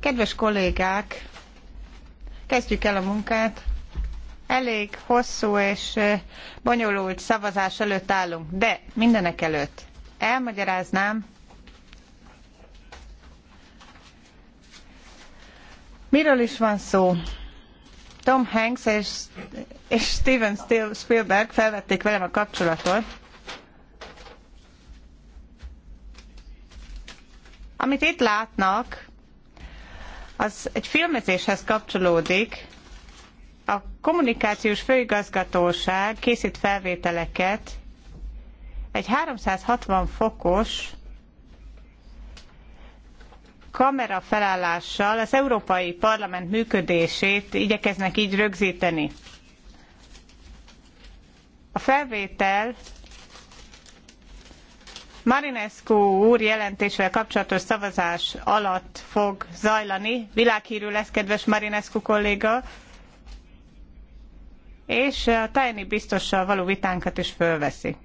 Kedves kollégák, kezdjük el a munkát. Elég hosszú és bonyolult szavazás előtt állunk, de mindenek előtt elmagyaráznám, miről is van szó. Tom Hanks és, és Steven Spielberg felvették velem a kapcsolatot, Amit itt látnak, az egy filmezéshez kapcsolódik. A kommunikációs főigazgatóság készít felvételeket egy 360 fokos kamera felállással az Európai Parlament működését igyekeznek így rögzíteni. A felvétel Marinescu úr jelentésével kapcsolatos szavazás alatt fog zajlani. Világhírű lesz, kedves Marinescu kolléga, és a Tajani biztossal való vitánkat is fölveszi.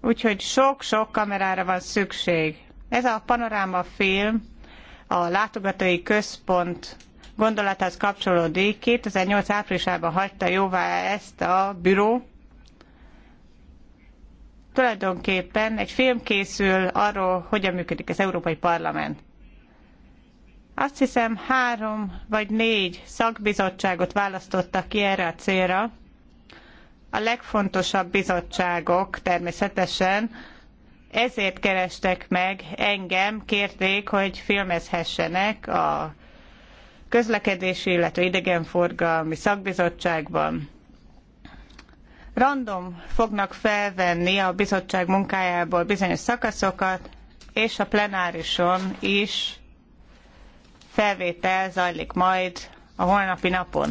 Úgyhogy sok-sok kamerára van szükség. Ez a panoráma film a látogatói központ gondolatához kapcsolódik. 2008 áprilisában hagyta jóvá ezt a büró, tulajdonképpen egy film készül arról, hogyan működik az Európai Parlament. Azt hiszem három vagy négy szakbizottságot választottak ki erre a célra. A legfontosabb bizottságok természetesen, ezért kerestek meg engem, kérték, hogy filmezhessenek a közlekedési, illetve idegenforgalmi szakbizottságban random fognak felvenni a bizottság munkájából bizonyos szakaszokat, és a plenárison is felvétel zajlik majd a holnapi napon.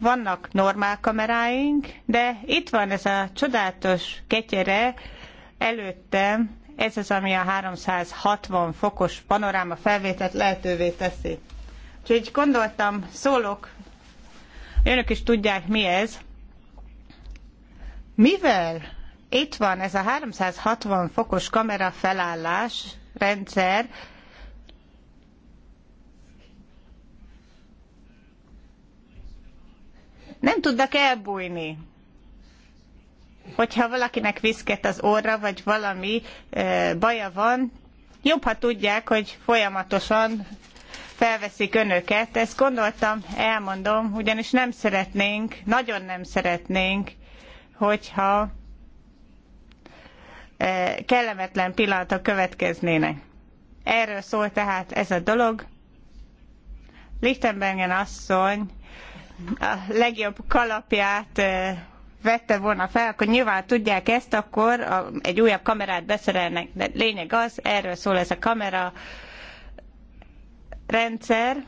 Vannak normál kameráink, de itt van ez a csodálatos ketyere előttem, ez az, ami a 360 fokos panoráma felvételt lehetővé teszi. Úgyhogy gondoltam, szólok Önök is tudják, mi ez. Mivel itt van ez a 360 fokos kamera felállás rendszer, nem tudnak elbújni. Hogyha valakinek viszket az orra, vagy valami e, baja van, jobb, ha tudják, hogy folyamatosan felveszik önöket. Ezt gondoltam, elmondom, ugyanis nem szeretnénk, nagyon nem szeretnénk, hogyha e, kellemetlen pillanatok következnének. Erről szól tehát ez a dolog. Lichtenbergen asszony a legjobb kalapját e, vette volna fel, akkor nyilván tudják ezt, akkor egy újabb kamerát beszerelnek. De lényeg az, erről szól ez a kamera, rendszer,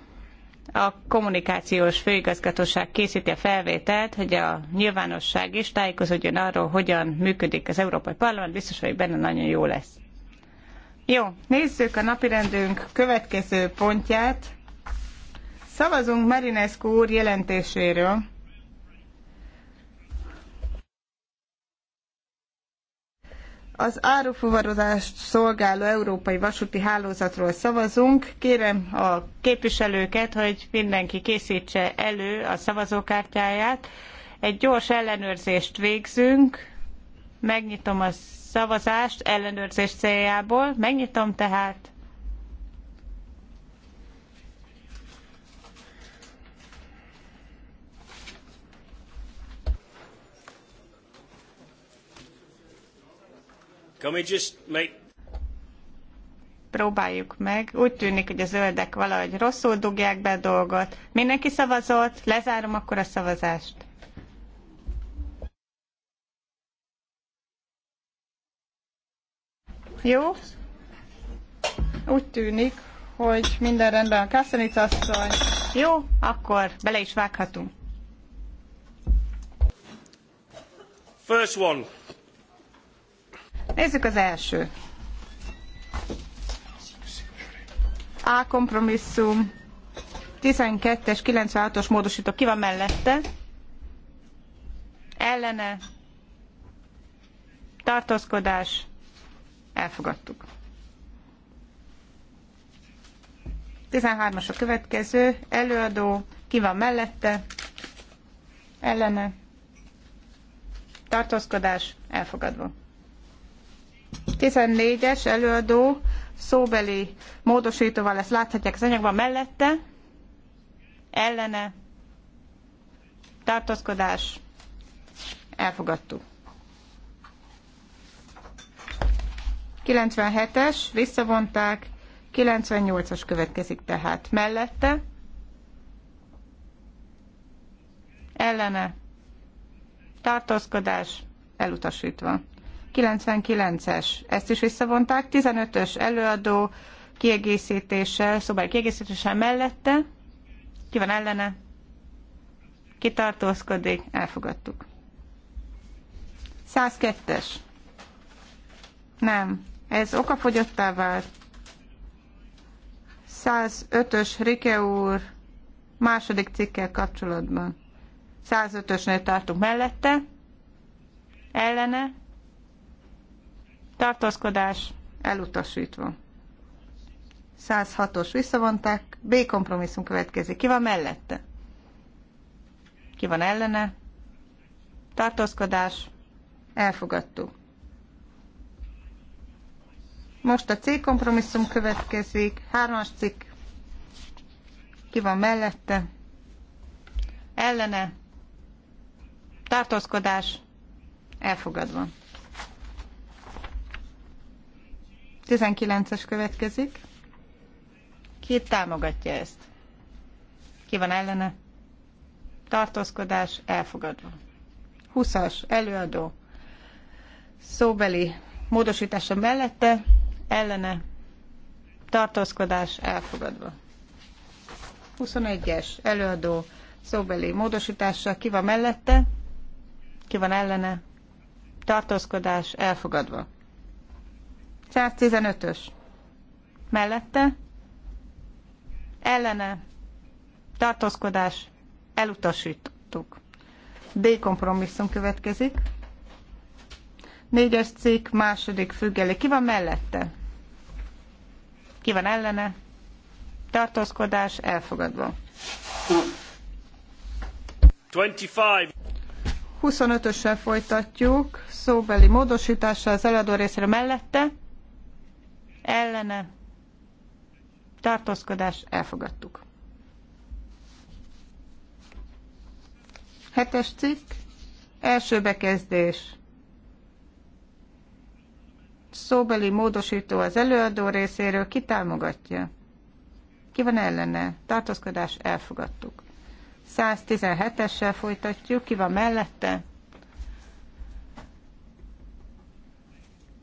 a kommunikációs főigazgatóság készíti a felvételt, hogy a nyilvánosság is tájékozódjon arról, hogyan működik az Európai Parlament, biztos vagyok benne nagyon jó lesz. Jó, nézzük a napirendünk következő pontját. Szavazunk Marinescu úr jelentéséről. az árufuvarozást szolgáló európai vasúti hálózatról szavazunk. Kérem a képviselőket, hogy mindenki készítse elő a szavazókártyáját. Egy gyors ellenőrzést végzünk. Megnyitom a szavazást ellenőrzés céljából. Megnyitom tehát. Can we just make... Próbáljuk meg. Úgy tűnik, hogy a zöldek valahogy rosszul dugják be a dolgot. Mindenki szavazott, lezárom akkor a szavazást. Jó? Úgy tűnik, hogy minden rendben a Kászenic asszony. Jó, akkor bele is vághatunk. First one. Nézzük az első. A kompromisszum 12-es, 96-os módosító. Ki van mellette? Ellene? Tartózkodás? Elfogadtuk. 13-as a következő. Előadó. Ki van mellette? Ellene? Tartózkodás? Elfogadva. 14-es előadó szóbeli módosítóval ezt láthatják az anyagban mellette, ellene, tartózkodás, elfogadtuk. 97-es, visszavonták, 98-as következik tehát mellette, ellene, tartózkodás, elutasítva. 99-es, ezt is visszavonták, 15-ös előadó kiegészítéssel, szóval kiegészítéssel mellette, ki van ellene, kitartózkodik, elfogadtuk. 102-es. Nem, ez okafogyottá vált. 105-ös Rike úr második cikkel kapcsolatban. 105-ösnél tartunk mellette, ellene, tartózkodás elutasítva. 106-os visszavonták, B kompromisszum következik. Ki van mellette? Ki van ellene? Tartózkodás, elfogadtuk. Most a C kompromisszum következik, hármas cikk. Ki van mellette? Ellene? Tartózkodás, elfogadva. 19-es következik. Ki támogatja ezt? Ki van ellene? Tartózkodás elfogadva. 20-as előadó. Szóbeli módosítása mellette, ellene, tartózkodás elfogadva. 21-es előadó szóbeli módosítása ki van mellette, ki van ellene, tartózkodás elfogadva. 115-ös. Mellette ellene tartózkodás elutasítottuk. D kompromisszum következik. Négyes cikk, második függelék. Ki van mellette? Ki van ellene? Tartózkodás elfogadva. 25. 25-ösen folytatjuk, szóbeli módosítással az eladó részre mellette, ellene tartózkodás elfogadtuk. Hetes cikk, első bekezdés. Szóbeli módosító az előadó részéről kitámogatja. Ki van ellene? Tartózkodás elfogadtuk. 117-essel folytatjuk, ki van mellette?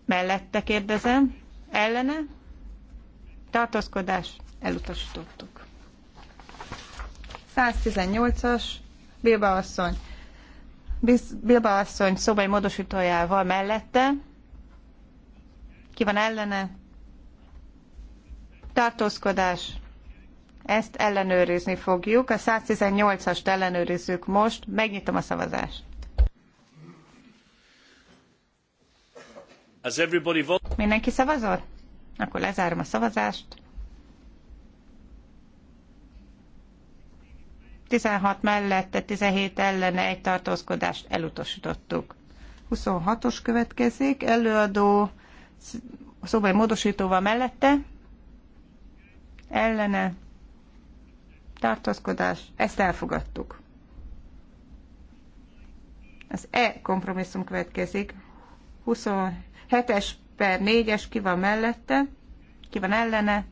Mellette kérdezem ellene, tartózkodás, elutasítottuk. 118-as, Bilba asszony, Bilba asszony szobai módosítójával mellette, ki van ellene, tartózkodás, ezt ellenőrizni fogjuk. A 118-ast ellenőrizzük most, megnyitom a szavazást. Mindenki szavazott? Akkor lezárom a szavazást. 16 mellette, 17 ellene egy tartózkodást elutasítottuk. 26-os következik, előadó szóval módosítóval mellette, ellene, tartózkodás, ezt elfogadtuk. Az E kompromisszum következik, 27-es per 4-es ki van mellette, ki van ellene,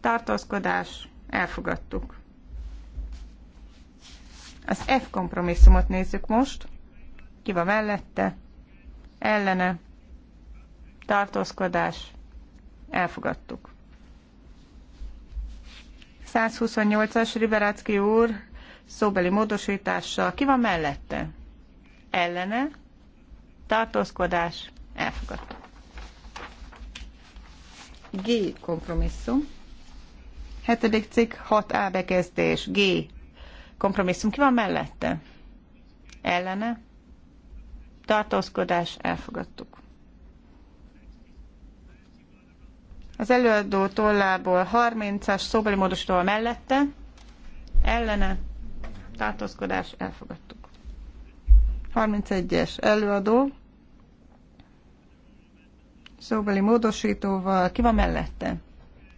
tartózkodás, elfogadtuk. Az F kompromisszumot nézzük most, ki van mellette, ellene, tartózkodás, elfogadtuk. 128-as Riberácki úr szóbeli módosítással. Ki van mellette? Ellene? Tartózkodás? Elfogadtuk. G kompromisszum. Hetedik cikk, 6A bekezdés, G kompromisszum. Ki van mellette? Ellene? Tartózkodás, elfogadtuk. Az előadó tollából 30-as szóbeli módosító mellette, ellene, tartózkodás, elfogadtuk. 31-es előadó szóbeli módosítóval. Ki van mellette?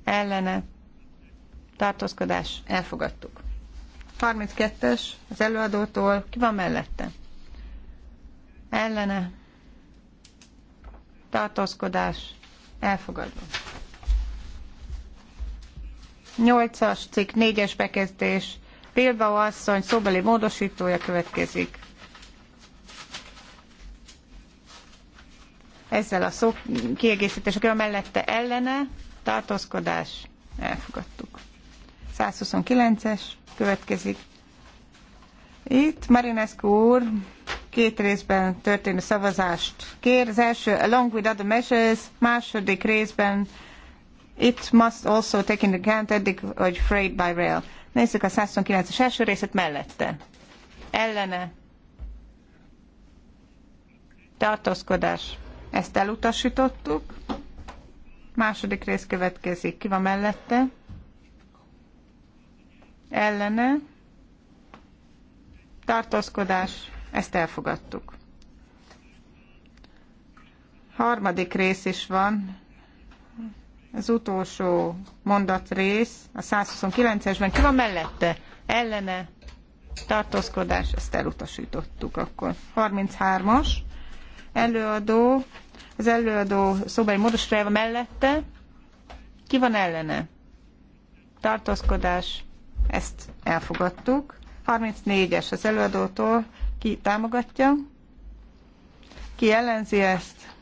Ellene. Tartózkodás. Elfogadtuk. 32-es az előadótól. Ki van mellette? Ellene. Tartózkodás. Elfogadva. 8-as cikk, 4-es bekezdés. Bilbao asszony szóbeli módosítója következik. ezzel a szó kiegészítésekkel mellette ellene tartózkodás elfogadtuk. 129-es következik. Itt Marinescu úr két részben történő szavazást kér. Az első, along with other measures, második részben it must also take into account eddig, hogy freight by rail. Nézzük a 129-es első részét mellette. Ellene. Tartózkodás. Ezt elutasítottuk. Második rész következik. Ki van mellette? Ellene. Tartózkodás. Ezt elfogadtuk. Harmadik rész is van. Az utolsó mondat rész, a 129-esben. Ki van mellette? Ellene. Tartózkodás. Ezt elutasítottuk akkor. 33-as. Előadó az előadó szobai módosítója mellette, ki van ellene? Tartózkodás, ezt elfogadtuk. 34-es az előadótól, ki támogatja, ki ellenzi ezt,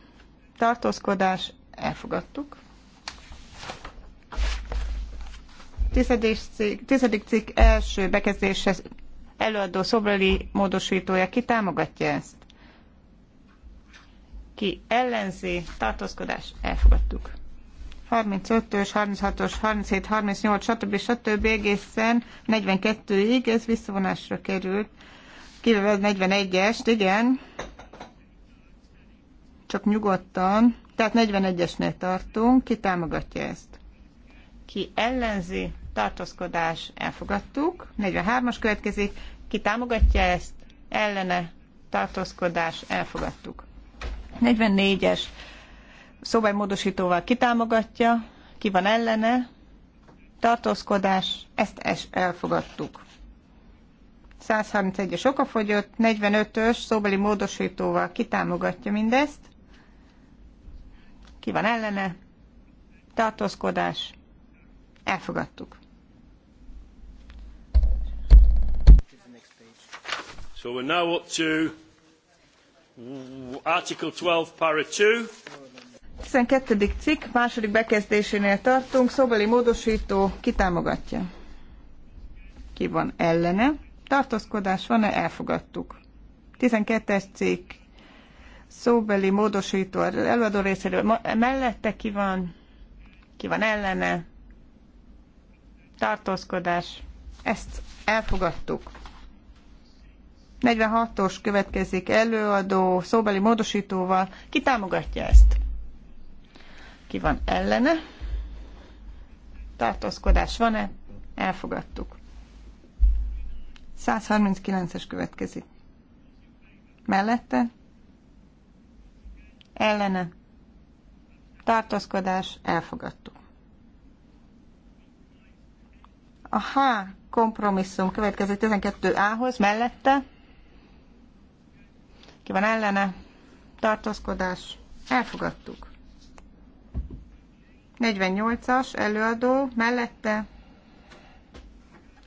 tartózkodás, elfogadtuk. Tizedik cikk, tizedik cikk első bekezdése előadó szobrali módosítója, ki támogatja ezt? ki ellenzi, tartózkodás, elfogadtuk. 35-ös, 36-os, 37, 38, stb. stb. egészen 42-ig, ez visszavonásra került. Kivéve 41-est, igen. Csak nyugodtan. Tehát 41-esnél tartunk. Ki támogatja ezt? Ki ellenzi? Tartózkodás elfogadtuk. 43-as következik. Ki támogatja ezt? Ellene? Tartózkodás elfogadtuk. 44-es szóbelmódosítóval kitámogatja, ki van ellene, tartózkodás, ezt es elfogadtuk. 131-es okafogyott, 45-ös szóbeli módosítóval kitámogatja mindezt, ki van ellene, tartózkodás, elfogadtuk. So we're now up to Article 12, cikk, második bekezdésénél tartunk, szóbeli módosító kitámogatja. Ki van ellene? Tartózkodás van-e? Elfogadtuk. 12 cikk, szóbeli módosító előadó részéről mellette ki van, ki van ellene, tartózkodás, ezt elfogadtuk. 46-os következik előadó szóbeli módosítóval. Ki támogatja ezt? Ki van ellene? Tartózkodás van-e? Elfogadtuk. 139-es következik. Mellette? Ellene? Tartózkodás? Elfogadtuk. A H kompromisszum következik 12A-hoz mellette ki van ellene, tartózkodás, elfogadtuk. 48-as előadó mellette,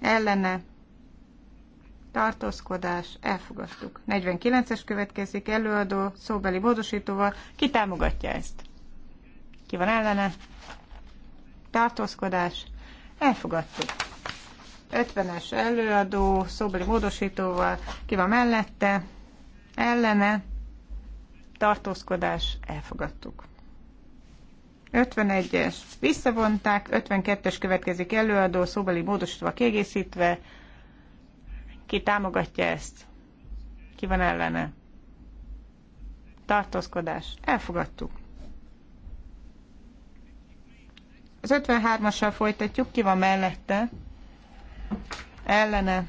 ellene, tartózkodás, elfogadtuk. 49-es következik, előadó, szóbeli módosítóval, ki támogatja ezt? Ki van ellene? Tartózkodás, elfogadtuk. 50-es előadó, szóbeli módosítóval, ki van mellette? ellene tartózkodás elfogadtuk. 51-es visszavonták, 52-es következik előadó, szóbeli módosítva kiegészítve. Ki támogatja ezt? Ki van ellene? Tartózkodás. Elfogadtuk. Az 53-assal folytatjuk, ki van mellette? Ellene.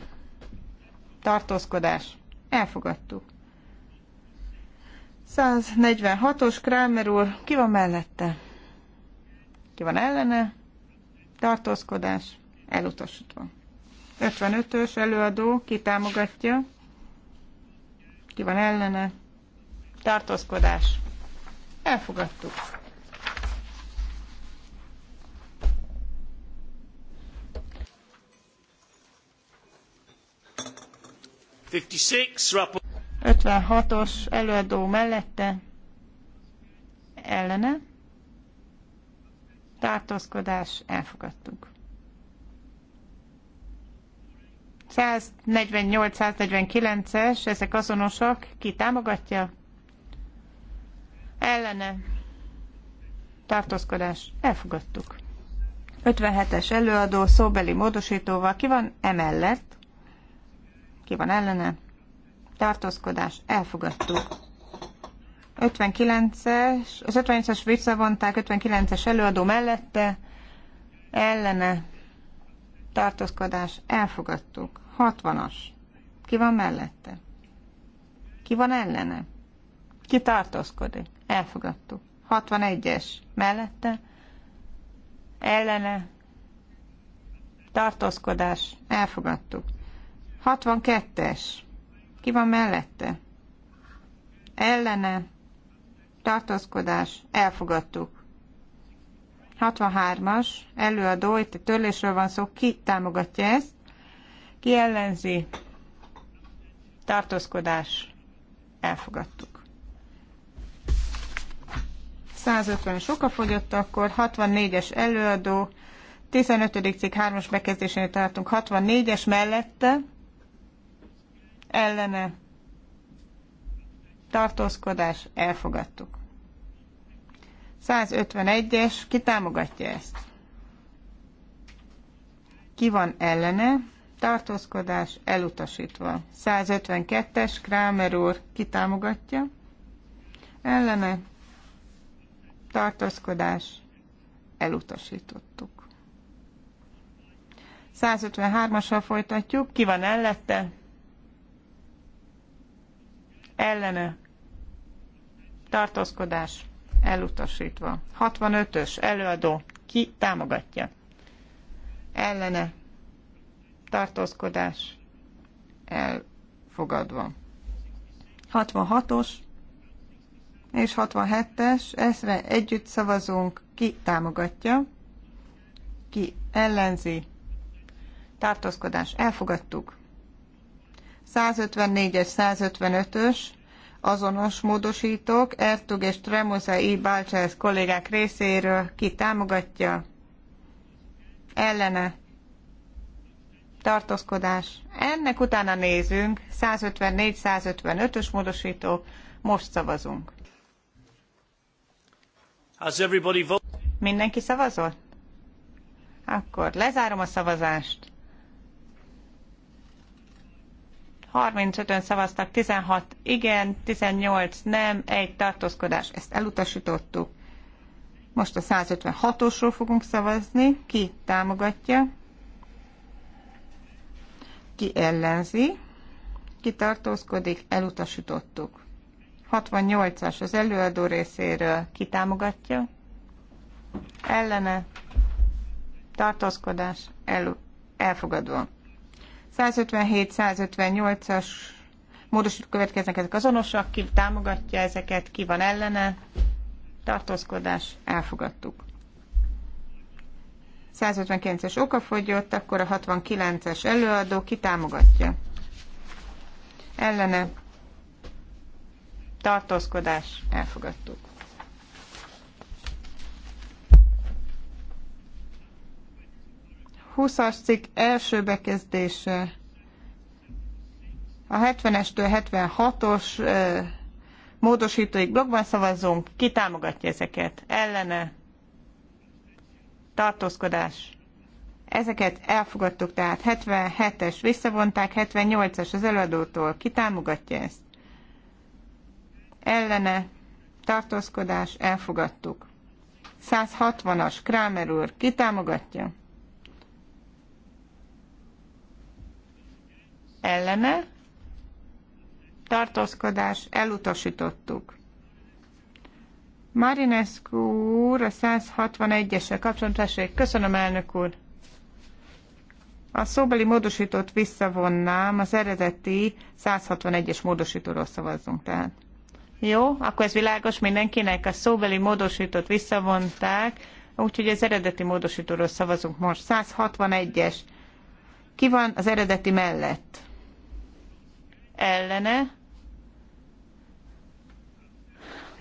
Tartózkodás. Elfogadtuk. 146-os Krámer úr, ki van mellette? Ki van ellene? Tartózkodás elutasítva. 55-ös előadó kitámogatja. Ki van ellene? Tartózkodás. Elfogadtuk. Fifty-six. 56-os előadó mellette ellene tartózkodás elfogadtuk. 148-149-es, ezek azonosak, ki támogatja? Ellene tartózkodás elfogadtuk. 57-es előadó szóbeli módosítóval ki van emellett? Ki van ellene? tartózkodás, elfogadtuk. 59-es, az 59-es visszavonták, 59-es előadó mellette, ellene, tartózkodás, elfogadtuk. 60-as. Ki van mellette? Ki van ellene? Ki tartózkodik? Elfogadtuk. 61-es. Mellette? Ellene? Tartózkodás. Elfogadtuk. 62-es. Ki van mellette? Ellene. Tartózkodás. Elfogadtuk. 63-as. Előadó. Itt a törlésről van szó. Ki támogatja ezt? Ki ellenzi? Tartózkodás. Elfogadtuk. 150 soka fogyott akkor, 64-es előadó, 15. cikk 3-as bekezdésénél tartunk, 64-es mellette, ellene tartózkodás elfogadtuk. 151-es, ki támogatja ezt? Ki van ellene? Tartózkodás elutasítva. 152-es, Krámer úr, ki támogatja? Ellene? Tartózkodás elutasítottuk. 153-assal folytatjuk, ki van ellette? ellene tartózkodás elutasítva. 65-ös előadó ki támogatja? Ellene tartózkodás elfogadva. 66-os és 67-es, eszre együtt szavazunk, ki támogatja, ki ellenzi, tartózkodás elfogadtuk, 154-es, 155-ös azonos módosítók, Ertug és Tremosa I. Balcsász kollégák részéről ki támogatja, ellene, tartózkodás. Ennek utána nézünk, 154-155-ös módosítók, most szavazunk. Has everybody vote? Mindenki szavazott? Akkor lezárom a szavazást. 35-ön szavaztak, 16 igen, 18 nem, egy tartózkodás, ezt elutasítottuk. Most a 156-osról fogunk szavazni. Ki támogatja? Ki ellenzi? Ki tartózkodik? Elutasítottuk. 68-as az előadó részéről. Ki támogatja? Ellene? Tartózkodás? El, elfogadva. 157-158-as módosítók következnek, ezek azonosak, ki támogatja ezeket, ki van ellene, tartózkodás, elfogadtuk. 159-es okafogyott, akkor a 69-es előadó ki támogatja. Ellene tartózkodás, elfogadtuk. 20-as cikk első bekezdése, a 70-estől 76-os módosítóik blogban szavazunk, ki támogatja ezeket, ellene, tartózkodás. Ezeket elfogadtuk, tehát 77-es visszavonták, 78-es az előadótól, ki támogatja ezt, ellene, tartózkodás, elfogadtuk. 160-as Krámer úr, ki támogatja? ellene, tartózkodás, elutasítottuk. Marinescu úr, a 161-essel kapcsolatban, köszönöm elnök úr. A szóbeli módosítót visszavonnám, az eredeti 161-es módosítóról szavazzunk tehát. Jó, akkor ez világos mindenkinek, a szóbeli módosítót visszavonták, úgyhogy az eredeti módosítóról szavazunk most. 161-es. Ki van az eredeti mellett? ellene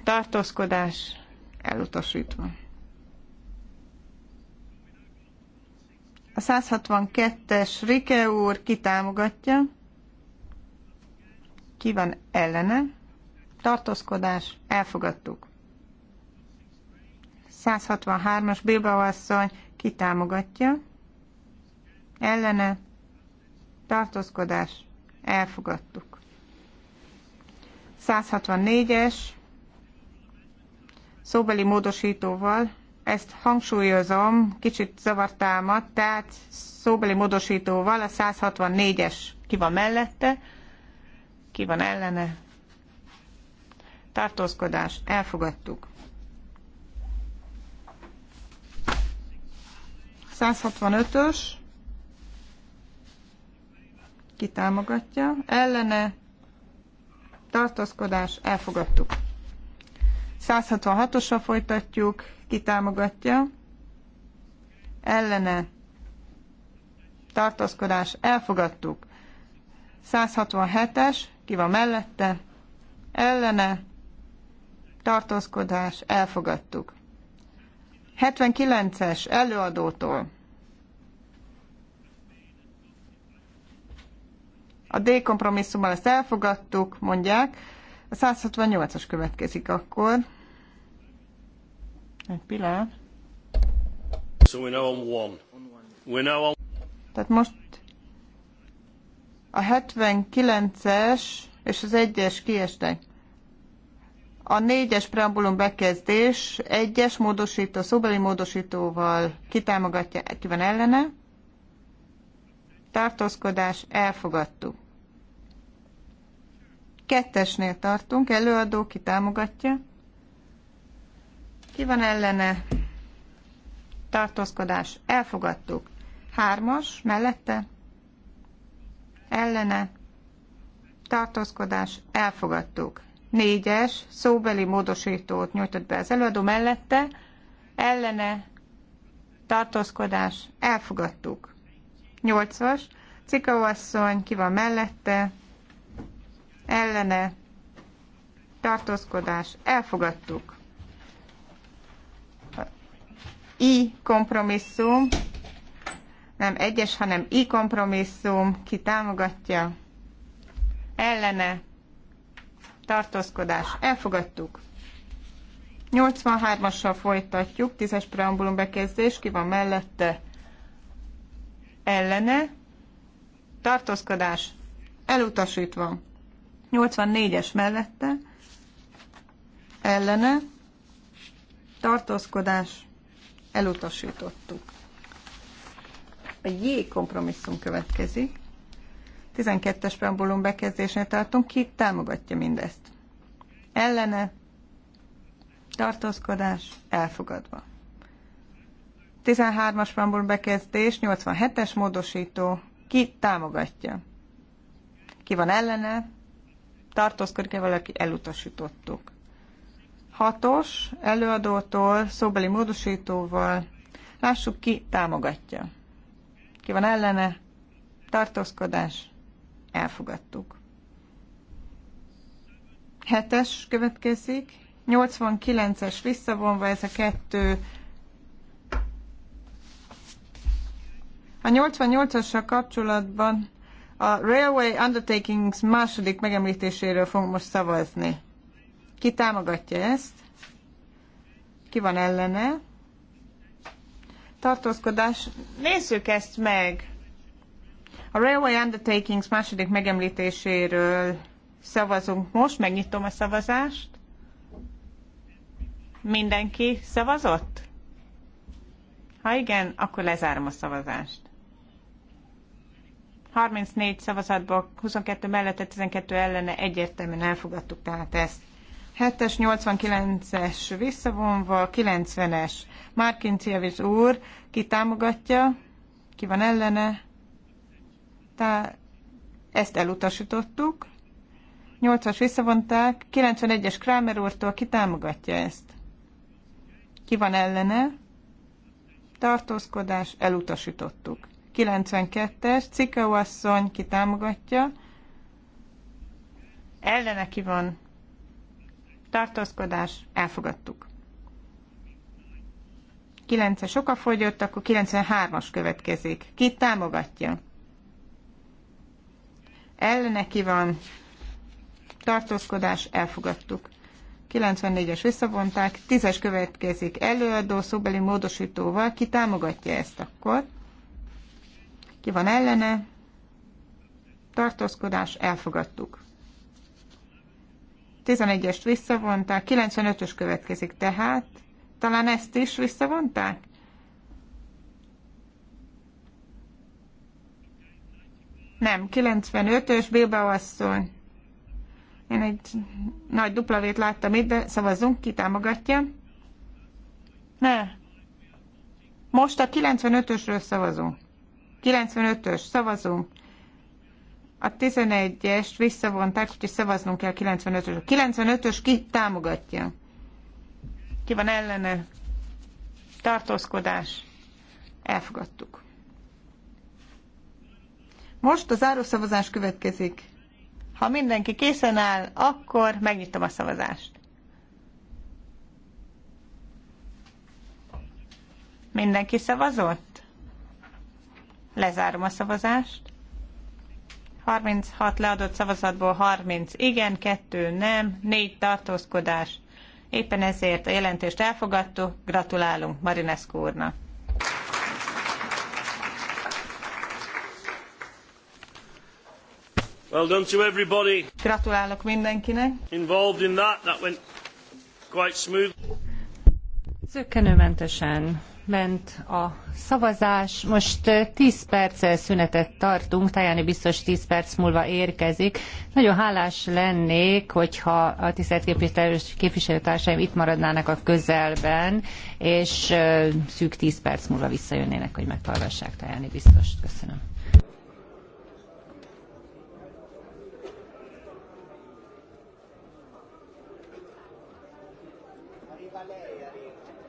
tartózkodás elutasítva. A 162-es Rike úr kitámogatja, ki van ellene, tartózkodás, elfogadtuk. 163-as Bilbao asszony kitámogatja, ellene, tartózkodás, elfogadtuk. 164-es szóbeli módosítóval, ezt hangsúlyozom, kicsit zavartámat, tehát szóbeli módosítóval a 164-es ki van mellette, ki van ellene. Tartózkodás, elfogadtuk. 165-ös ki támogatja, ellene tartózkodás, elfogadtuk. 166-osra folytatjuk, ki támogatja, ellene tartózkodás, elfogadtuk. 167-es, ki van mellette, ellene tartózkodás, elfogadtuk. 79-es előadótól A D kompromisszummal ezt elfogadtuk, mondják. A 168-as következik akkor. Egy pillanat. So we now on one. We now on... Tehát most a 79-es és az 1-es kiestek. A 4-es preambulum bekezdés 1-es módosító, szóbeli módosítóval kitámogatja, ki van ellene. Tartózkodás, elfogadtuk. Kettesnél tartunk, előadó, ki támogatja. Ki van ellene? Tartózkodás, elfogadtuk. Hármas, mellette? Ellene? Tartózkodás, elfogadtuk. Négyes, szóbeli módosítót nyújtott be az előadó mellette, ellene, tartózkodás, elfogadtuk. Nyolcas, Cika ki van mellette, ellene tartózkodás elfogadtuk. I kompromisszum, nem egyes, hanem I kompromisszum, ki támogatja, ellene tartózkodás elfogadtuk. 83-assal folytatjuk, 10-es preambulum bekezdés, ki van mellette, ellene, tartózkodás elutasítva. 84-es mellette ellene tartózkodás elutasítottuk. A J kompromisszum következik. 12-es preambulum bekezdésnél tartunk, ki támogatja mindezt. Ellene tartózkodás elfogadva. 13-as preambulum bekezdés, 87-es módosító, ki támogatja. Ki van ellene, tartózkodik-e valaki, elutasítottuk. Hatos előadótól, szóbeli módosítóval, lássuk ki támogatja. Ki van ellene, tartózkodás, elfogadtuk. Hetes következik, 89-es visszavonva ez a kettő a 88-assal kapcsolatban a Railway Undertakings második megemlítéséről fogunk most szavazni. Ki támogatja ezt? Ki van ellene? Tartózkodás. Nézzük ezt meg! A Railway Undertakings második megemlítéséről szavazunk most, megnyitom a szavazást. Mindenki szavazott? Ha igen, akkor lezárom a szavazást. 34 szavazatból 22 mellett, 12 ellene egyértelműen elfogadtuk tehát ezt. 7-es, 89-es visszavonva, 90-es. Márkin Cievics úr, ki támogatja, ki van ellene. Tehát ezt elutasítottuk. 8-as visszavonták, 91-es Kramer úrtól ki támogatja ezt? Ki van ellene? Tartózkodás, elutasítottuk. 92-es, Cikau asszony ki támogatja, ellene ki van, tartózkodás, elfogadtuk. 9-es fogyott, akkor 93-as következik. Ki támogatja? Ellene ki van, tartózkodás, elfogadtuk. 94-es visszavonták, 10-es következik előadó szóbeli módosítóval, ki támogatja ezt akkor? Ki van ellene? Tartózkodás, elfogadtuk. 11-est visszavonták, 95-ös következik tehát. Talán ezt is visszavonták? Nem, 95-ös Bilbao asszony. Én egy nagy duplavét láttam itt, de szavazzunk, ki támogatja. Ne. Most a 95-ösről szavazunk. 95-ös, szavazunk. A 11-est visszavonták, úgyhogy szavaznunk kell 95-ös. A 95-ös ki támogatja? Ki van ellene? Tartózkodás. Elfogadtuk. Most a zárószavazás következik. Ha mindenki készen áll, akkor megnyitom a szavazást. Mindenki szavazott? Lezárom a szavazást. 36 leadott szavazatból 30 igen, 2 nem, 4 tartózkodás. Éppen ezért a jelentést elfogadtuk. Gratulálunk Marinescu úrnak. Well done to everybody. Gratulálok mindenkinek. Involved in that, that went quite smooth. Zökkenőmentesen ment a szavazás. Most 10 perccel szünetet tartunk, Tajani biztos 10 perc múlva érkezik. Nagyon hálás lennék, hogyha a tisztelt képviselőtársaim itt maradnának a közelben, és szűk 10 perc múlva visszajönnének, hogy meghallgassák Tajani biztos. Köszönöm. Arriva lei, arriva.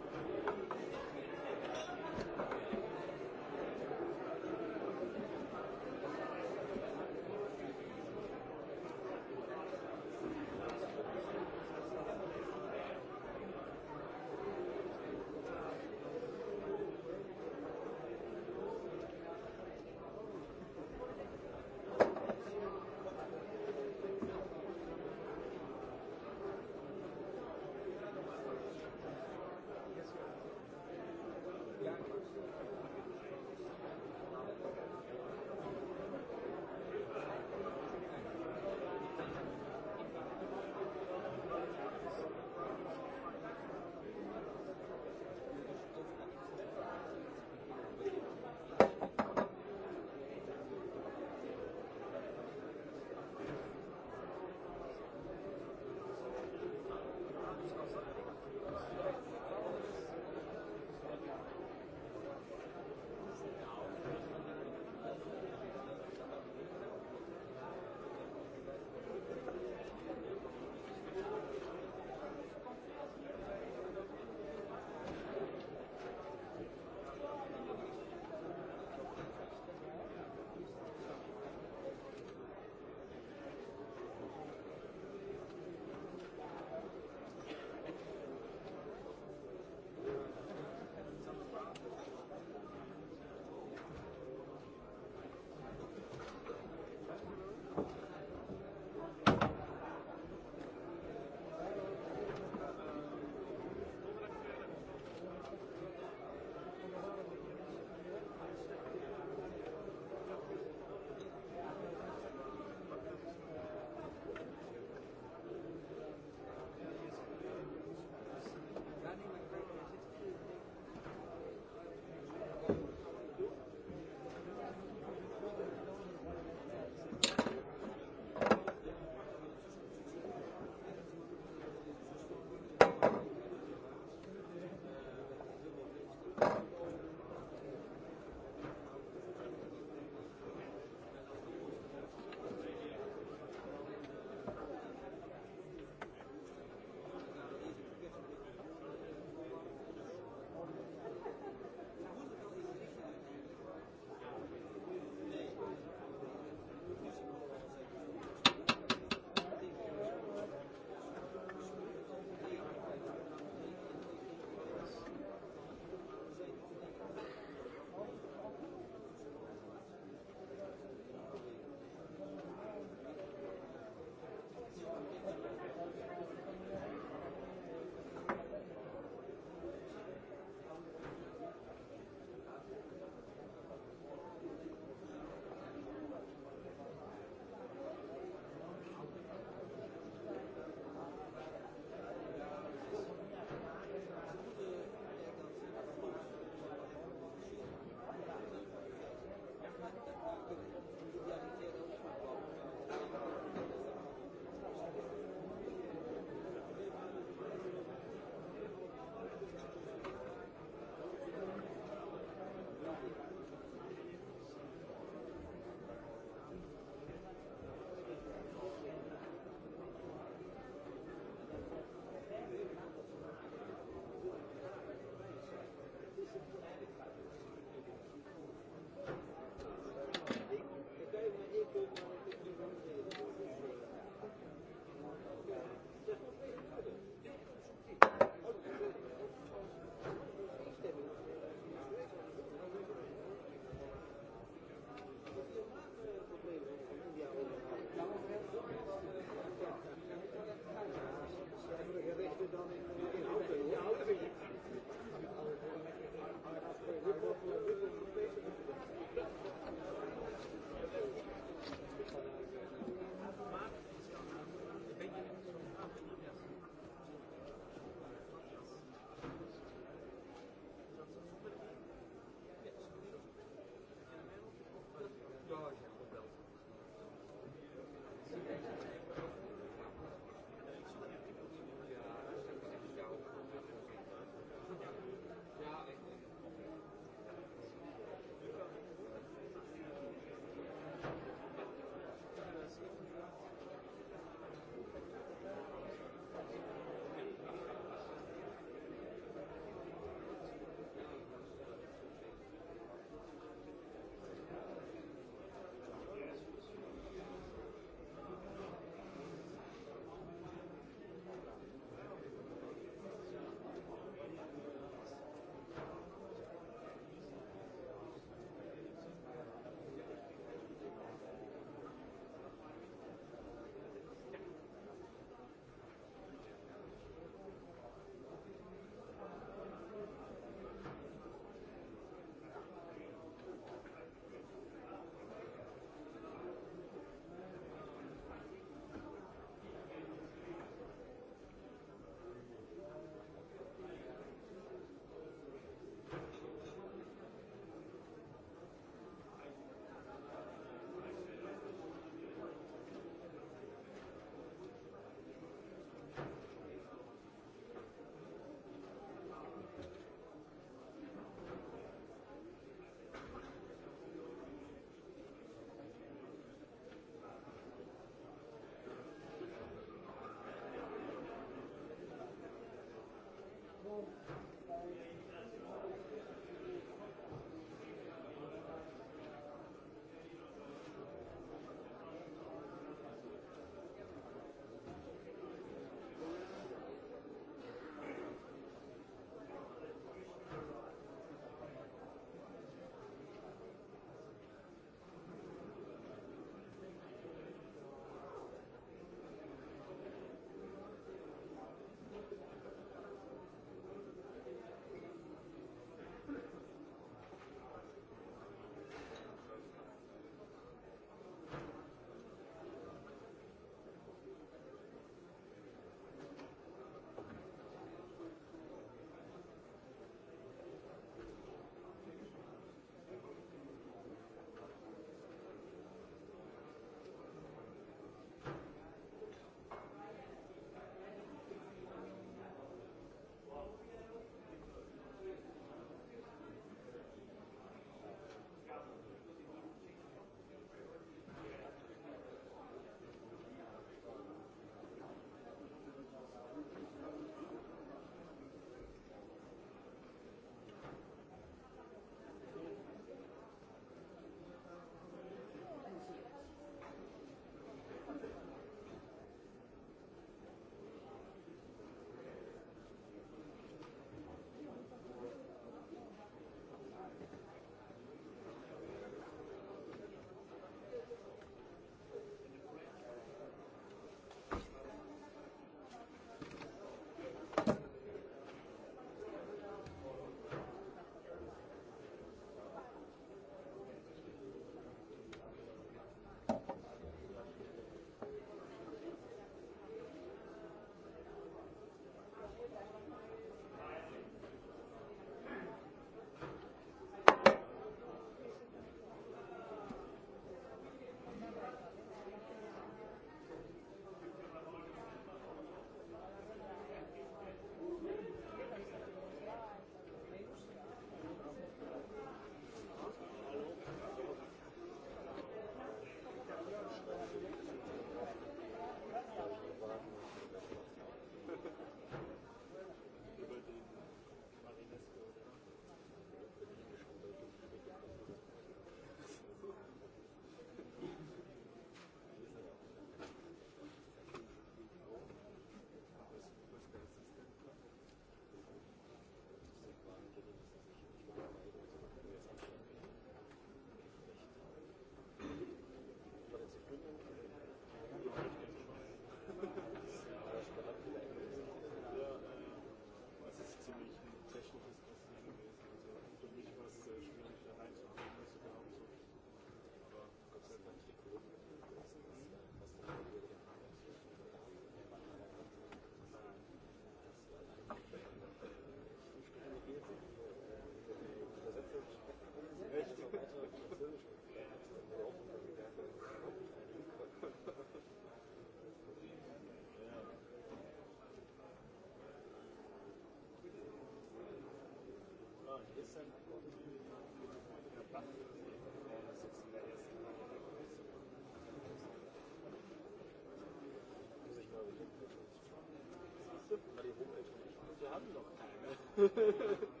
haben noch keine.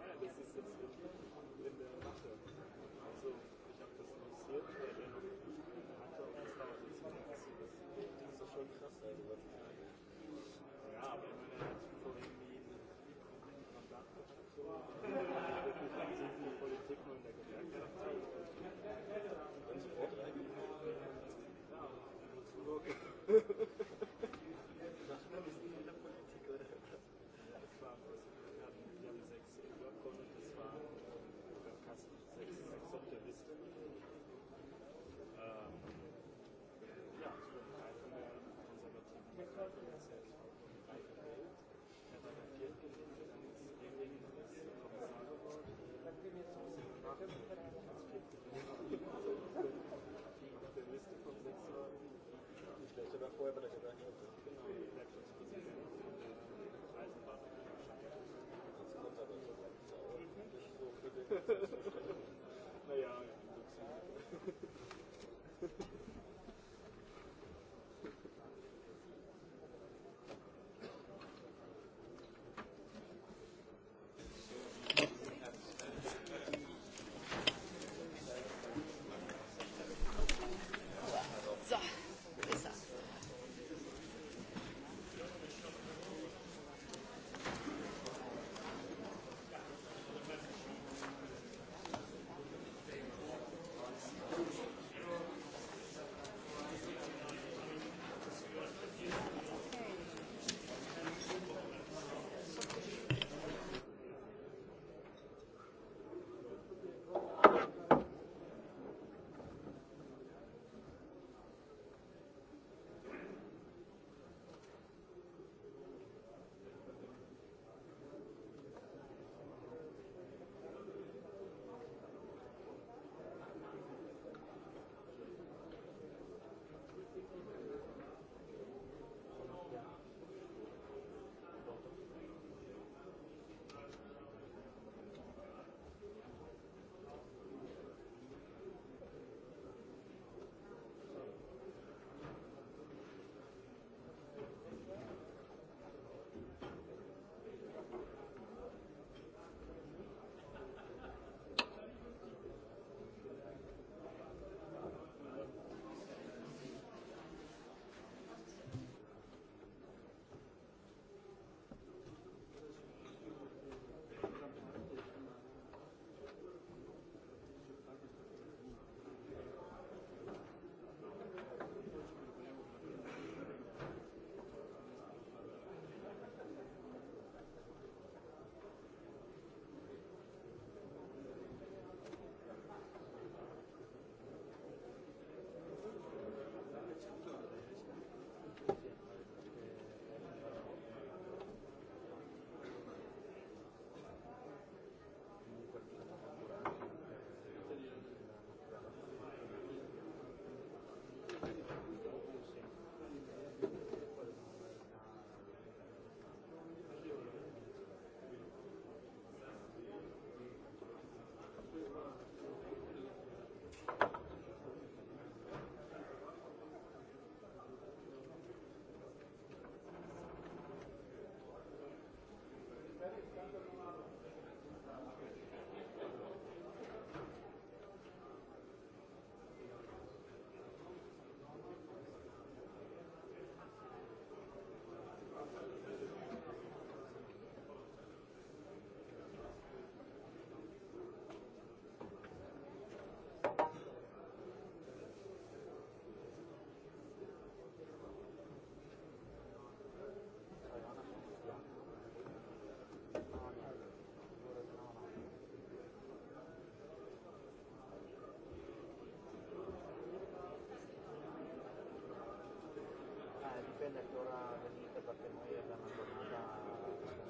depende a qué hora necesite perché noi abbiamo giornata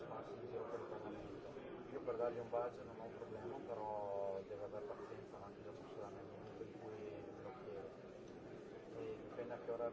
sparsa in giro per il Parlamento. Io per dargli un budget non ho un problema, però deve avere pazienza anche da succedere nel momento in cui lo chiede. E dipende a che ora è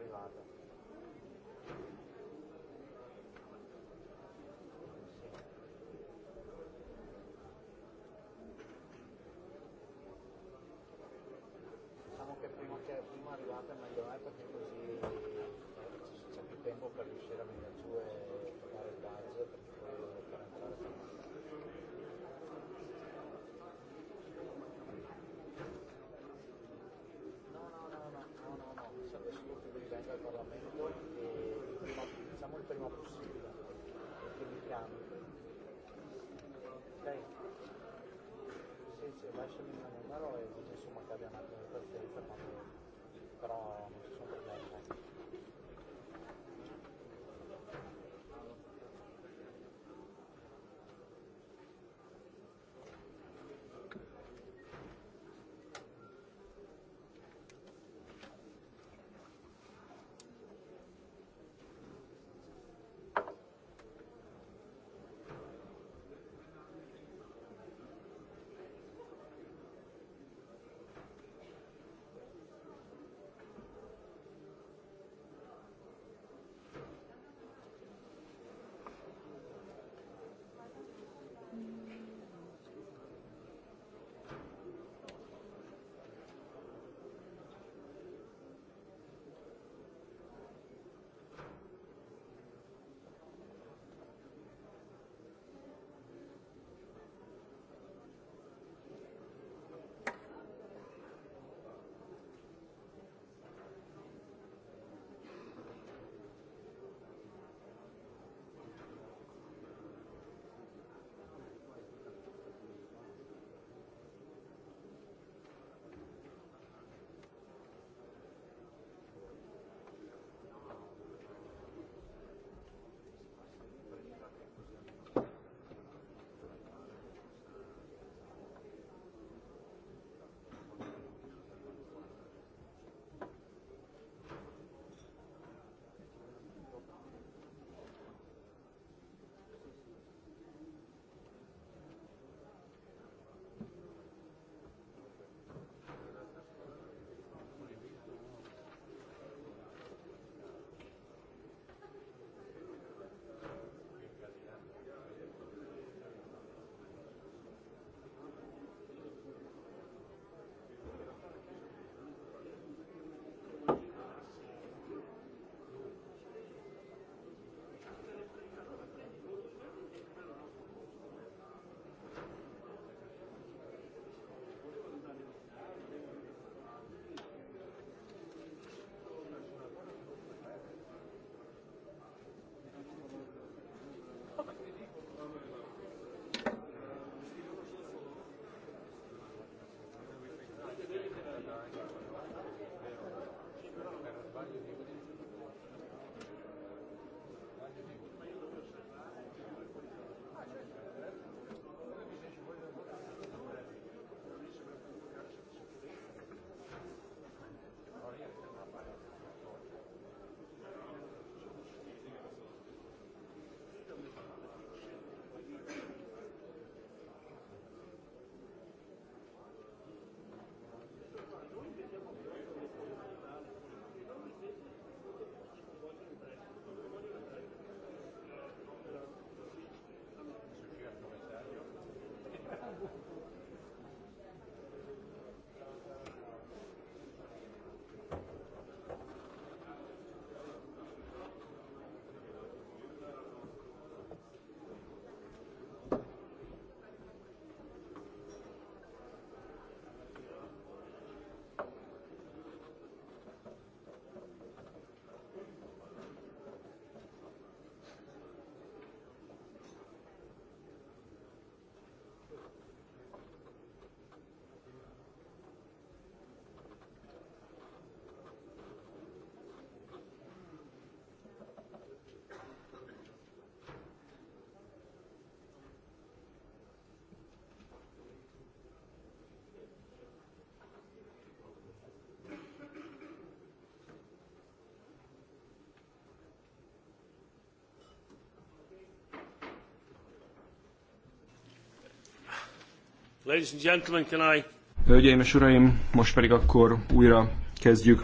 Hölgyeim és uraim, most pedig akkor újra kezdjük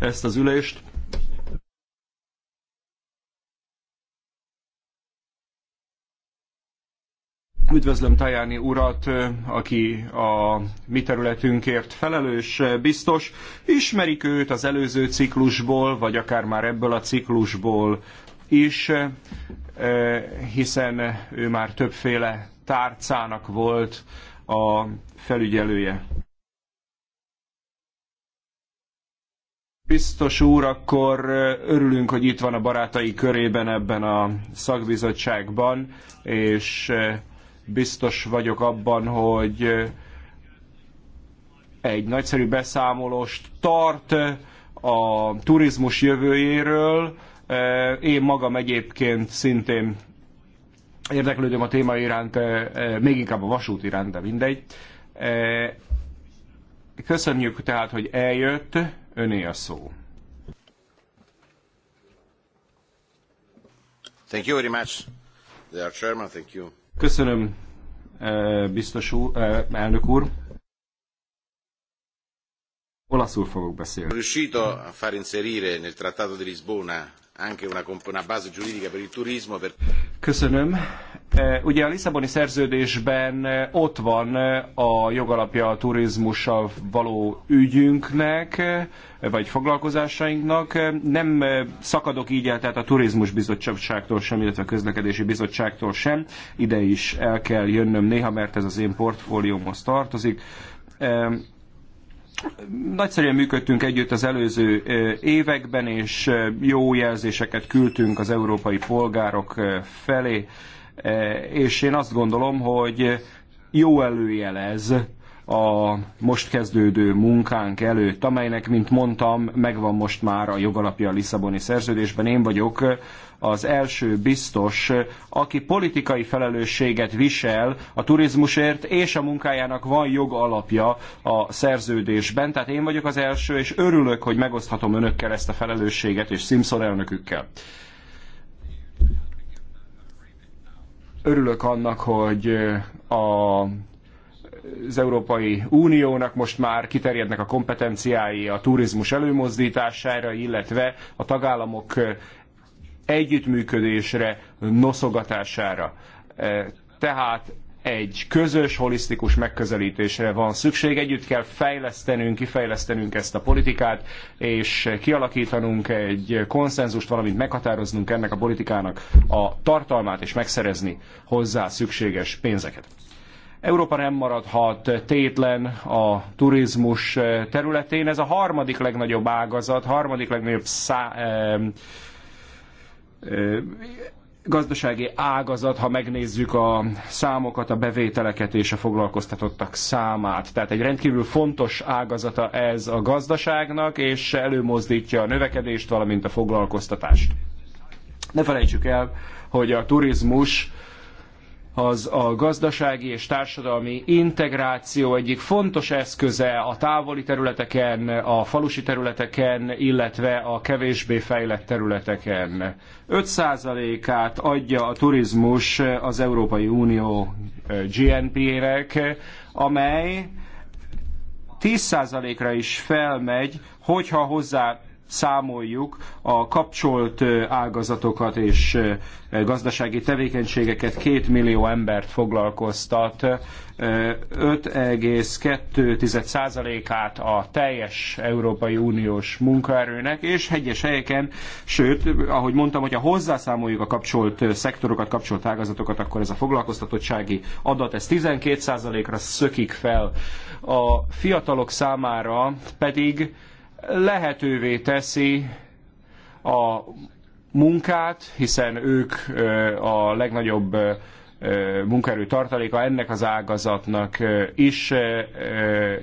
ezt az ülést. Üdvözlöm Tajáni urat, aki a mi területünkért felelős, biztos. Ismerik őt az előző ciklusból, vagy akár már ebből a ciklusból is, hiszen ő már többféle tárcának volt a felügyelője. Biztos úr, akkor örülünk, hogy itt van a barátai körében ebben a szakbizottságban, és biztos vagyok abban, hogy egy nagyszerű beszámolást tart a turizmus jövőjéről. Én magam egyébként szintén érdeklődöm a téma iránt, még inkább a vasút iránt, de mindegy. Köszönjük tehát, hogy eljött, öné a szó. Thank you very much, dear chairman, thank you. Köszönöm, biztos úr, elnök úr. Olaszul fogok beszélni. Riuscito a far inserire nel Trattato di Lisbona Köszönöm. E, ugye a Lisszaboni szerződésben e, ott van e, a jogalapja a turizmussal való ügyünknek, vagy foglalkozásainknak. Nem szakadok így el, tehát a turizmus bizottságtól sem, illetve a közlekedési bizottságtól sem. Ide is el kell jönnöm néha, mert ez az én portfóliómhoz tartozik Nagyszerűen működtünk együtt az előző években, és jó jelzéseket küldtünk az európai polgárok felé, és én azt gondolom, hogy jó előjelez a most kezdődő munkánk előtt, amelynek, mint mondtam, megvan most már a jogalapja a Lisszaboni szerződésben. Én vagyok az első biztos, aki politikai felelősséget visel a turizmusért, és a munkájának van jogalapja a szerződésben. Tehát én vagyok az első, és örülök, hogy megoszthatom önökkel ezt a felelősséget, és Simpson elnökükkel. Örülök annak, hogy eh, a az Európai Uniónak most már kiterjednek a kompetenciái a turizmus előmozdítására, illetve a tagállamok eh, együttműködésre, noszogatására. E, tehát egy közös, holisztikus megközelítésre van szükség. Együtt kell fejlesztenünk, kifejlesztenünk ezt a politikát, és kialakítanunk egy konszenzust, valamint meghatároznunk ennek a politikának a tartalmát, és megszerezni hozzá szükséges pénzeket. Európa nem maradhat tétlen a turizmus területén. Ez a harmadik legnagyobb ágazat, harmadik legnagyobb szá, gazdasági ágazat, ha megnézzük a számokat, a bevételeket és a foglalkoztatottak számát. Tehát egy rendkívül fontos ágazata ez a gazdaságnak, és előmozdítja a növekedést, valamint a foglalkoztatást. Ne felejtsük el, hogy a turizmus az a gazdasági és társadalmi integráció egyik fontos eszköze a távoli területeken, a falusi területeken, illetve a kevésbé fejlett területeken. 5%-át adja a turizmus az Európai Unió GNP-nek, amely 10%-ra is felmegy, hogyha hozzá számoljuk a kapcsolt ágazatokat és gazdasági tevékenységeket, két millió embert foglalkoztat, 5,2%-át a teljes Európai Uniós munkaerőnek, és hegyes helyeken, sőt, ahogy mondtam, hogy ha hozzászámoljuk a kapcsolt szektorokat, kapcsolt ágazatokat, akkor ez a foglalkoztatottsági adat, ez 12%-ra szökik fel. A fiatalok számára pedig lehetővé teszi a munkát, hiszen ők a legnagyobb munkaerő tartaléka ennek az ágazatnak is,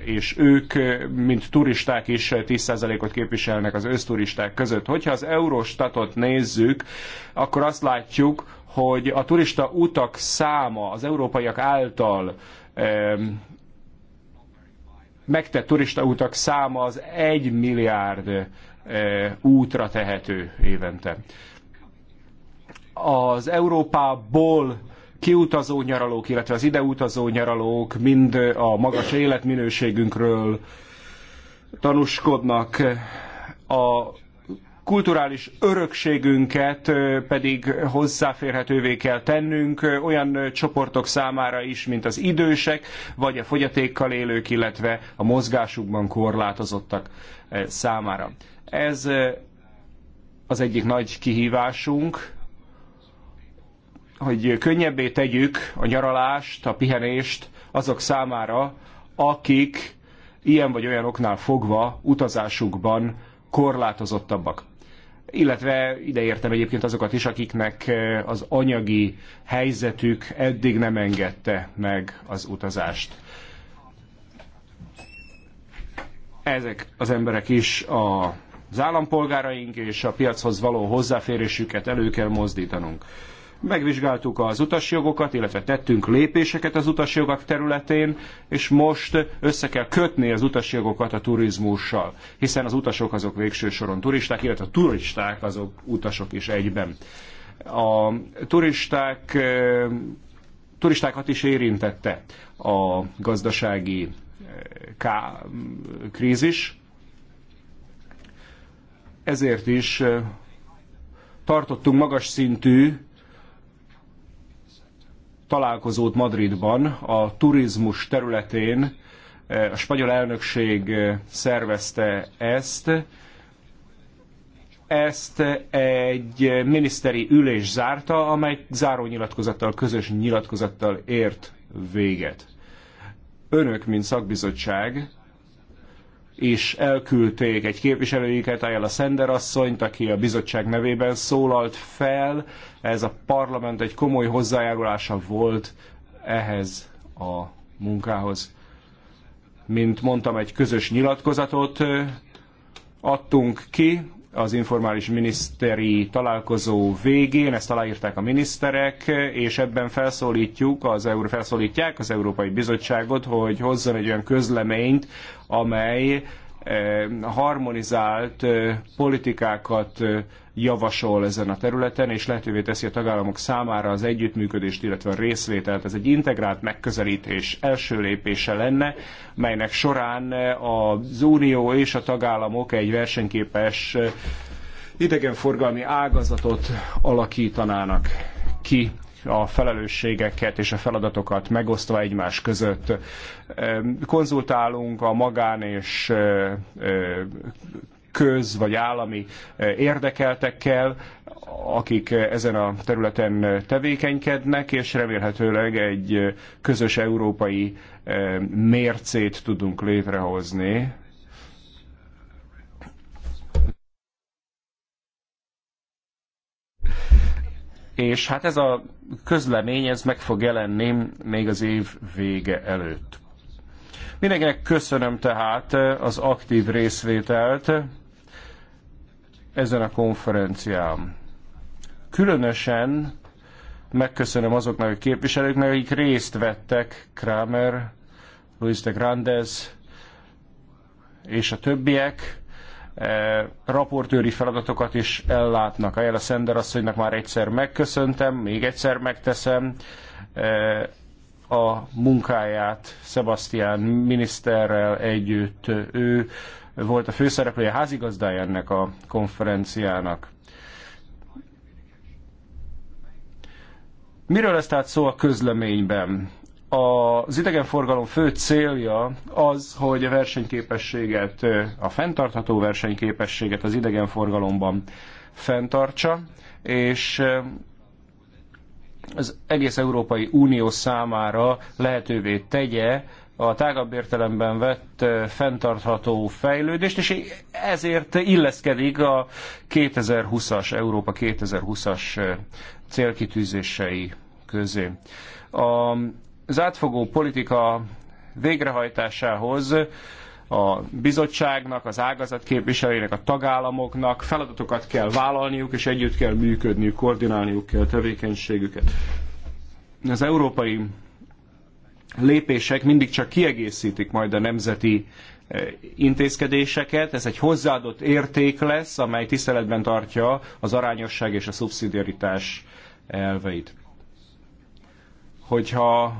és ők, mint turisták is 10%-ot képviselnek az őszturisták között. Hogyha az Eurostatot nézzük, akkor azt látjuk, hogy a turista utak száma az európaiak által megtett turistautak száma az 1 milliárd eh, útra tehető évente. Az Európából kiutazó nyaralók, illetve az ideutazó nyaralók mind a magas életminőségünkről tanúskodnak. A kulturális örökségünket pedig hozzáférhetővé kell tennünk olyan csoportok számára is, mint az idősek, vagy a fogyatékkal élők, illetve a mozgásukban korlátozottak számára. Ez az egyik nagy kihívásunk, hogy könnyebbé tegyük a nyaralást, a pihenést azok számára, akik ilyen vagy olyan oknál fogva utazásukban korlátozottabbak illetve ideértem egyébként azokat is, akiknek az anyagi helyzetük eddig nem engedte meg az utazást. Ezek az emberek is a, az állampolgáraink és a piachoz való hozzáférésüket elő kell mozdítanunk. Megvizsgáltuk az utasjogokat, illetve tettünk lépéseket az utasjogok területén, és most össze kell kötni az utasjogokat a turizmussal, hiszen az utasok azok végső soron turisták, illetve a turisták azok utasok is egyben. A turisták, turistákat is érintette a gazdasági krízis, ezért is tartottunk magas szintű találkozót Madridban a turizmus területén. E, a spanyol elnökség e, szervezte ezt. Ezt egy miniszteri ülés zárta, amely nyilatkozattal közös nyilatkozattal ért véget. Önök, mint szakbizottság, is elküldték egy képviselőjüket, Ayala Sender asszonyt, aki a bizottság nevében szólalt fel. Ez a parlament egy komoly hozzájárulása volt ehhez a munkához. Mint mondtam, egy közös nyilatkozatot adtunk ki, az informális miniszteri találkozó végén, ezt aláírták a miniszterek, és ebben felszólítjuk, az Euró, felszólítják az Európai Bizottságot, hogy hozzon egy olyan közleményt, amely Eh, harmonizált eh, politikákat eh, javasol ezen a területen, és lehetővé teszi a tagállamok számára az együttműködést, illetve a részvételt. Ez egy integrált megközelítés első lépése lenne, melynek során az Unió és a tagállamok egy versenyképes idegenforgalmi ágazatot alakítanának ki a felelősségeket és a feladatokat megosztva egymás között. Konzultálunk a magán és e, e, köz vagy állami e, érdekeltekkel, akik ezen a területen tevékenykednek, és remélhetőleg egy közös európai mércét tudunk létrehozni és hát ez a közlemény, ez meg fog jelenni még az év vége előtt. Mindenkinek köszönöm tehát az aktív részvételt ezen a konferencián. Különösen megköszönöm azoknak a képviselőknek, akik részt vettek, Kramer, Luis de Grandes és a többiek, E, raportőri feladatokat is ellátnak. jel a Szender asszonynak már egyszer megköszöntem, még egyszer megteszem e, a munkáját Sebastian miniszterrel együtt. Ő volt a főszereplője, a házigazdája ennek a konferenciának. Miről lesz tehát szó a közleményben? az idegenforgalom fő célja az, hogy a versenyképességet, a fenntartható versenyképességet az idegenforgalomban fenntartsa, és eh, az egész Európai Unió számára lehetővé tegye a tágabb értelemben vett eh, fenntartható fejlődést, és ezért illeszkedik a 2020-as, Európa 2020-as eh, célkitűzései közé. A az átfogó politika végrehajtásához a bizottságnak, az ágazat képviselőinek, a tagállamoknak feladatokat kell vállalniuk, és együtt kell működniük, koordinálniuk kell tevékenységüket. Az európai lépések mindig csak kiegészítik majd a nemzeti eh, intézkedéseket. Ez egy hozzáadott érték lesz, amely tiszteletben tartja az arányosság és a szubszidiaritás elveit. Hogyha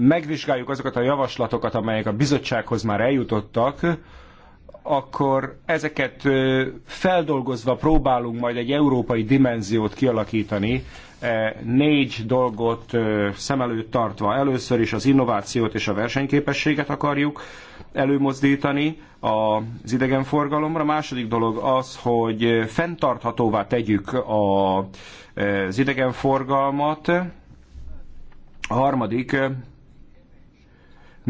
megvizsgáljuk azokat a javaslatokat, amelyek a bizottsághoz már eljutottak, akkor ezeket feldolgozva próbálunk majd egy európai dimenziót kialakítani, e, négy dolgot szem előtt tartva. Először is az innovációt és a versenyképességet akarjuk előmozdítani az idegenforgalomra. A második dolog az, hogy fenntarthatóvá tegyük e, az idegenforgalmat. A harmadik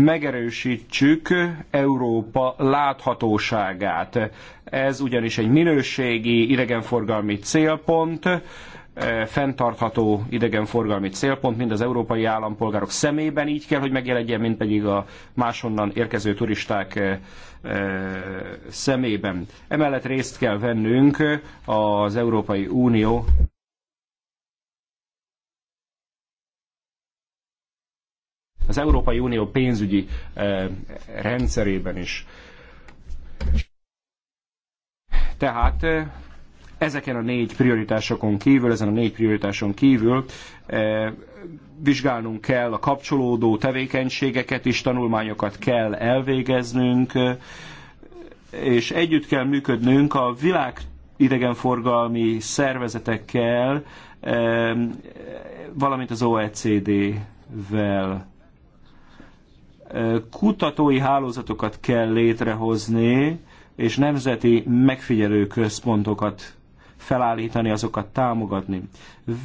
megerősítsük Európa láthatóságát. Ez ugyanis egy minőségi idegenforgalmi célpont, eh, fenntartható idegenforgalmi célpont, mind az európai állampolgárok szemében így kell, hogy megjelenjen, mint pedig a máshonnan érkező turisták eh, eh, szemében. Emellett részt kell vennünk az Európai Unió az Európai Unió pénzügyi eh, rendszerében is. Tehát eh, ezeken a négy prioritásokon kívül, ezen a négy prioritáson kívül eh, vizsgálnunk kell a kapcsolódó tevékenységeket is, tanulmányokat kell elvégeznünk, és együtt kell működnünk a világ idegenforgalmi szervezetekkel, valamint az OECD-vel kutatói hálózatokat kell létrehozni, és nemzeti megfigyelő központokat felállítani, azokat támogatni.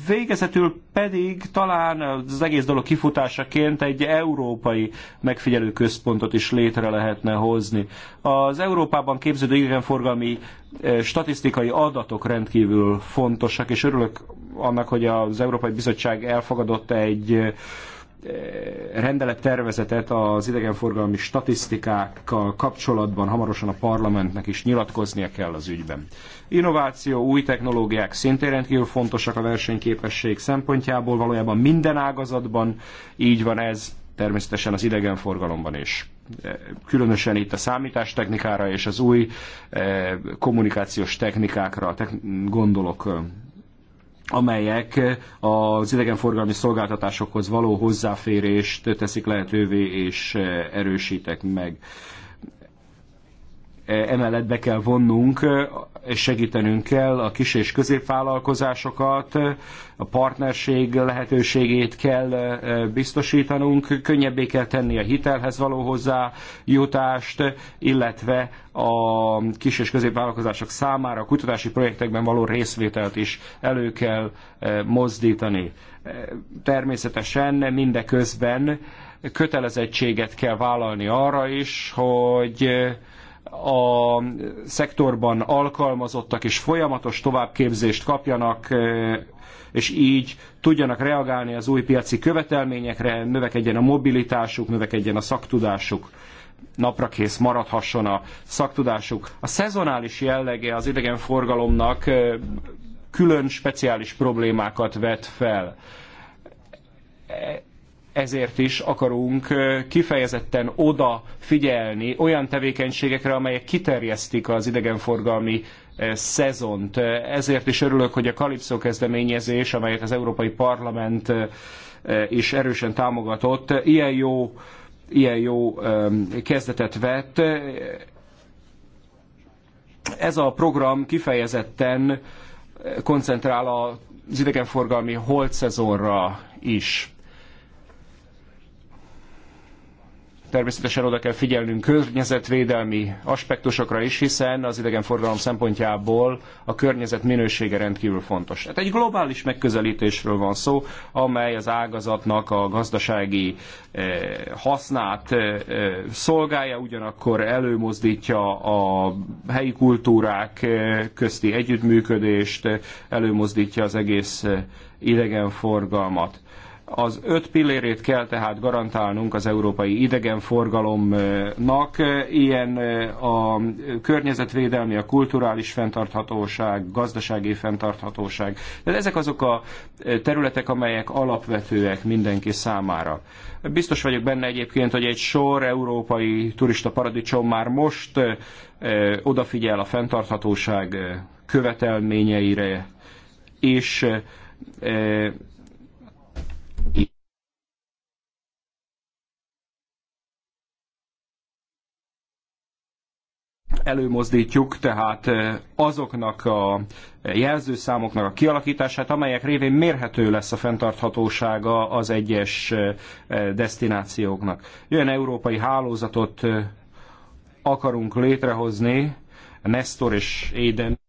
Végezetül pedig talán az egész dolog kifutásaként egy európai megfigyelő központot is létre lehetne hozni. Az Európában képződő idegenforgalmi statisztikai adatok rendkívül fontosak, és örülök annak, hogy az Európai Bizottság elfogadott egy Eh, rendelettervezetet az idegenforgalmi statisztikákkal kapcsolatban hamarosan a parlamentnek is nyilatkoznia kell az ügyben. Innováció, új technológiák szintén rendkívül fontosak a versenyképesség szempontjából, valójában minden ágazatban így van ez, természetesen az idegenforgalomban is. Eh, különösen itt a számítástechnikára és az új eh, kommunikációs technikákra gondolok amelyek eh, az idegenforgalmi szolgáltatásokhoz való hozzáférést teszik lehetővé és eh, erősítek meg emellett be kell vonnunk, és segítenünk kell a kis és középvállalkozásokat, a partnerség lehetőségét kell biztosítanunk, könnyebbé kell tenni a hitelhez való hozzájutást, illetve a kis és középvállalkozások számára a kutatási projektekben való részvételt is elő kell mozdítani. Természetesen mindeközben kötelezettséget kell vállalni arra is, hogy a szektorban alkalmazottak és folyamatos továbbképzést kapjanak, e, és így tudjanak reagálni az új piaci követelményekre, növekedjen a mobilitásuk, növekedjen a szaktudásuk naprakész maradhasson a szaktudásuk. A szezonális jellege az idegenforgalomnak e, külön speciális problémákat vet fel e, ezért is akarunk kifejezetten oda figyelni olyan tevékenységekre, amelyek kiterjesztik az idegenforgalmi szezont. Ezért is örülök, hogy a Kalipszó kezdeményezés, amelyet az Európai Parlament is erősen támogatott, ilyen jó, ilyen jó kezdetet vett. Ez a program kifejezetten koncentrál az idegenforgalmi holt szezonra is Természetesen oda kell figyelnünk környezetvédelmi aspektusokra is, hiszen az idegenforgalom szempontjából a környezet minősége rendkívül fontos. Tehát egy globális megközelítésről van szó, amely az ágazatnak a gazdasági eh, hasznát eh, eh, szolgálja, ugyanakkor előmozdítja a helyi kultúrák közti együttműködést, előmozdítja az egész idegenforgalmat. Az öt pillérét kell tehát garantálnunk az európai idegenforgalomnak, ilyen a környezetvédelmi, a kulturális fenntarthatóság, gazdasági fenntarthatóság. De ezek azok a területek, amelyek alapvetőek mindenki számára. Biztos vagyok benne egyébként, hogy egy sor európai turista paradicsom már most odafigyel a fenntarthatóság követelményeire, és előmozdítjuk, tehát eh, azoknak a eh, jelzőszámoknak a kialakítását, amelyek révén mérhető lesz a fenntarthatósága az egyes eh, destinációknak. Olyan európai hálózatot akarunk létrehozni, Nestor és Éden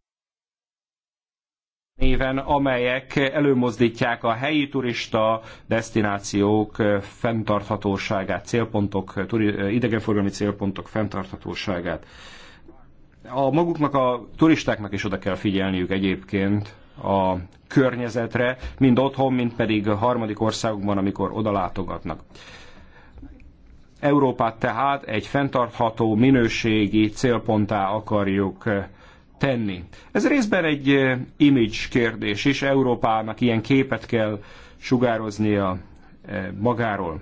néven, amelyek előmozdítják a helyi turista destinációk fenntarthatóságát, célpontok, idegenforgalmi célpontok fenntarthatóságát. A maguknak a turistáknak is oda kell figyelniük egyébként a környezetre, mind otthon, mind pedig a harmadik országokban, amikor oda látogatnak. Európát tehát egy fenntartható minőségi célponttá akarjuk tenni. Ez részben egy eh, image kérdés is, Európának ilyen képet kell sugároznia eh, magáról.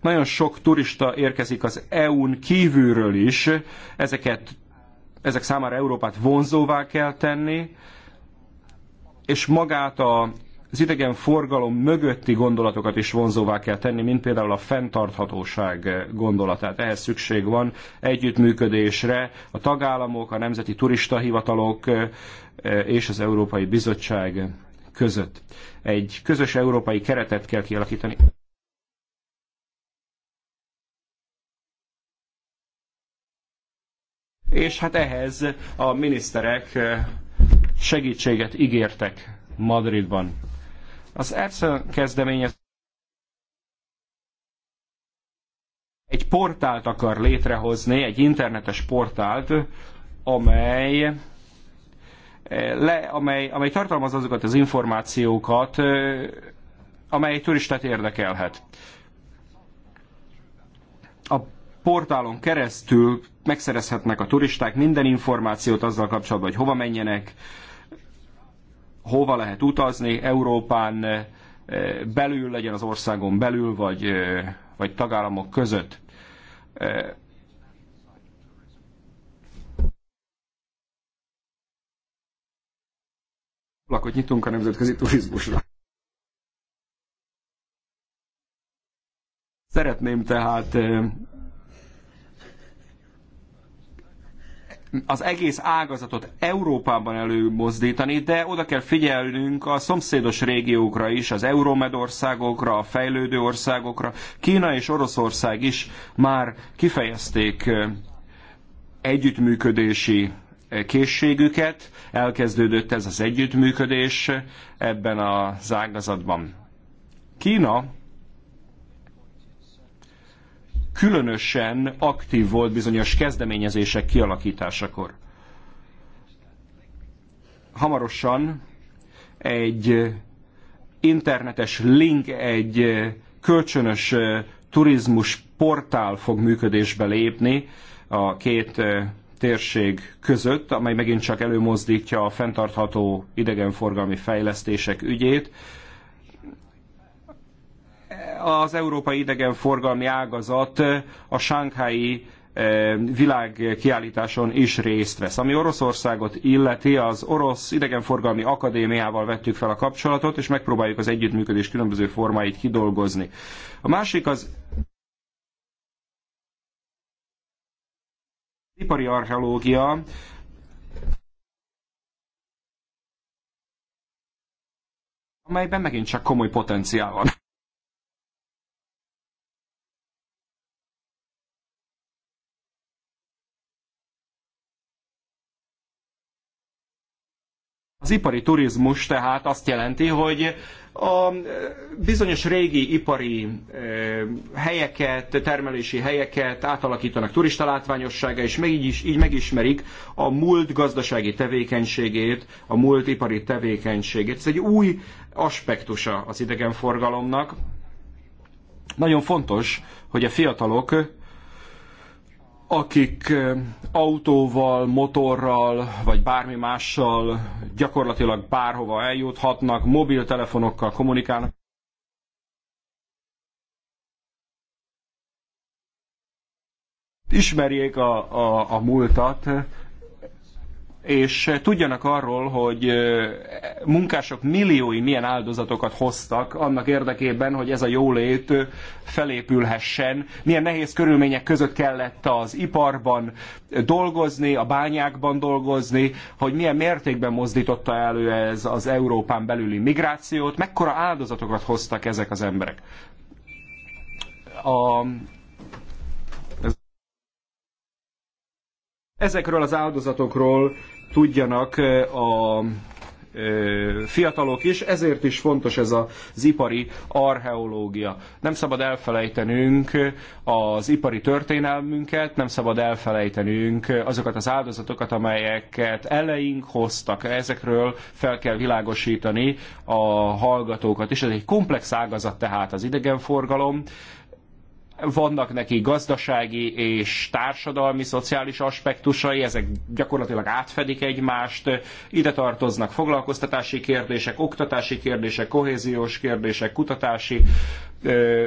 Nagyon sok turista érkezik az EU-n kívülről is, ezeket, ezek számára Európát vonzóvá kell tenni, és magát a az idegen forgalom mögötti gondolatokat is vonzóvá kell tenni, mint például a fenntarthatóság gondolatát. Ehhez szükség van együttműködésre a tagállamok, a nemzeti turistahivatalok eh, és az Európai Bizottság között. Egy közös európai keretet kell kialakítani. És hát ehhez a miniszterek eh, segítséget ígértek Madridban. Az ERSZA kezdeményez egy portált akar létrehozni, egy internetes portált, amely eh, le, amely, amely tartalmaz azokat az információkat, eh, amely turistát érdekelhet. A portálon keresztül megszerezhetnek a turisták minden információt azzal kapcsolatban, hogy hova menjenek, hova lehet utazni Európán eh, belül, legyen az országon belül, vagy, eh, vagy tagállamok között. Eh, Lakot nyitunk a nemzetközi turizmusra. Szeretném tehát az egész ágazatot Európában előmozdítani, de oda kell figyelnünk a szomszédos régiókra is, az Euromed országokra, a fejlődő országokra. Kína és Oroszország is már kifejezték együttműködési készségüket, elkezdődött ez az együttműködés ebben az ágazatban. Kína különösen aktív volt bizonyos kezdeményezések kialakításakor. Hamarosan egy internetes link, egy kölcsönös turizmus portál fog működésbe lépni a két térség között, amely megint csak előmozdítja a fenntartható idegenforgalmi fejlesztések ügyét az európai idegenforgalmi ágazat a sánkhái eh, világkiállításon is részt vesz. Ami Oroszországot illeti, az Orosz Idegenforgalmi Akadémiával vettük fel a kapcsolatot, és megpróbáljuk az együttműködés különböző formáit kidolgozni. A másik az ipari archeológia, amelyben megint csak komoly potenciál van. Az ipari turizmus tehát azt jelenti, hogy a e, bizonyos régi ipari e, helyeket, termelési helyeket átalakítanak turista látványossága, és meg is, így megismerik a múlt gazdasági tevékenységét, a múlt ipari tevékenységét. Ez egy új aspektusa az idegenforgalomnak. Nagyon fontos, hogy a fiatalok akik autóval, motorral, vagy bármi mással gyakorlatilag bárhova eljuthatnak, mobiltelefonokkal kommunikálnak. Ismerjék a, a, a múltat, és eh, tudjanak arról, hogy eh, munkások milliói milyen áldozatokat hoztak annak érdekében, hogy ez a jólét eh, felépülhessen. Milyen nehéz körülmények között kellett az iparban dolgozni, a bányákban dolgozni, hogy milyen mértékben mozdította elő ez az Európán belüli migrációt, mekkora áldozatokat hoztak ezek az emberek. A Ezekről az áldozatokról tudjanak a fiatalok is, ezért is fontos ez az ipari archeológia. Nem szabad elfelejtenünk az ipari történelmünket, nem szabad elfelejtenünk azokat az áldozatokat, amelyeket eleink hoztak. Ezekről fel kell világosítani a hallgatókat is. Ez egy komplex ágazat tehát az idegenforgalom, vannak neki gazdasági és társadalmi, szociális aspektusai, ezek gyakorlatilag átfedik egymást, ide tartoznak foglalkoztatási kérdések, oktatási kérdések, kohéziós kérdések, kutatási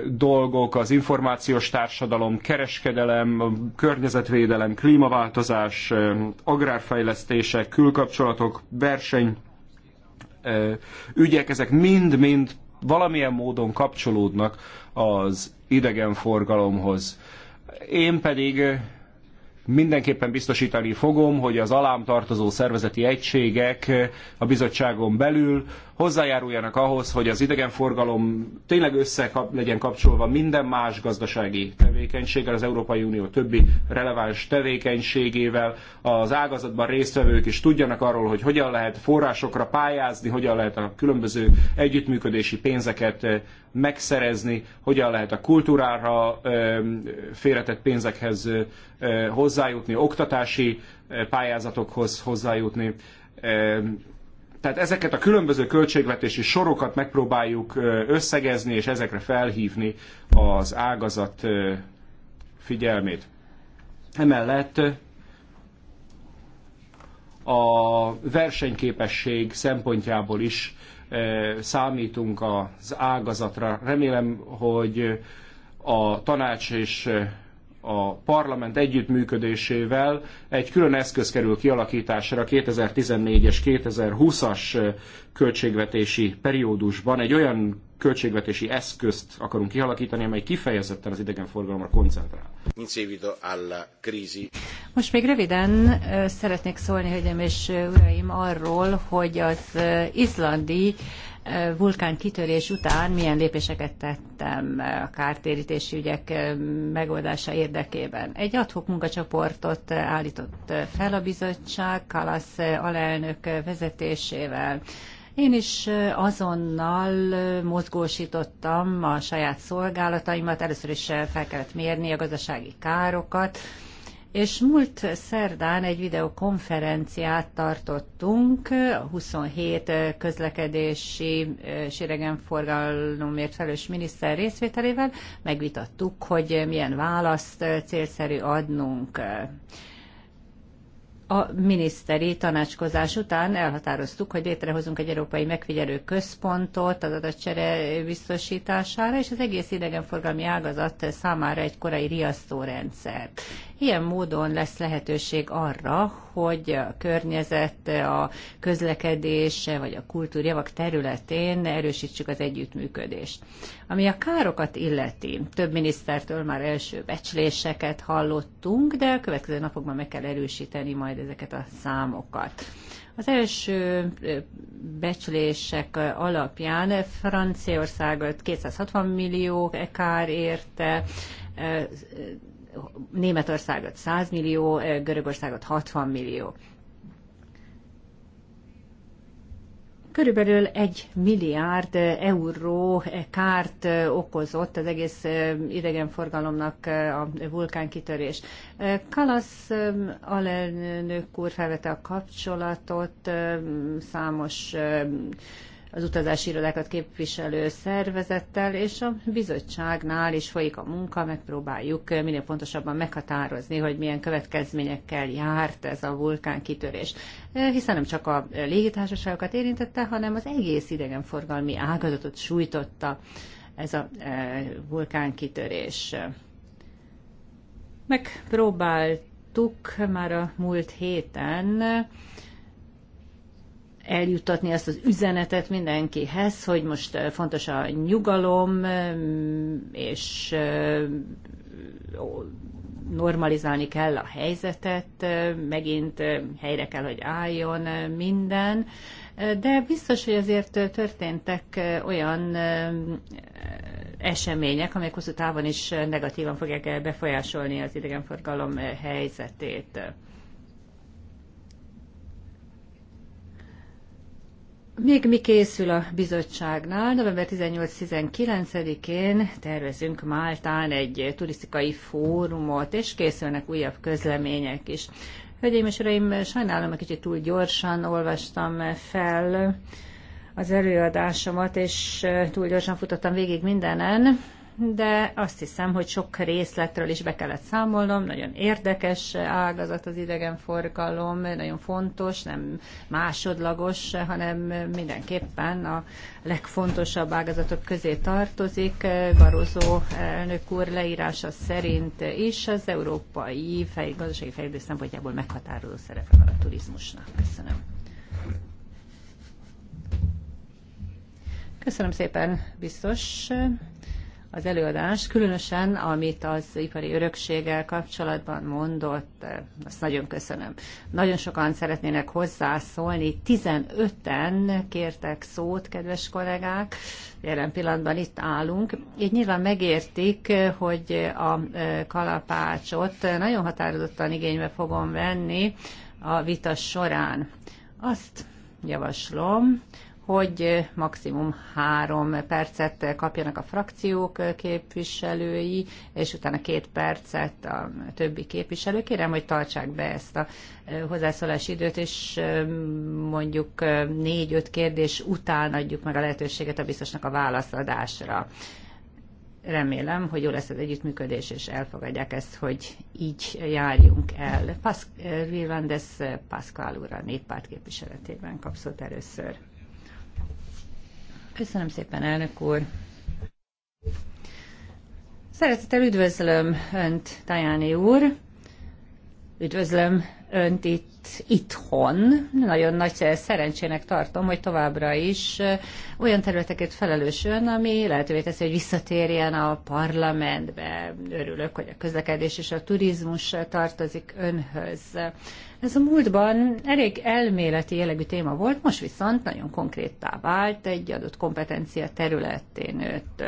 dolgok, az információs társadalom, kereskedelem, környezetvédelem, klímaváltozás, agrárfejlesztések, külkapcsolatok, verseny, ügyek, ezek mind-mind valamilyen módon kapcsolódnak az idegenforgalomhoz. Én pedig Mindenképpen biztosítani fogom, hogy az alám tartozó szervezeti egységek a bizottságon belül hozzájáruljanak ahhoz, hogy az idegenforgalom tényleg össze legyen kapcsolva minden más gazdasági tevékenységgel, az Európai Unió többi releváns tevékenységével, az ágazatban résztvevők is tudjanak arról, hogy hogyan lehet forrásokra pályázni, hogyan lehet a különböző együttműködési pénzeket megszerezni, hogyan lehet a kultúrára félretett pénzekhez hozzájutni, oktatási pályázatokhoz hozzájutni. Tehát ezeket a különböző költségvetési sorokat megpróbáljuk összegezni, és ezekre felhívni az ágazat figyelmét. Emellett a versenyképesség szempontjából is számítunk az ágazatra. Remélem, hogy a tanács és a parlament együttműködésével egy külön eszköz kerül kialakításra 2014-es, 2020-as költségvetési periódusban, egy olyan költségvetési eszközt akarunk kialakítani, amely kifejezetten az idegenforgalomra koncentrál. Most még röviden szeretnék szólni, hölgyeim és uraim, arról, hogy az izlandi vulkán kitörés után milyen lépéseket tettem a kártérítési ügyek megoldása érdekében. Egy adhok munkacsoportot állított fel a bizottság Kalasz alelnök vezetésével. Én is azonnal mozgósítottam a saját szolgálataimat, először is fel kellett mérni a gazdasági károkat, és múlt szerdán egy videokonferenciát tartottunk, 27 közlekedési és idegenforgalomért felelős miniszter részvételével, megvitattuk, hogy milyen választ célszerű adnunk a miniszteri tanácskozás után elhatároztuk, hogy létrehozunk egy európai megfigyelő központot az adatcsere biztosítására, és az egész idegenforgalmi ágazat számára egy korai riasztórendszert. Ilyen módon lesz lehetőség arra, hogy a környezet, a közlekedés vagy a kultúrjavak területén erősítsük az együttműködést. Ami a károkat illeti, több minisztertől már első becsléseket hallottunk, de a következő napokban meg kell erősíteni majd ezeket a számokat. Az első becslések alapján Franciaországot 260 millió kár érte, Németországot 100 millió, Görögországot 60 millió. Körülbelül egy milliárd euró kárt okozott az egész idegenforgalomnak a vulkánkitörés. Kalasz alelnök úr felvette a kapcsolatot számos az utazási irodákat képviselő szervezettel, és a bizottságnál is folyik a munka, megpróbáljuk minél pontosabban meghatározni, hogy milyen következményekkel járt ez a vulkán kitörés. Hiszen nem csak a légitársaságokat érintette, hanem az egész idegenforgalmi ágazatot sújtotta ez a e, vulkán kitörés. Megpróbáltuk már a múlt héten eljuttatni ezt az üzenetet mindenkihez, hogy most eh, fontos a nyugalom, eh, és eh, normalizálni kell a helyzetet, megint helyre kell, hogy álljon minden, de biztos, hogy azért történtek olyan események, amelyek hosszú távon is negatívan fogják befolyásolni az idegenforgalom helyzetét. Még mi készül a bizottságnál? November 18-19-én tervezünk Máltán egy turisztikai fórumot, és készülnek újabb közlemények is. Hölgyeim és Uraim, sajnálom, egy kicsit túl gyorsan olvastam fel az előadásomat, és túl gyorsan futottam végig mindenen de azt hiszem, hogy sok részletről is be kellett számolnom. Nagyon érdekes ágazat az idegenforgalom, nagyon fontos, nem másodlagos, hanem mindenképpen a legfontosabb ágazatok közé tartozik. Barozó elnök úr leírása szerint is az európai fej, gazdasági fejlődés szempontjából meghatározó szerepe van a turizmusnak. Köszönöm. Köszönöm szépen, biztos az előadás, különösen amit az ipari örökséggel kapcsolatban mondott, azt nagyon köszönöm. Nagyon sokan szeretnének hozzászólni, 15-en kértek szót, kedves kollégák, jelen pillanatban itt állunk. Így nyilván megértik, hogy a e, kalapácsot nagyon határozottan igénybe fogom venni a vita során. Azt javaslom, hogy maximum három percet kapjanak a frakciók képviselői, és utána két percet a többi képviselő. Kérem, hogy tartsák be ezt a hozzászólási időt, és mondjuk négy-öt kérdés után adjuk meg a lehetőséget a biztosnak a válaszadásra. Remélem, hogy jó lesz az együttműködés, és elfogadják ezt, hogy így járjunk el. Rilandes Pascal úr a néppárt képviseletében kapszott először. Köszönöm szépen, elnök úr. Szeretettel üdvözlöm Önt, Tajáni úr. Üdvözlöm Önt itt itthon. Nagyon nagy szerencsének tartom, hogy továbbra is olyan területeket felelős ön, ami lehetővé teszi, hogy visszatérjen a parlamentbe. Örülök, hogy a közlekedés és a turizmus tartozik önhöz. Ez a múltban elég elméleti jellegű téma volt, most viszont nagyon konkrétá vált egy adott kompetencia területén nőtt.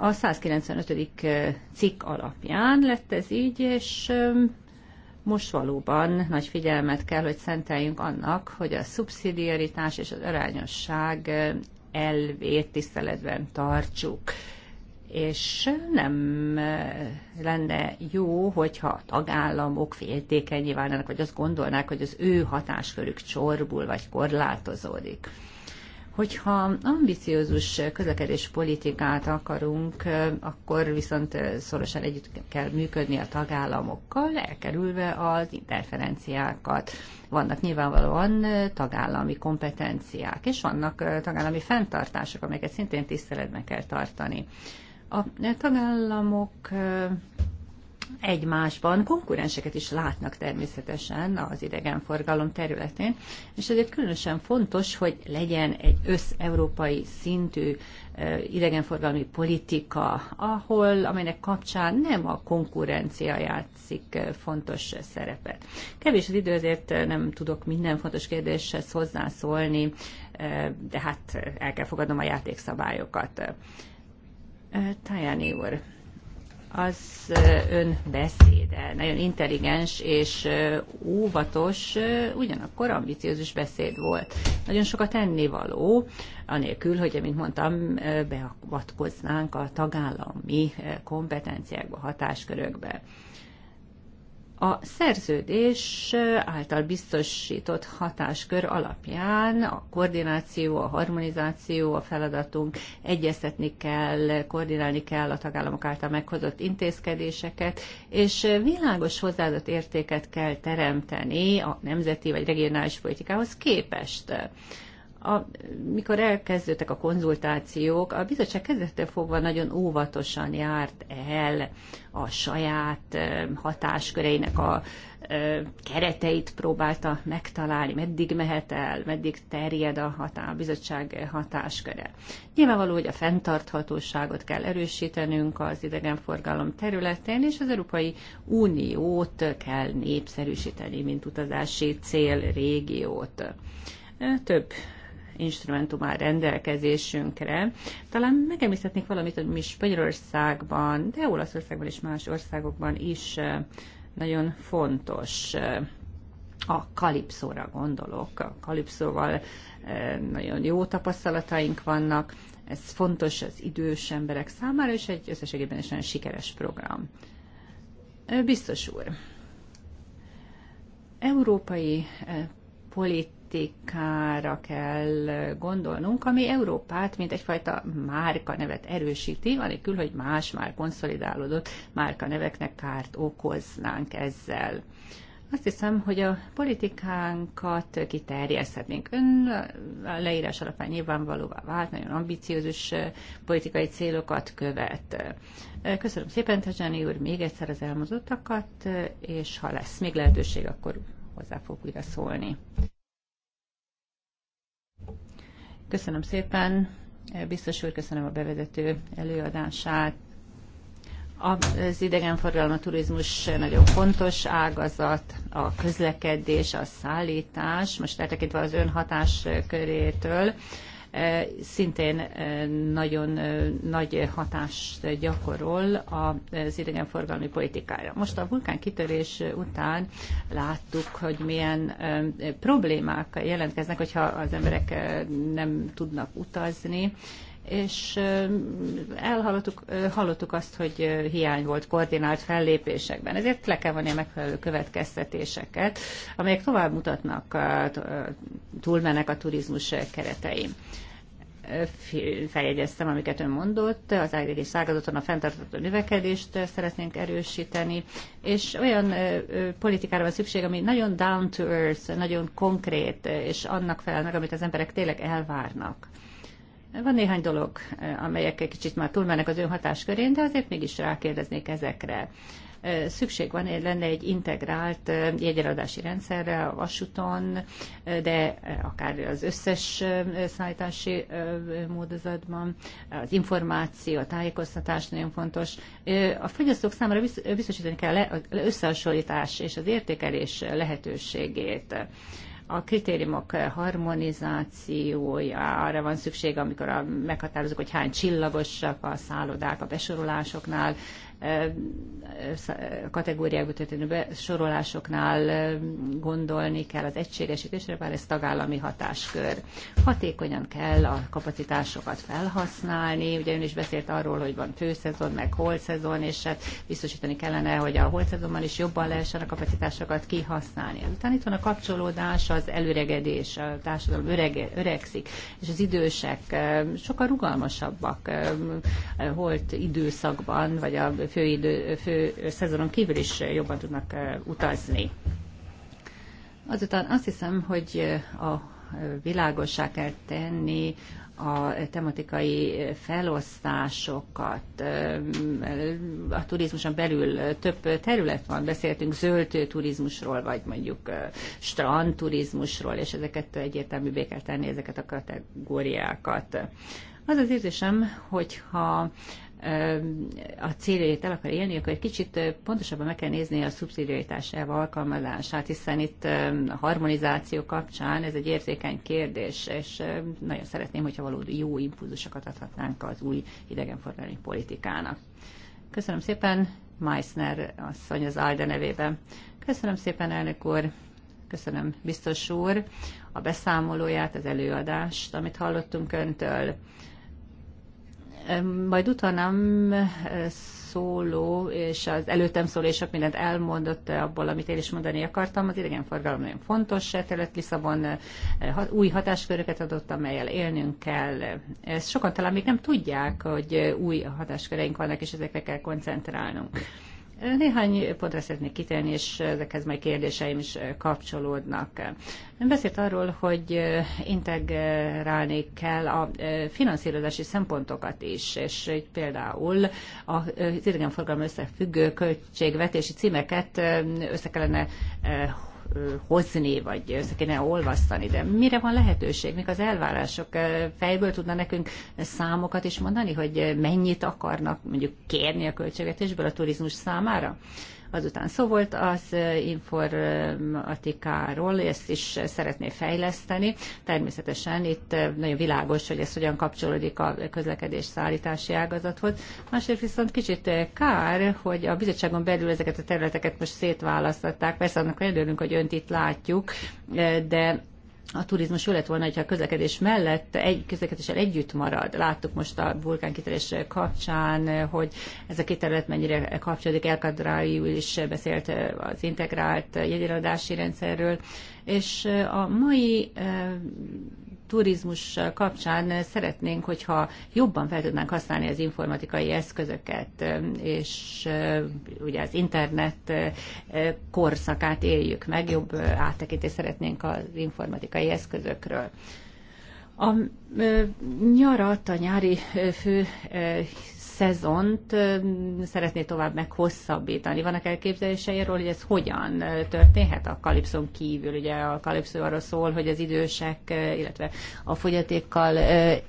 A 195. cikk alapján lett ez így, és most valóban nagy figyelmet kell, hogy szenteljünk annak, hogy a szubszidiaritás és az arányosság elvét tiszteletben tartsuk. És nem lenne jó, hogyha a tagállamok féltékeny válnának, vagy azt gondolnák, hogy az ő hatáskörük csorbul, vagy korlátozódik. Hogyha ambiciózus politikát akarunk, akkor viszont szorosan együtt kell működni a tagállamokkal, elkerülve az interferenciákat. Vannak nyilvánvalóan tagállami kompetenciák, és vannak tagállami fenntartások, amelyeket szintén tiszteletben kell tartani. A tagállamok egymásban konkurenseket is látnak természetesen az idegenforgalom területén, és ezért különösen fontos, hogy legyen egy összeurópai szintű idegenforgalmi politika, ahol, amelynek kapcsán nem a konkurencia játszik fontos szerepet. Kevés az idő, ezért nem tudok minden fontos kérdéshez hozzászólni, de hát el kell fogadnom a játékszabályokat. Tajani úr, az ön beszéde, nagyon intelligens és óvatos, ugyanakkor ambiciózus beszéd volt. Nagyon sokat tennivaló, anélkül, hogy, mint mondtam, beavatkoznánk a tagállami kompetenciákba, hatáskörökbe. A szerződés által biztosított hatáskör alapján a koordináció, a harmonizáció, a feladatunk, egyeztetni kell, koordinálni kell a tagállamok által meghozott intézkedéseket, és világos hozzáadott értéket kell teremteni a nemzeti vagy regionális politikához képest amikor elkezdődtek a konzultációk, a bizottság kezdettől fogva nagyon óvatosan járt el a saját hatásköreinek a kereteit próbálta megtalálni, meddig mehet el, meddig terjed a, hatá, a bizottság hatásköre. Nyilvánvaló, hogy a fenntarthatóságot kell erősítenünk az idegenforgalom területén, és az Európai Uniót kell népszerűsíteni, mint utazási cél régiót. Több instrumentum áll rendelkezésünkre. Talán megemlíthetnék valamit, hogy mi Spanyolországban, de Olaszországban és más országokban is nagyon fontos a kalipszóra gondolok. A kalipszóval nagyon jó tapasztalataink vannak, ez fontos az idős emberek számára, és egy összességében is nagyon sikeres program. Biztos úr, európai polit politikára kell gondolnunk, ami Európát, mint egyfajta nevet erősíti, anélkül, hogy más már konszolidálódott neveknek kárt okoznánk ezzel. Azt hiszem, hogy a politikánkat kiterjeszthetnénk. Ön a leírás alapján nyilvánvalóvá vált, nagyon ambiciózus politikai célokat követ. Köszönöm szépen, Tezsani úr, még egyszer az elmozottakat, és ha lesz még lehetőség, akkor hozzá fogok újra szólni. Köszönöm szépen, biztos úr, köszönöm a bevezető előadását. Az idegenforgalom, a turizmus nagyon fontos ágazat, a közlekedés, a szállítás, most eltekintve az ön körétől szintén nagyon nagy hatást gyakorol az idegenforgalmi politikára. Most a vulkán kitörés után láttuk, hogy milyen problémák jelentkeznek, hogyha az emberek nem tudnak utazni, és elhallottuk hallottuk azt, hogy hiány volt koordinált fellépésekben. Ezért le kell vonni a megfelelő következtetéseket, amelyek tovább mutatnak, túlmenek a turizmus keretein feljegyeztem, amiket ön mondott, az egész szágazaton a fenntartható növekedést szeretnénk erősíteni, és olyan politikára van szükség, ami nagyon down to earth, nagyon konkrét, és annak felel meg, amit az emberek tényleg elvárnak. Van néhány dolog, amelyek egy kicsit már túlmennek az ön hatáskörén, de azért mégis rákérdeznék ezekre. Szükség van, lenne egy integrált jegyeladási rendszerre a vasúton, de akár az összes szállítási módozatban. Az információ, a tájékoztatás nagyon fontos. A fogyasztók számára biztosítani kell az összehasonlítás és az értékelés lehetőségét a kritériumok harmonizációja arra van szükség, amikor a, meghatározunk, hogy hány csillagosak a szállodák a besorolásoknál, kategóriákba történő besorolásoknál gondolni kell az egységesítésre, bár ez tagállami hatáskör. Hatékonyan kell a kapacitásokat felhasználni, ugye ön is beszélt arról, hogy van főszezon, meg holszezon, és hát biztosítani kellene, hogy a holszezonban is jobban lehessen a kapacitásokat kihasználni. Utána itt van a kapcsolódás, az előregedés, a társadalom örege, öregszik, és az idősek sokkal rugalmasabbak holt időszakban, vagy a főidő, fő szezonon kívül is jobban tudnak eh, utazni. Azután azt hiszem, hogy eh, a eh, világossá kell tenni a tematikai felosztásokat. Mm, a turizmuson belül több terület van, beszéltünk zöld turizmusról, vagy mondjuk strandturizmusról, és ezeket egyértelművé kell tenni, ezeket a kategóriákat. Az az érzésem, hogyha a céljait el akar élni, akkor egy kicsit pontosabban meg kell nézni a szubszidiaritás elv alkalmazását, hiszen itt a harmonizáció kapcsán ez egy érzékeny kérdés, és nagyon szeretném, hogyha valódi jó impulzusokat adhatnánk az új idegenforgalmi politikának. Köszönöm szépen, Meissner asszony az Alde nevében. Köszönöm szépen, elnök úr, köszönöm biztos úr a beszámolóját, az előadást, amit hallottunk öntől. Majd utánam szóló és az előttem szóló és sok mindent elmondott abból, amit én is mondani akartam. Az idegenforgalom nagyon fontos terület. Lisszabon eh, új hatásköröket adott, amelyel élnünk kell. Ezt sokan talán még nem tudják, hogy új hatásköreink vannak, és ezekre kell koncentrálnunk. Néhány pontra szeretnék kitérni, és ezekhez majd kérdéseim is kapcsolódnak. Ön beszélt arról, hogy integrálni kell a finanszírozási szempontokat is, és így például az idegenforgalom összefüggő költségvetési címeket össze kellene hozni, vagy össze kéne olvasztani, de mire van lehetőség, mik az elvárások? Fejből tudna nekünk számokat is mondani, hogy mennyit akarnak mondjuk kérni a költségetésből a turizmus számára? Azután szó volt az informatikáról, ezt is szeretné fejleszteni. Természetesen itt nagyon világos, hogy ez hogyan kapcsolódik a közlekedés szállítási ágazathoz. Másrészt viszont kicsit kár, hogy a bizottságon belül ezeket a területeket most szétválasztották. Persze annak nagyon örülünk, hogy önt itt látjuk, de a turizmus jó lett volna, hogyha a közlekedés mellett egy közlekedéssel együtt marad. Láttuk most a vulkánkitörés kapcsán, hogy ez a két terület mennyire kapcsolódik. Elkadráiul is beszélt az integrált jegyeladási rendszerről, és a mai turizmus kapcsán szeretnénk, hogyha jobban fel tudnánk használni az informatikai eszközöket, és ugye az internet korszakát éljük meg, jobb áttekintést szeretnénk az informatikai eszközökről. A nyarat, a nyári fő szezont szeretné tovább meghosszabbítani. Vannak elképzelései arról, hogy ez hogyan történhet a kalipszon kívül? Ugye a kalipszó arról szól, hogy az idősek, illetve a fogyatékkal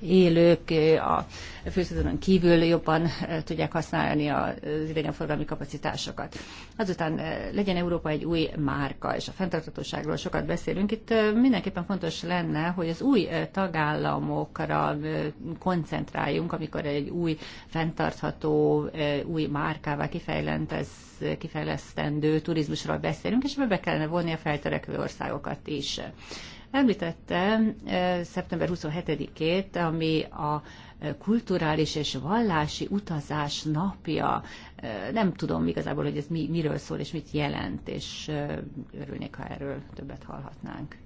élők, a főszezonon kívül jobban eh, tudják használni az idegenforgalmi kapacitásokat. Azután eh, legyen Európa egy új márka, és a fenntarthatóságról sokat beszélünk. Itt eh, mindenképpen fontos lenne, hogy az új tagállamokra koncentráljunk, amikor egy új fenntartható, új márkává kifejlentez kifejlesztendő turizmusról beszélünk, és ebbe be kellene vonni a feltörekvő országokat is. Említette szeptember 27-ét, ami a kulturális és vallási utazás napja. Nem tudom igazából, hogy ez mi, miről szól és mit jelent, és örülnék, ha erről többet hallhatnánk.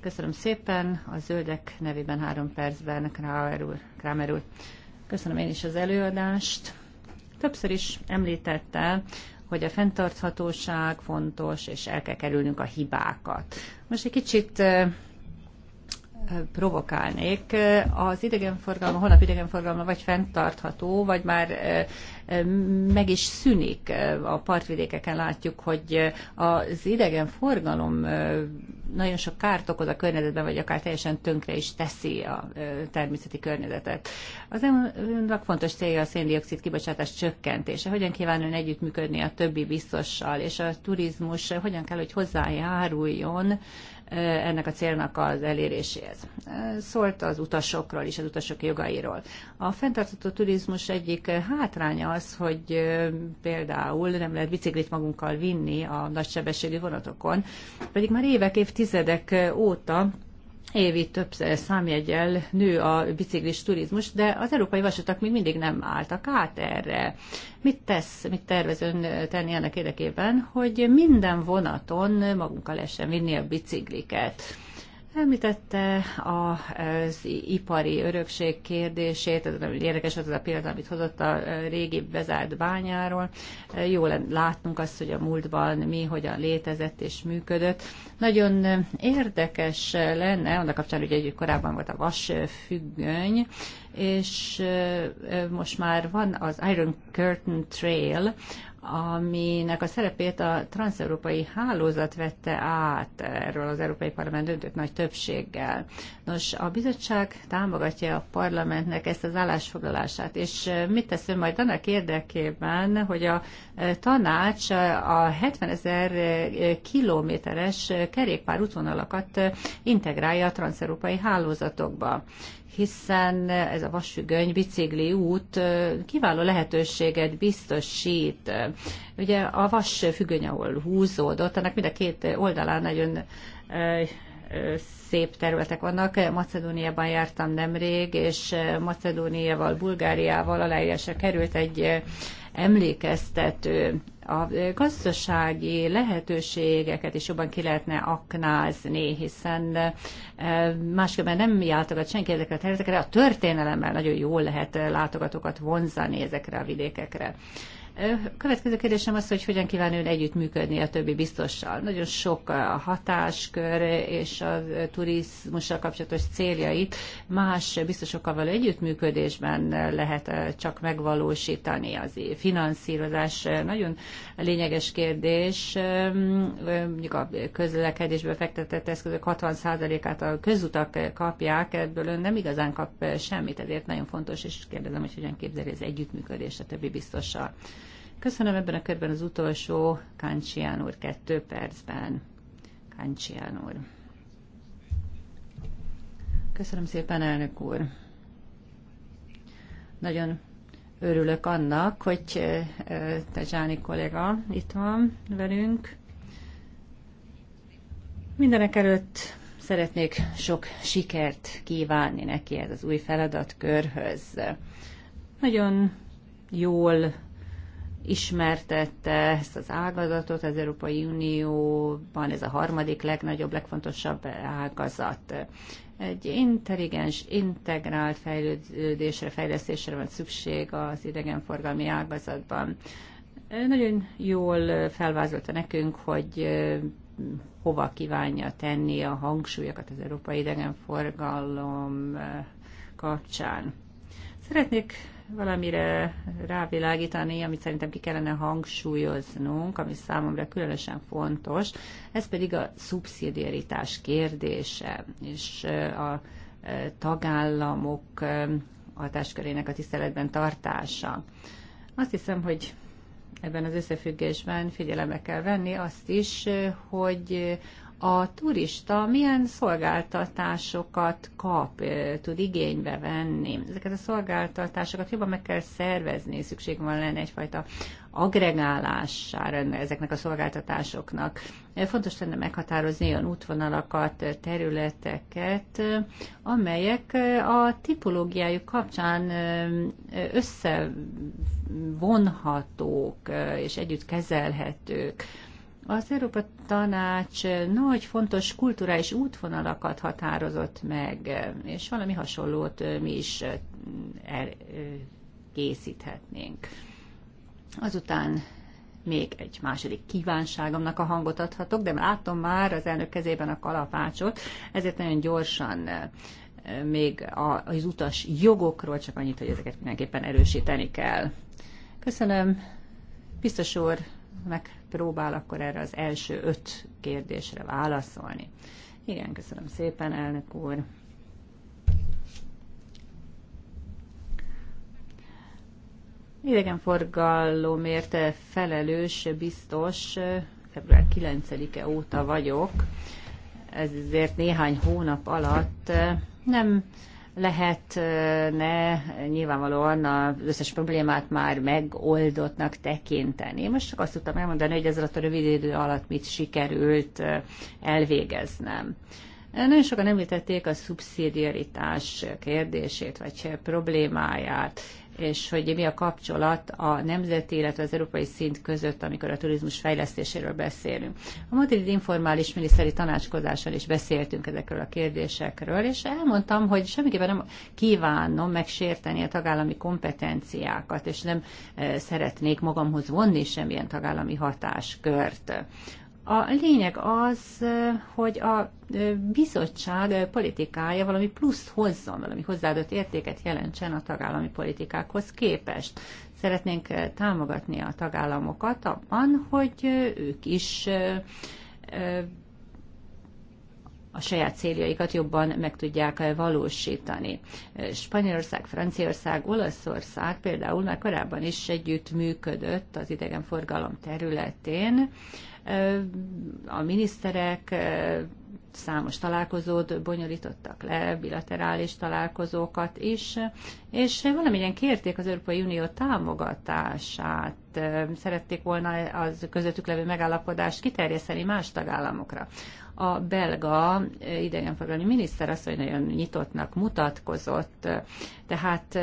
Köszönöm szépen a zöldek nevében három percben, Kramer úr. Kramer úr. Köszönöm én is az előadást. Többször is említette, hogy a fenntarthatóság fontos, és el kell kerülnünk a hibákat. Most egy kicsit provokálnék. Az idegenforgalma, holnap idegenforgalma vagy fenntartható, vagy már meg is szűnik. A partvidékeken látjuk, hogy az idegenforgalom nagyon sok kárt okoz a környezetben, vagy akár teljesen tönkre is teszi a természeti környezetet. Az önnek fontos célja a széndiokszid kibocsátás csökkentése. Hogyan kíván ön együttműködni a többi biztossal, és a turizmus hogyan kell, hogy hozzájáruljon ennek a célnak az eléréséhez. Szólt az utasokról is, az utasok jogairól. A fenntartható turizmus egyik hátránya az, hogy például nem lehet biciklit magunkkal vinni a nagysebességű vonatokon, pedig már évek, évtizedek óta évi több számjegyel nő a biciklis turizmus, de az európai vasutak még mindig nem álltak át erre. Mit tesz, mit tervez ön tenni ennek érdekében, hogy minden vonaton magunkkal lehessen vinni a bicikliket? Említette az ipari örökség kérdését, ez nagyon érdekes az a példa, amit hozott a régi bezárt bányáról. Jól látnunk azt, hogy a múltban mi hogyan létezett és működött. Nagyon érdekes lenne, annak kapcsán, hogy egy korábban volt a vasfüggöny, és most már van az Iron Curtain Trail, aminek a szerepét a transeurópai hálózat vette át, erről az Európai Parlament döntött nagy többséggel. Nos, a bizottság támogatja a parlamentnek ezt az állásfoglalását, és mit tesz majd annak érdekében, hogy a tanács a 70 ezer kilométeres kerékpár útvonalakat integrálja a transeurópai hálózatokba hiszen ez a vasfüggöny bicikli út kiváló lehetőséget biztosít. Ugye a vasfüggöny ahol húzódott, annak mind a két oldalán nagyon szép területek vannak. Macedóniában jártam nemrég, és Macedóniával, Bulgáriával aláírásra került egy emlékeztető. A gazdasági lehetőségeket is jobban ki lehetne aknázni, hiszen eh, másképpen nem látogat senki ezekre a területekre, a történelemmel nagyon jól lehet látogatókat vonzani ezekre a vidékekre. Következő kérdésem az, hogy hogyan kíván ön együttműködni a többi biztossal. Nagyon sok a hatáskör és a turizmussal kapcsolatos céljait más biztosokkal való együttműködésben lehet csak megvalósítani. Az finanszírozás nagyon lényeges kérdés. Mondjuk a közlekedésbe fektetett eszközök 60%-át a közutak kapják, ebből ön nem igazán kap semmit, ezért nagyon fontos, és kérdezem, hogy hogyan képzeli az együttműködést a többi biztossal. Köszönöm ebben a körben az utolsó Kancsián úr kettő percben. Kancsián úr. Köszönöm szépen, elnök úr. Nagyon örülök annak, hogy Zsáni kolléga itt van velünk. Mindenek előtt szeretnék sok sikert kívánni neki ez az új feladatkörhöz. Nagyon jól ismertette ezt az ágazatot az Európai Unióban, ez a harmadik legnagyobb, legfontosabb ágazat. Egy intelligens, integrált fejlődésre, fejlesztésre van szükség az idegenforgalmi ágazatban. Nagyon jól felvázolta nekünk, hogy hova kívánja tenni a hangsúlyokat az európai idegenforgalom kapcsán. Szeretnék valamire rávilágítani, amit szerintem ki kellene hangsúlyoznunk, ami számomra különösen fontos, ez pedig a szubszidiaritás kérdése, és a tagállamok hatáskörének a tiszteletben tartása. Azt hiszem, hogy ebben az összefüggésben figyelembe kell venni azt is, hogy a turista milyen szolgáltatásokat kap, tud igénybe venni. Ezeket a szolgáltatásokat jobban meg kell szervezni, szükség van lenne egyfajta agregálására ezeknek a szolgáltatásoknak. Fontos lenne meghatározni olyan útvonalakat, területeket, amelyek a tipológiájuk kapcsán összevonhatók és együtt kezelhetők az Európa Tanács nagy, fontos kulturális útvonalakat határozott meg, és valami hasonlót mi is készíthetnénk. Azután még egy második kívánságomnak a hangot adhatok, de látom már az elnök kezében a kalapácsot, ezért nagyon gyorsan még az utas jogokról csak annyit, hogy ezeket mindenképpen erősíteni kell. Köszönöm, biztos úr, meg Próbál, akkor erre az első öt kérdésre válaszolni. Igen, köszönöm szépen, elnök úr. Idegenforgalomért felelős, biztos, február 9-e óta vagyok, ezért néhány hónap alatt nem lehetne nyilvánvalóan az összes problémát már megoldottnak tekinteni. Most csak azt tudtam elmondani, hogy ez alatt a rövid idő alatt mit sikerült elvégeznem. Nagyon sokan említették a szubszidiaritás kérdését, vagy problémáját, és hogy mi a kapcsolat a nemzeti, illetve az európai szint között, amikor a turizmus fejlesztéséről beszélünk. A Madrid informális miniszteri tanácskozással is beszéltünk ezekről a kérdésekről, és elmondtam, hogy semmiképpen nem kívánom megsérteni a tagállami kompetenciákat, és nem eh, szeretnék magamhoz vonni semmilyen tagállami hatáskört. A lényeg az, hogy a bizottság politikája valami pluszt hozzon, valami hozzáadott értéket jelentsen a tagállami politikákhoz képest. Szeretnénk támogatni a tagállamokat abban, hogy ők is a saját céljaikat jobban meg tudják valósítani. Spanyolország, Franciaország, Olaszország például már korábban is együtt működött az idegenforgalom területén, a miniszterek számos találkozót bonyolítottak le, bilaterális találkozókat is, és valamilyen kérték az Európai Unió támogatását, szerették volna az közöttük levő megállapodást kiterjeszteni más tagállamokra. A belga idegenforgalmi miniszter azt, hogy nagyon nyitottnak mutatkozott, tehát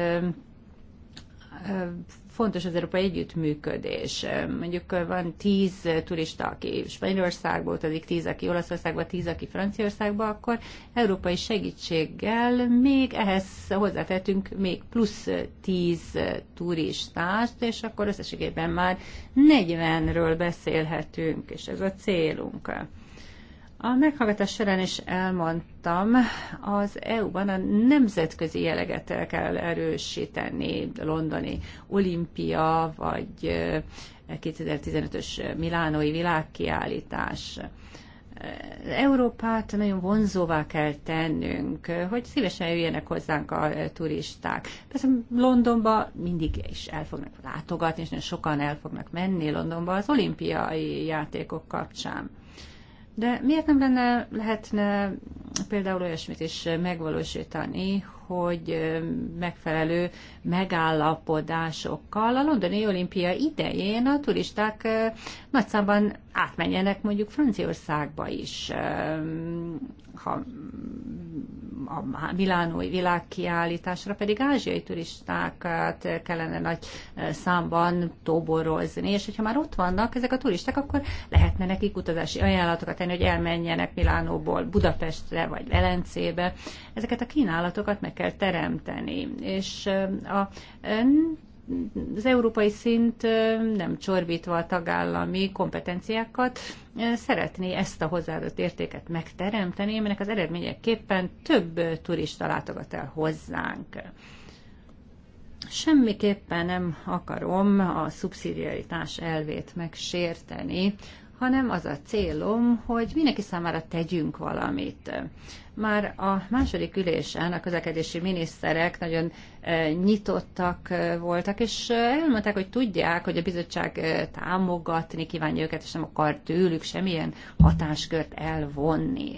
fontos az európai együttműködés. Mondjuk van tíz turista, aki Spanyolországból tehát tíz, aki Olaszországba, tíz, aki Franciaországba, akkor európai segítséggel még ehhez hozzátettünk még plusz tíz turistást, és akkor összességében már 40-ről beszélhetünk, és ez a célunk. A meghallgatás során is elmondtam, az EU-ban a nemzetközi jeleget kell erősíteni, londoni olimpia, vagy 2015-ös milánói világkiállítás. Európát nagyon vonzóvá kell tennünk, hogy szívesen jöjjenek hozzánk a turisták. Persze Londonba mindig is el fognak látogatni, és nagyon sokan el fognak menni Londonba az olimpiai játékok kapcsán. De miért nem lenne, lehetne például olyasmit is megvalósítani, hogy megfelelő megállapodásokkal a londoni olimpia idején a turisták nagy számban átmenjenek mondjuk Franciaországba is, ha a Milánói világkiállításra pedig ázsiai turistákat kellene nagy eh, számban toborozni, és hogyha már ott vannak ezek a turisták, akkor lehetne nekik utazási ajánlatokat tenni, hogy elmenjenek Milánóból Budapestre vagy Velencébe. Ezeket a kínálatokat meg kell teremteni, és eh, a eh, az európai szint nem csorbítva a tagállami kompetenciákat szeretné ezt a hozzáadott értéket megteremteni, aminek az eredményeképpen több turista látogat el hozzánk. Semmiképpen nem akarom a szubszidiaritás elvét megsérteni, hanem az a célom, hogy mindenki számára tegyünk valamit. Már a második ülésen a közlekedési miniszterek nagyon nyitottak voltak, és elmondták, hogy tudják, hogy a bizottság támogatni kívánja őket, és nem akar tőlük semmilyen hatáskört elvonni.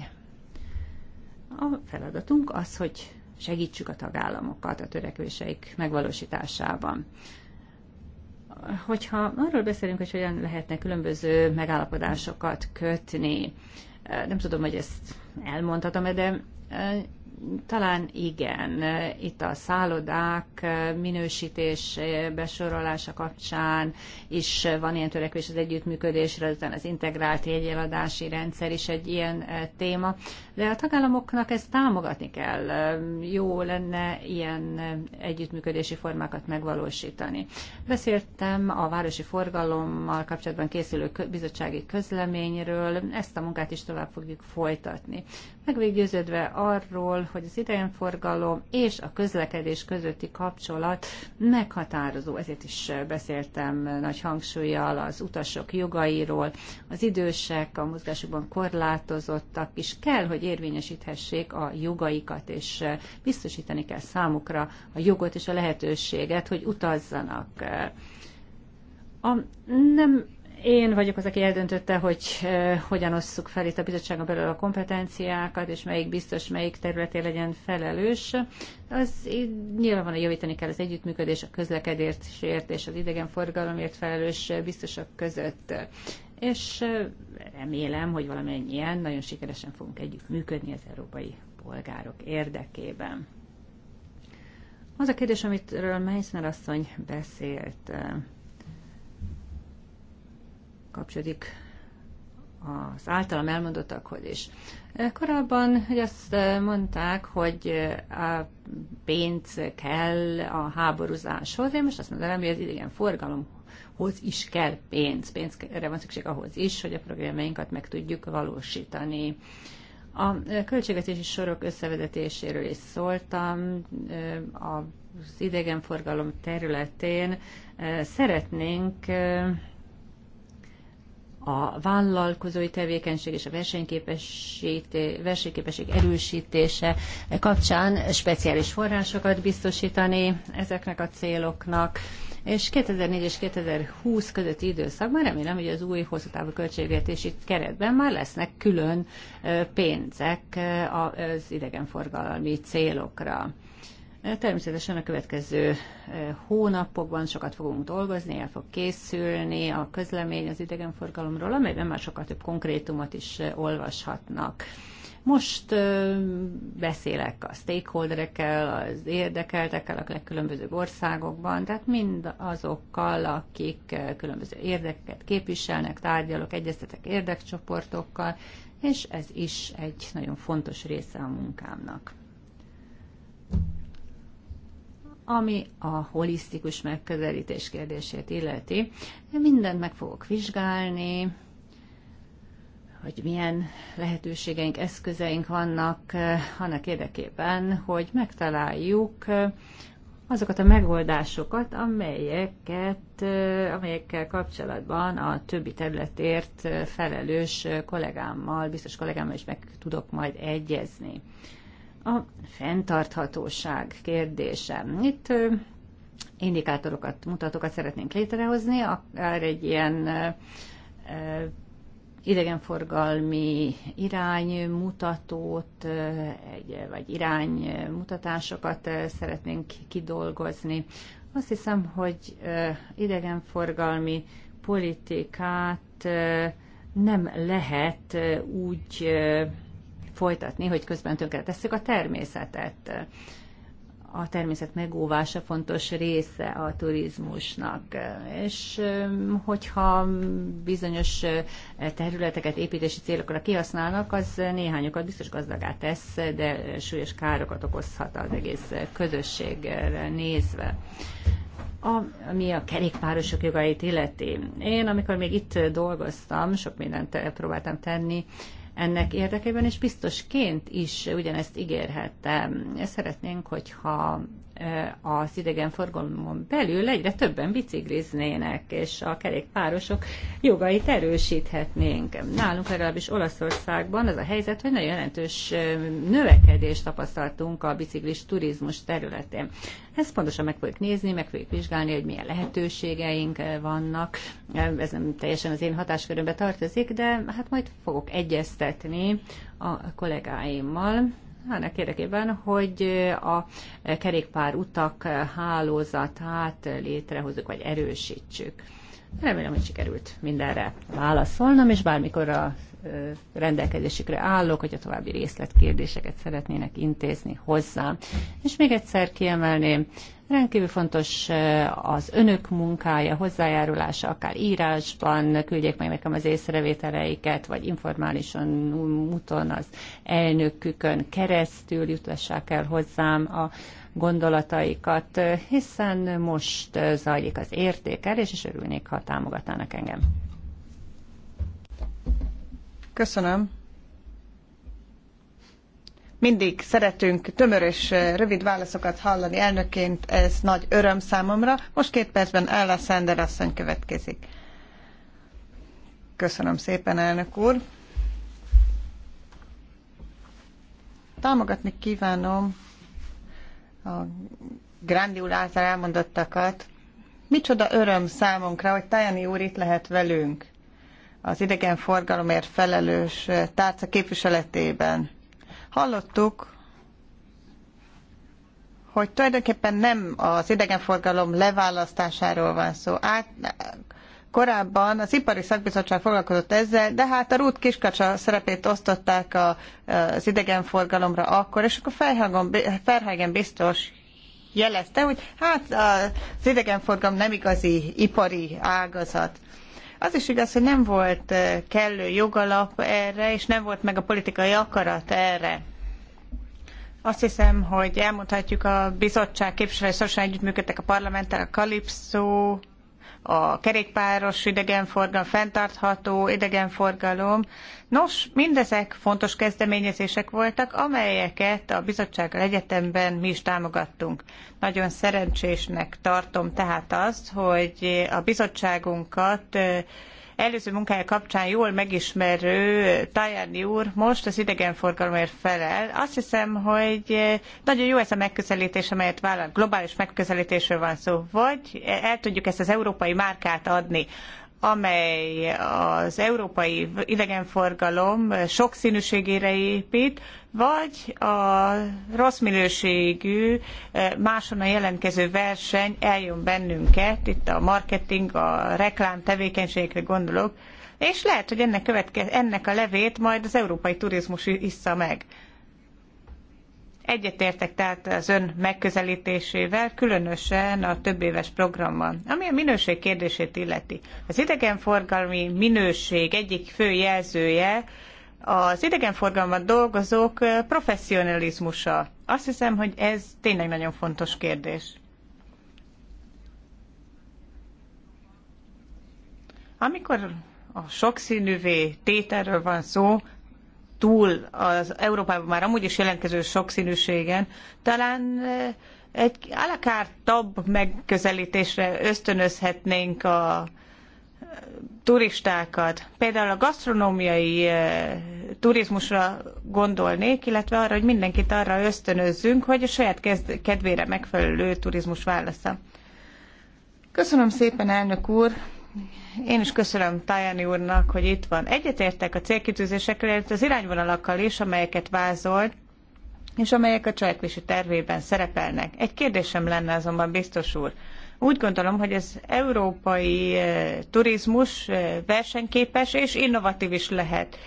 A feladatunk az, hogy segítsük a tagállamokat a törekvéseik megvalósításában hogyha arról beszélünk, hogy hogyan lehetne különböző megállapodásokat kötni, nem tudom, hogy ezt elmondhatom de talán igen, itt a szállodák minősítés besorolása kapcsán is van ilyen törekvés az együttműködésre, az integrált jegyeladási rendszer is egy ilyen eh, téma de a tagállamoknak ezt támogatni kell. Jó lenne ilyen együttműködési formákat megvalósítani. Beszéltem a városi forgalommal kapcsolatban készülő bizottsági közleményről, ezt a munkát is tovább fogjuk folytatni. Megvégyőződve arról, hogy az idegenforgalom és a közlekedés közötti kapcsolat meghatározó, ezért is beszéltem nagy hangsúlyjal az utasok jogairól, az idősek, a mozgásukban korlátozottak is kell, hogy hogy érvényesíthessék a jogaikat, és eh, biztosítani kell számukra a jogot és a lehetőséget, hogy utazzanak. A, nem én vagyok az, aki eldöntötte, hogy eh, hogyan osszuk fel itt a bizottságon belül a kompetenciákat, és melyik biztos, melyik területé legyen felelős. Az nyilvánvalóan javítani kell az együttműködés, a közlekedésért és az idegenforgalomért felelős eh, biztosok között és remélem, hogy valamennyien nagyon sikeresen fogunk együtt működni az európai polgárok érdekében. Az a kérdés, amitről Meissner asszony beszélt, kapcsolódik az általam elmondottakhoz is. Korábban hogy azt mondták, hogy a pénz kell a háborúzáshoz, én most azt mondanám, hogy az idegen forgalom hoz is kell pénz. Pénzre van szükség ahhoz is, hogy a programjainkat meg tudjuk valósítani. A költségvetési sorok összevezetéséről is szóltam. Az idegenforgalom területén szeretnénk a vállalkozói tevékenység és a versenyképesség erősítése kapcsán speciális forrásokat biztosítani ezeknek a céloknak és 2004 és 2020 közötti időszakban remélem, hogy az új hosszú költségvetési keretben már lesznek külön pénzek az idegenforgalmi célokra. Természetesen a következő hónapokban sokat fogunk dolgozni, el fog készülni a közlemény az idegenforgalomról, amelyben már sokat több konkrétumot is olvashatnak. Most beszélek a stakeholderekkel, az érdekeltekkel a legkülönbözőbb országokban, tehát mind azokkal, akik különböző érdekeket képviselnek, tárgyalok, egyeztetek érdekcsoportokkal, és ez is egy nagyon fontos része a munkámnak ami a holisztikus megközelítés kérdését illeti. mindent meg fogok vizsgálni, hogy milyen lehetőségeink, eszközeink vannak eh, annak érdekében, hogy megtaláljuk eh, azokat a megoldásokat, amelyeket, eh, amelyekkel kapcsolatban a többi területért felelős kollégámmal, biztos kollégámmal is meg tudok majd egyezni. A fenntarthatóság kérdése. Itt indikátorokat, mutatókat szeretnénk létrehozni, akár egy ilyen idegenforgalmi iránymutatót, egy, vagy iránymutatásokat szeretnénk kidolgozni. Azt hiszem, hogy idegenforgalmi politikát nem lehet úgy folytatni, hogy közben tönkretesszük a természetet a természet megóvása fontos része a turizmusnak. És hogyha bizonyos területeket építési célokra kihasználnak, az néhányokat biztos gazdagá tesz, de súlyos károkat okozhat az egész közösségre nézve. A, ami a kerékpárosok jogait illeti. Én, amikor még itt dolgoztam, sok mindent próbáltam tenni, ennek érdekében, és biztosként is ugyanezt ígérhettem. Szeretnénk, hogyha az forgalomon belül egyre többen bicikliznének, és a kerékpárosok jogait erősíthetnénk. Nálunk legalábbis Olaszországban az a helyzet, hogy nagyon jelentős növekedést tapasztaltunk a biciklis turizmus területén. Ezt pontosan meg fogjuk nézni, meg fogjuk vizsgálni, hogy milyen lehetőségeink vannak. Ez nem teljesen az én hatáskörömbe tartozik, de hát majd fogok egyeztetni a kollégáimmal annak érdekében, hogy a kerékpár utak hálózatát létrehozzuk, vagy erősítsük. Remélem, hogy sikerült mindenre válaszolnom, és bármikor a rendelkezésükre állok, hogy a további részletkérdéseket szeretnének intézni hozzám. És még egyszer kiemelném, Rendkívül fontos eh, az önök munkája, hozzájárulása, akár írásban küldjék meg nekem az észrevételeiket, vagy informálisan úton az elnökükön keresztül jutassák el hozzám a gondolataikat, eh, hiszen most eh, zajlik az értékelés, és örülnék, ha támogatnának engem. Köszönöm. Mindig szeretünk tömör és rövid válaszokat hallani elnökként, ez nagy öröm számomra. Most két percben Ella Sander asszony következik. Köszönöm szépen, elnök úr. Támogatni kívánom a Grandi úr által elmondottakat. Micsoda öröm számunkra, hogy Tajani úr itt lehet velünk az idegenforgalomért felelős tárca képviseletében. Hallottuk, hogy tulajdonképpen nem az idegenforgalom leválasztásáról van szó. Át, korábban az ipari szakbizottság foglalkozott ezzel, de hát a rút Kiskacsa szerepét osztották a, az idegenforgalomra akkor, és akkor Ferhagen biztos jelezte, hogy hát az idegenforgalom nem igazi ipari ágazat. Az is igaz, hogy nem volt eh, kellő jogalap erre, és nem volt meg a politikai akarat erre. Azt hiszem, hogy elmondhatjuk a bizottság képviselői szorosan együttműködtek a parlamenttel, a Kalipszó a kerékpáros idegenforgalom, fenntartható idegenforgalom. Nos, mindezek fontos kezdeményezések voltak, amelyeket a bizottsággal egyetemben mi is támogattunk. Nagyon szerencsésnek tartom tehát azt, hogy a bizottságunkat előző munkája kapcsán jól megismerő Tajani úr most az idegenforgalomért felel. Azt hiszem, hogy nagyon jó ez a megközelítés, amelyet vállal. Globális megközelítésről van szó. Vagy el tudjuk ezt az európai márkát adni amely az európai idegenforgalom sokszínűségére épít, vagy a rossz minőségű, máshonnan jelentkező verseny eljön bennünket, itt a marketing, a reklám tevékenységekre gondolok, és lehet, hogy ennek, ennek a levét majd az európai turizmus issza meg. Egyetértek tehát az ön megközelítésével, különösen a több éves ami a minőség kérdését illeti. Az idegenforgalmi minőség egyik fő jelzője az idegenforgalmat dolgozók professzionalizmusa. Azt hiszem, hogy ez tényleg nagyon fontos kérdés. Amikor a sokszínűvé tételről van szó, túl az Európában már amúgy is jelentkező sokszínűségen, talán eh, egy alakártabb megközelítésre ösztönözhetnénk a eh, turistákat. Például a gasztronómiai eh, turizmusra gondolnék, illetve arra, hogy mindenkit arra ösztönözzünk, hogy a saját kedvére megfelelő turizmus válasza. Köszönöm szépen, elnök úr! Én is köszönöm Tajani úrnak, hogy itt van. Egyetértek a célkitűzésekkel, illetve az irányvonalakkal is, amelyeket vázolt, és amelyek a cselekvési tervében szerepelnek. Egy kérdésem lenne azonban biztos úr. Úgy gondolom, hogy az európai eh, turizmus eh, versenyképes és innovatív is lehet.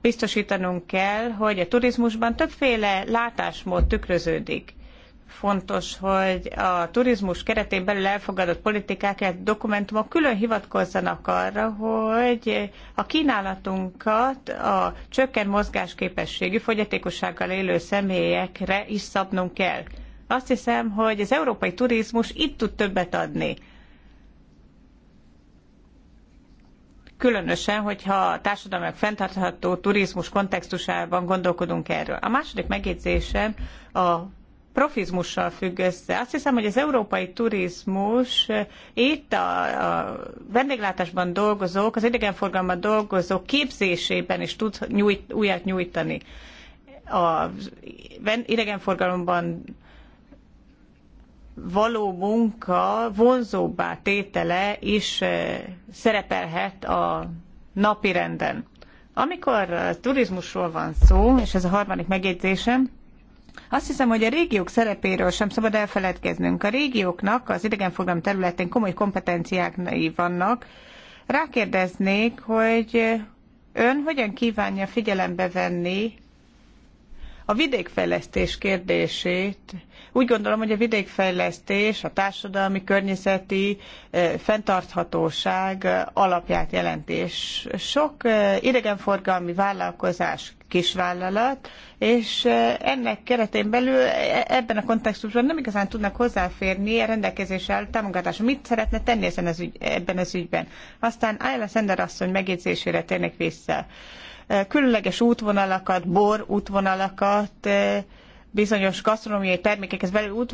Biztosítanunk kell, hogy a turizmusban többféle látásmód tükröződik fontos, hogy a turizmus keretén belül elfogadott politikák, dokumentumok külön hivatkozzanak arra, hogy a kínálatunkat a csökkent mozgásképességű fogyatékossággal élő személyekre is szabnunk kell. Azt hiszem, hogy az európai turizmus itt tud többet adni. különösen, hogyha a társadalmi fenntartható turizmus kontextusában gondolkodunk erről. A második megjegyzésem a profizmussal függ össze. Azt hiszem, hogy az európai turizmus eh, itt a, a vendéglátásban dolgozók, az idegenforgalomban dolgozók képzésében is tud nyújt, újat nyújtani. A idegenforgalomban való munka vonzóbbá tétele is eh, szerepelhet a napirenden. Amikor a eh, turizmusról van szó, és ez a harmadik megjegyzésem, azt hiszem, hogy a régiók szerepéről sem szabad elfeledkeznünk. A régióknak az idegenforgalom területén komoly kompetenciái vannak. Rákérdeznék, hogy ön hogyan kívánja figyelembe venni a vidékfejlesztés kérdését, úgy gondolom, hogy a vidékfejlesztés, a társadalmi, környezeti eh, fenntarthatóság eh, alapját jelentés. Sok eh, idegenforgalmi vállalkozás kisvállalat, és ennek keretén belül ebben a kontextusban nem igazán tudnak hozzáférni a rendelkezésre álló támogatásra. Mit szeretne tenni ezen az ügy, ebben az ügyben? Aztán Ayla Sender asszony megjegyzésére térnek vissza. Különleges útvonalakat, bor útvonalakat, bizonyos gasztronómiai termékekhez belül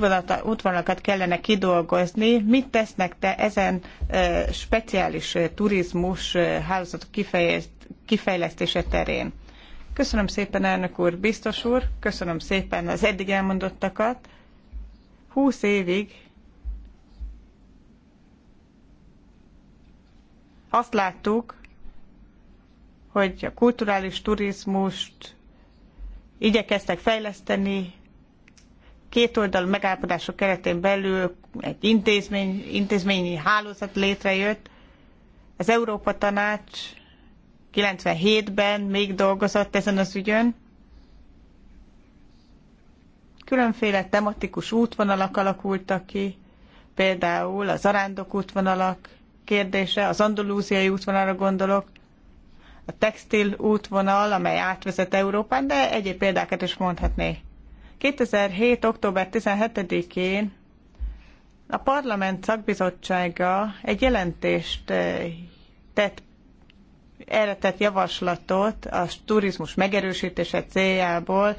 útvonalakat kellene kidolgozni. Mit tesznek te ezen speciális turizmus hálózatok kifejlesztése terén? Köszönöm szépen, elnök úr, biztos úr, köszönöm szépen az eddig elmondottakat. Húsz évig azt láttuk, hogy a kulturális turizmust igyekeztek fejleszteni kétoldalú megállapodások keretén belül egy intézmény, intézményi hálózat létrejött. Az Európa Tanács 97-ben még dolgozott ezen az ügyön. Különféle tematikus útvonalak alakultak ki, például az arándok útvonalak kérdése, az andalúziai útvonalra gondolok, a textil útvonal, amely átvezet Európán, de egyéb példákat is mondhatnék. 2007. október 17-én a parlament szakbizottsága egy jelentést eh, tett, erre tett javaslatot a turizmus megerősítése céljából,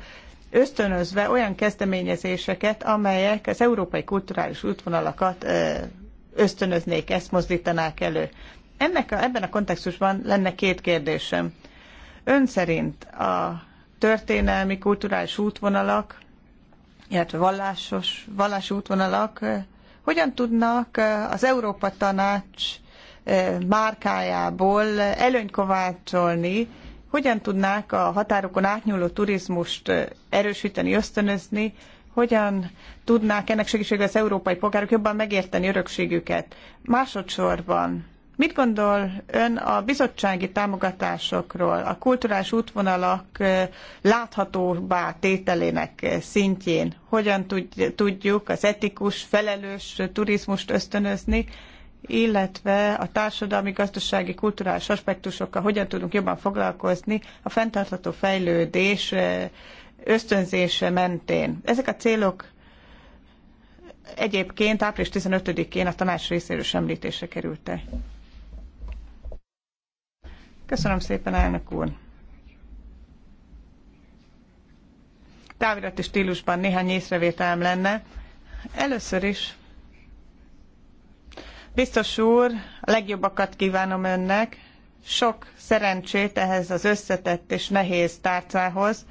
ösztönözve olyan kezdeményezéseket, amelyek az európai kulturális útvonalakat eh, ösztönöznék, ezt mozdítanák elő. Ennek a, ebben a kontextusban lenne két kérdésem. Ön szerint a történelmi, kulturális útvonalak, illetve vallásos, vallási útvonalak eh, hogyan tudnak eh, az Európa Tanács eh, márkájából előny kovácsolni, hogyan tudnák a határokon átnyúló turizmust erősíteni, ösztönözni, hogyan tudnák ennek segítségével az európai polgárok jobban megérteni örökségüket. Másodszorban Mit gondol ön a bizottsági támogatásokról, a kulturális útvonalak láthatóbbá tételének szintjén? Hogyan tudjuk az etikus, felelős turizmust ösztönözni, illetve a társadalmi, gazdasági, kulturális aspektusokkal hogyan tudunk jobban foglalkozni a fenntartható fejlődés ösztönzése mentén. Ezek a célok egyébként április 15-én a tanács részéről említésre kerültek. Köszönöm szépen, elnök úr. Távirati stílusban néhány észrevételem lenne. Először is Biztos úr, a legjobbakat kívánom önnek, sok szerencsét ehhez az összetett és nehéz tárcához,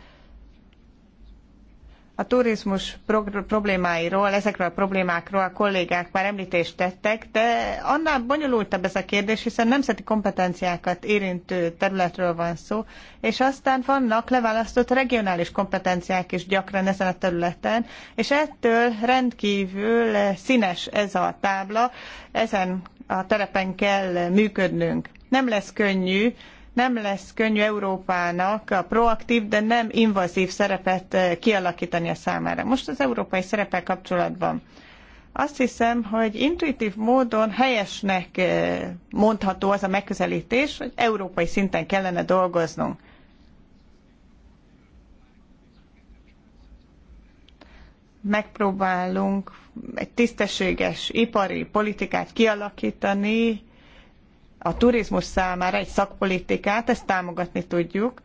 a turizmus problémáiról, ezekről a problémákról a kollégák már említést tettek, de annál bonyolultabb ez a kérdés, hiszen nemzeti kompetenciákat érintő területről van szó, és aztán vannak leválasztott regionális kompetenciák is gyakran ezen a területen, és ettől rendkívül színes ez a tábla, ezen a terepen kell működnünk. Nem lesz könnyű, nem lesz könnyű Európának a proaktív, de nem invazív szerepet eh, kialakítani a számára. Most az európai szerepel kapcsolatban. Azt hiszem, hogy intuitív módon helyesnek eh, mondható az a megközelítés, hogy európai szinten kellene dolgoznunk. Megpróbálunk egy tisztességes ipari politikát kialakítani, a turizmus számára egy szakpolitikát, ezt támogatni tudjuk.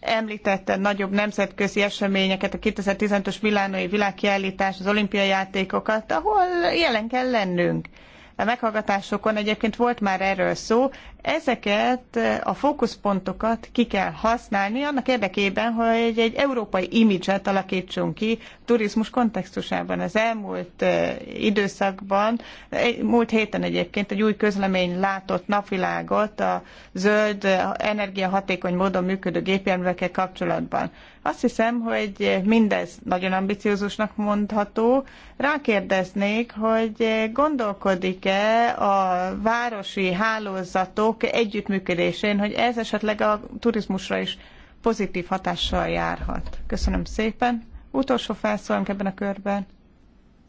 Említette nagyobb nemzetközi eseményeket, a 2015-ös Milánói világkiállítás, az olimpiai játékokat, ahol jelen kell lennünk a meghallgatásokon egyébként volt már erről szó, ezeket eh, a fókuszpontokat ki kell használni annak érdekében, hogy egy európai imidzset alakítsunk ki turizmus kontextusában. Az elmúlt eh, időszakban, eh, múlt héten egyébként egy új közlemény látott napvilágot a zöld, energiahatékony módon működő gépjárművekkel kapcsolatban. Azt hiszem, hogy mindez nagyon ambiciózusnak mondható. Rákérdeznék, hogy gondolkodik-e a városi hálózatok együttműködésén, hogy ez esetleg a turizmusra is pozitív hatással járhat. Köszönöm szépen. Utolsó felszólunk ebben a körben.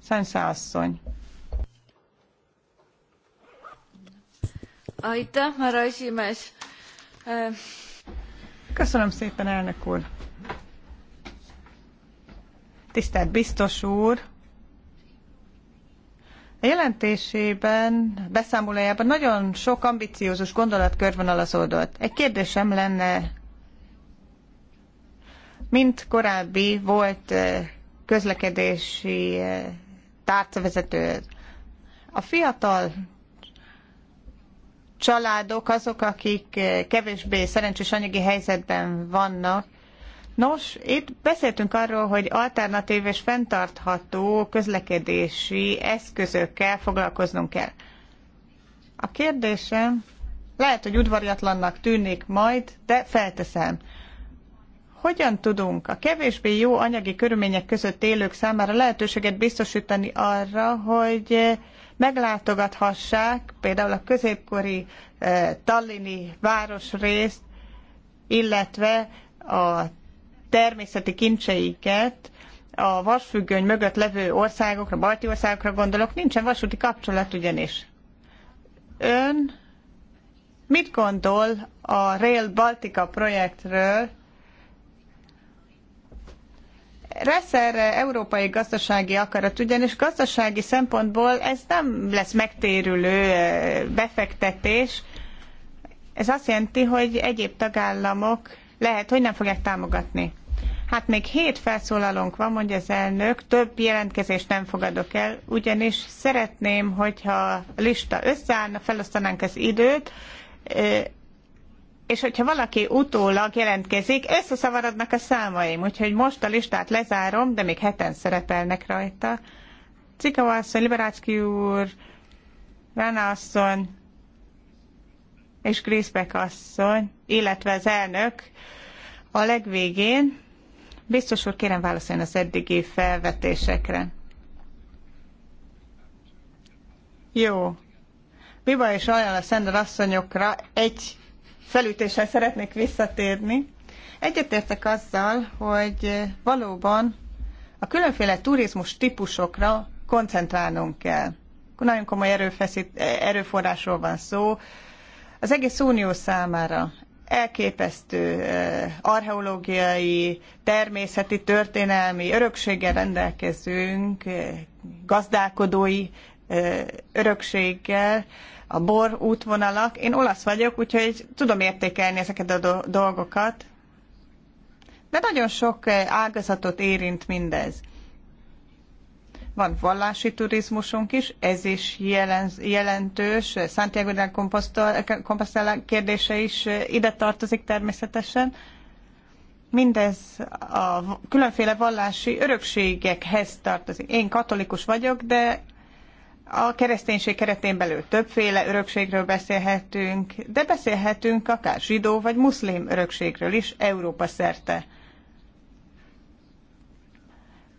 Szenszá asszony. Köszönöm szépen, elnök úr. Tisztelt biztos úr! A jelentésében, beszámolójában nagyon sok ambiciózus gondolat körvonalazódott. Egy kérdésem lenne, mint korábbi volt eh, közlekedési eh, tárcavezető, a fiatal családok azok, akik eh, kevésbé szerencsés anyagi helyzetben vannak, Nos, itt beszéltünk arról, hogy alternatív és fenntartható közlekedési eszközökkel foglalkoznunk kell. A kérdésem lehet, hogy udvariatlannak tűnik majd, de felteszem. Hogyan tudunk a kevésbé jó anyagi körülmények között élők számára lehetőséget biztosítani arra, hogy meglátogathassák például a középkori eh, tallini városrészt, illetve a természeti kincseiket a vasfüggöny mögött levő országokra, balti országokra gondolok, nincsen vasúti kapcsolat ugyanis. Ön mit gondol a Rail Baltica projektről, lesz erre európai gazdasági akarat, ugyanis gazdasági szempontból ez nem lesz megtérülő eh, befektetés. Ez azt jelenti, hogy egyéb tagállamok lehet, hogy nem fogják támogatni. Hát még hét felszólalónk van, mondja az elnök, több jelentkezést nem fogadok el, ugyanis szeretném, hogyha a lista összeállna, felosztanánk az időt, és hogyha valaki utólag jelentkezik, összeszavarodnak a számaim, úgyhogy most a listát lezárom, de még heten szerepelnek rajta. Cikavasszony, Liberácki úr, Rána asszony, és Griszbek asszony, illetve az elnök a legvégén. Biztos úr, kérem válaszoljon az eddigi felvetésekre. Jó. Biba és a szendor asszonyokra egy felütéssel szeretnék visszatérni. Egyetértek azzal, hogy valóban a különféle turizmus típusokra koncentrálnunk kell. Nagyon komoly erőfeszít, erőforrásról van szó, az egész unió számára elképesztő eh, archeológiai, természeti, történelmi örökséggel rendelkezünk, eh, gazdálkodói eh, örökséggel, a bor útvonalak. Én olasz vagyok, úgyhogy tudom értékelni ezeket a dolgokat, de nagyon sok ágazatot érint mindez. Van vallási turizmusunk is, ez is jelen, jelentős. Santiago de Compostela kérdése is eh, ide tartozik természetesen. Mindez a különféle vallási örökségekhez tartozik. Én katolikus vagyok, de a kereszténység keretén belül többféle örökségről beszélhetünk, de beszélhetünk akár zsidó vagy muszlim örökségről is Európa szerte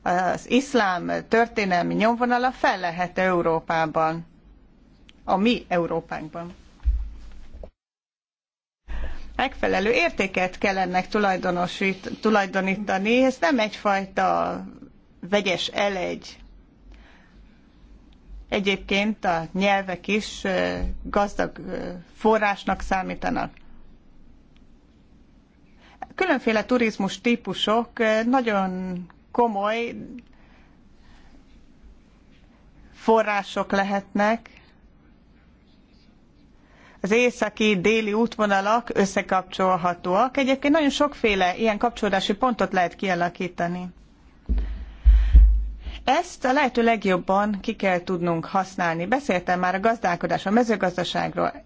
az iszlám történelmi nyomvonala fel lehet Európában, a mi Európánkban. Megfelelő értéket kell ennek tulajdonítani, ez nem egyfajta vegyes elegy. Egyébként a nyelvek is gazdag forrásnak számítanak különféle turizmus típusok nagyon komoly források lehetnek. Az északi-déli útvonalak összekapcsolhatóak. Egyébként nagyon sokféle ilyen kapcsolódási pontot lehet kialakítani. Ezt a lehető legjobban ki kell tudnunk használni. Beszéltem már a gazdálkodás, a mezőgazdaságról.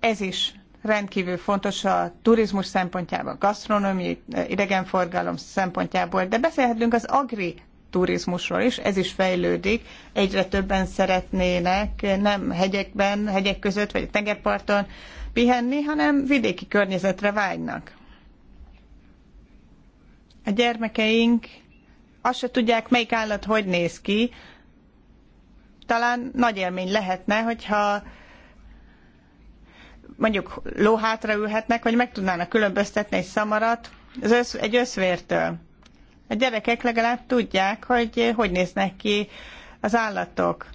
Ez is rendkívül fontos a turizmus szempontjából, gasztronómiai, eh, idegenforgalom szempontjából, de beszélhetünk az agri turizmusról is, ez is fejlődik. Egyre többen szeretnének eh, nem hegyekben, hegyek között vagy tengerparton pihenni, hanem vidéki környezetre vágynak. A gyermekeink azt se tudják, melyik állat hogy néz ki. Talán nagy élmény lehetne, hogyha mondjuk lóhátra ülhetnek, vagy meg tudnának különböztetni egy szamarat az össz, egy összvértől. A gyerekek legalább tudják, hogy eh, hogy néznek ki az állatok.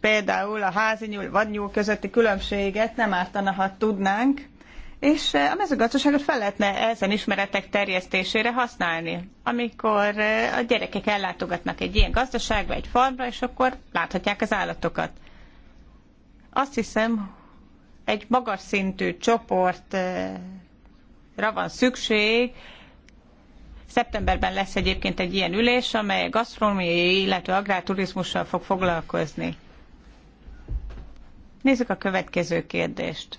Például a házi nyúl, vadnyúl közötti különbséget nem ártana, ha tudnánk, és eh, a mezőgazdaságot fel lehetne ezen ismeretek terjesztésére használni. Amikor eh, a gyerekek ellátogatnak egy ilyen gazdaságba, egy farmra, és akkor láthatják az állatokat. Azt hiszem, egy magas szintű csoportra van szükség. Szeptemberben lesz egyébként egy ilyen ülés, amely gasztronómiai, illetve agrárturizmussal fog foglalkozni. Nézzük a következő kérdést.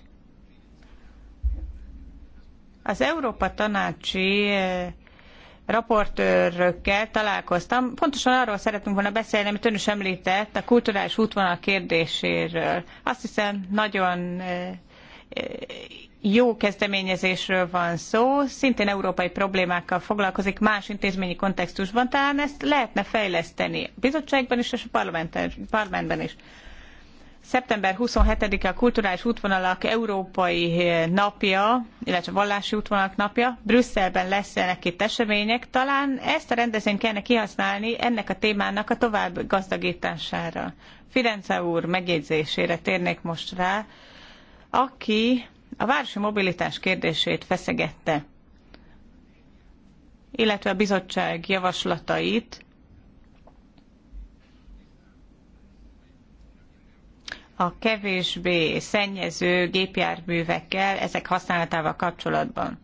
Az Európa Tanácsi eh, raportőrökkel találkoztam. Pontosan arról szeretünk volna beszélni, amit ön is említett, a kulturális útvonal kérdéséről. Azt hiszem, nagyon eh, eh, jó kezdeményezésről van szó, szintén európai problémákkal foglalkozik más intézményi kontextusban, talán ezt lehetne fejleszteni a bizottságban is és a parlamentben is. Szeptember 27-e a Kulturális Útvonalak Európai Napja, illetve Vallási Útvonalak Napja. Brüsszelben lesznek itt események. Talán ezt a rendezvényt kellene kihasználni ennek a témának a tovább gazdagítására. Firenze úr megjegyzésére térnék most rá, aki a városi mobilitás kérdését feszegette, illetve a bizottság javaslatait a kevésbé szennyező gépjárművekkel, ezek használatával kapcsolatban?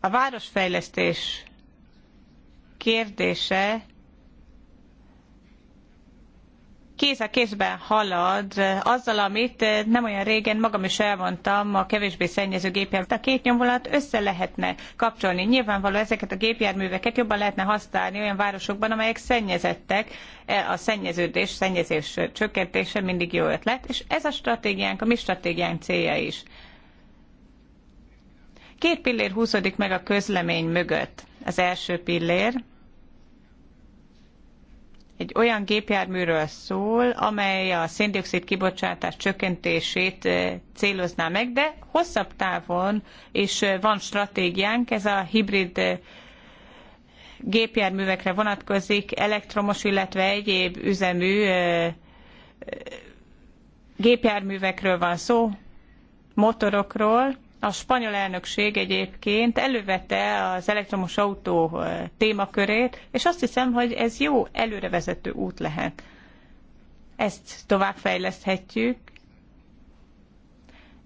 A városfejlesztés kérdése kéz a kézben halad azzal, amit nem olyan régen magam is elmondtam a kevésbé szennyező gépjárművet. A két nyomvonalat össze lehetne kapcsolni. Nyilvánvaló ezeket a gépjárműveket jobban lehetne használni olyan városokban, amelyek szennyezettek. E, a szennyeződés, szennyezés csökkentése mindig jó ötlet, és ez a stratégiánk, a mi stratégiánk célja is. Két pillér húzódik meg a közlemény mögött. Az első pillér, egy olyan gépjárműről szól, amely a széndiokszid kibocsátás csökkentését eh, célozná meg, de hosszabb távon is eh, van stratégiánk, ez a hibrid eh, gépjárművekre vonatkozik, elektromos, illetve egyéb üzemű gépjárművekről van szó, motorokról, a spanyol elnökség egyébként elővette az elektromos autó témakörét, és azt hiszem, hogy ez jó előrevezető út lehet. Ezt továbbfejleszthetjük,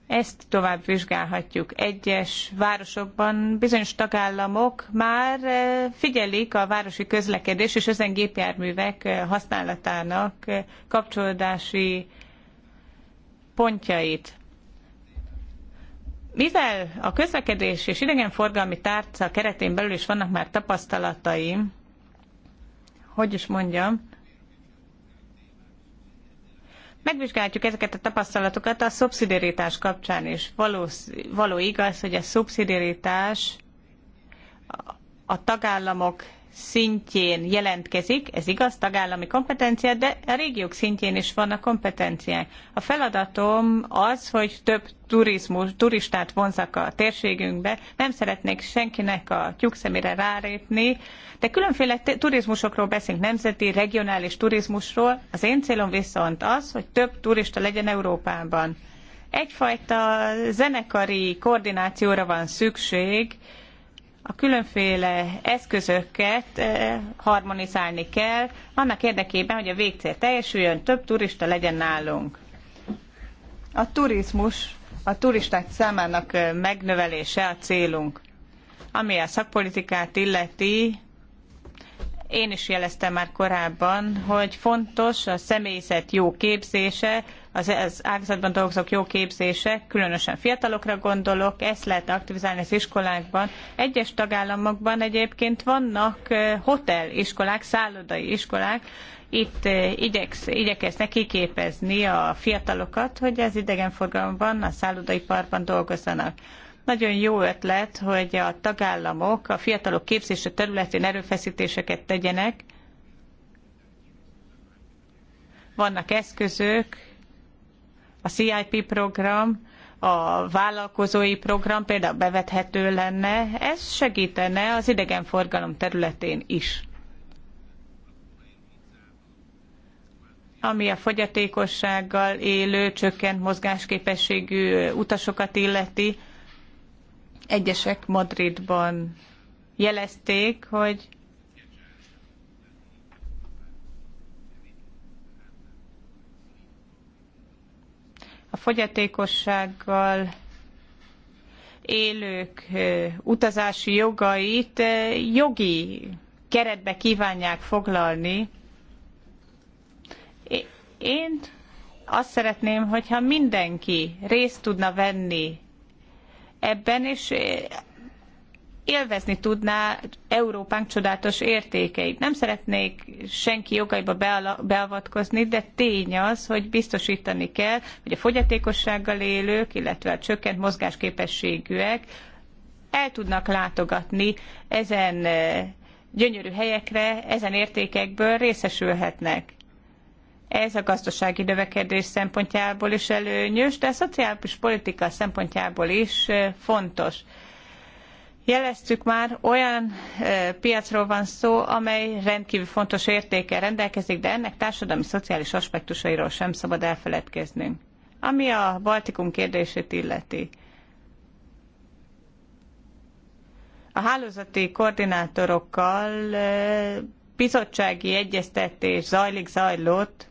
ezt tovább vizsgálhatjuk. Egyes városokban bizonyos tagállamok már figyelik a városi közlekedés és ezen gépjárművek használatának kapcsolódási pontjait mivel a közlekedés és idegenforgalmi tárca keretén belül is vannak már tapasztalataim, hogy is mondjam, megvizsgáljuk ezeket a tapasztalatokat a szubszidiaritás kapcsán is. Való, való igaz, hogy a szubszidiaritás a tagállamok szintjén jelentkezik, ez igaz, tagállami kompetencia, de a régiók szintjén is vannak kompetenciák. A feladatom az, hogy több turizmus, turistát vonzak a térségünkbe, nem szeretnék senkinek a szemére rárépni, de különféle turizmusokról beszélünk, nemzeti, regionális turizmusról. Az én célom viszont az, hogy több turista legyen Európában. Egyfajta zenekari koordinációra van szükség, a különféle eszközöket eh, harmonizálni kell, annak érdekében, hogy a végcél teljesüljön, több turista legyen nálunk. A turizmus, a turisták számának eh, megnövelése a célunk. Ami a szakpolitikát illeti, én is jeleztem már korábban, hogy fontos a személyzet jó képzése, az, az ágazatban dolgozók jó képzése, különösen fiatalokra gondolok, ezt lehet aktivizálni az iskolákban. Egyes tagállamokban egyébként vannak hoteliskolák, szállodai iskolák, itt igyeksz, igyekeznek kiképezni a fiatalokat, hogy az idegenforgalomban, a szállodaiparban dolgozzanak. Nagyon jó ötlet, hogy a tagállamok a fiatalok képzése területén erőfeszítéseket tegyenek. Vannak eszközök, a CIP program, a vállalkozói program például bevethető lenne, ez segítene az idegenforgalom területén is. ami a fogyatékossággal élő, csökkent mozgásképességű utasokat illeti. Egyesek Madridban jelezték, hogy a fogyatékossággal élők utazási jogait jogi keretbe kívánják foglalni. Én azt szeretném, hogyha mindenki részt tudna venni ebben, és élvezni tudná Európánk csodálatos értékeit. Nem szeretnék senki jogaiba beavatkozni, de tény az, hogy biztosítani kell, hogy a fogyatékossággal élők, illetve a csökkent mozgásképességűek el tudnak látogatni ezen e, gyönyörű helyekre, ezen értékekből részesülhetnek. Ez a gazdasági növekedés szempontjából is előnyös, de a szociális politika szempontjából is e, fontos. Jeleztük már, olyan piacról van szó, amely rendkívül fontos értékkel rendelkezik, de ennek társadalmi-szociális aspektusairól sem szabad elfeledkeznünk. Ami a Baltikum kérdését illeti. A hálózati koordinátorokkal bizottsági egyeztetés zajlik, zajlott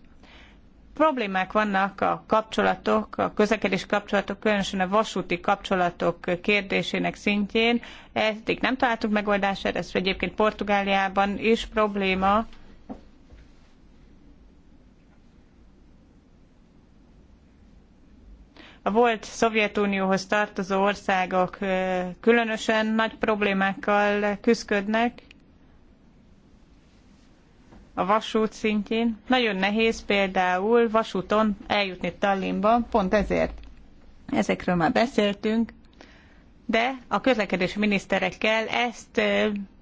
problémák vannak a kapcsolatok, a közlekedési kapcsolatok, különösen a vasúti kapcsolatok kérdésének szintjén. Eddig nem találtuk megoldást, ez egyébként Portugáliában is probléma. A volt Szovjetunióhoz tartozó országok különösen nagy problémákkal küzdködnek a vasút szintjén. Nagyon nehéz például vasúton eljutni Tallinnba, pont ezért. Ezekről már beszéltünk, de a közlekedési miniszterekkel ezt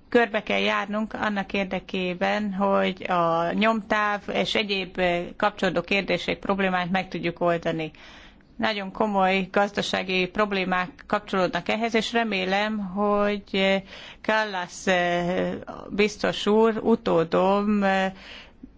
körbe kell járnunk annak érdekében, hogy a nyomtáv és egyéb kapcsolódó kérdések problémáit meg tudjuk oldani nagyon komoly gazdasági problémák kapcsolódnak ehhez, és remélem, hogy Kallas eh, biztos úr utódom eh,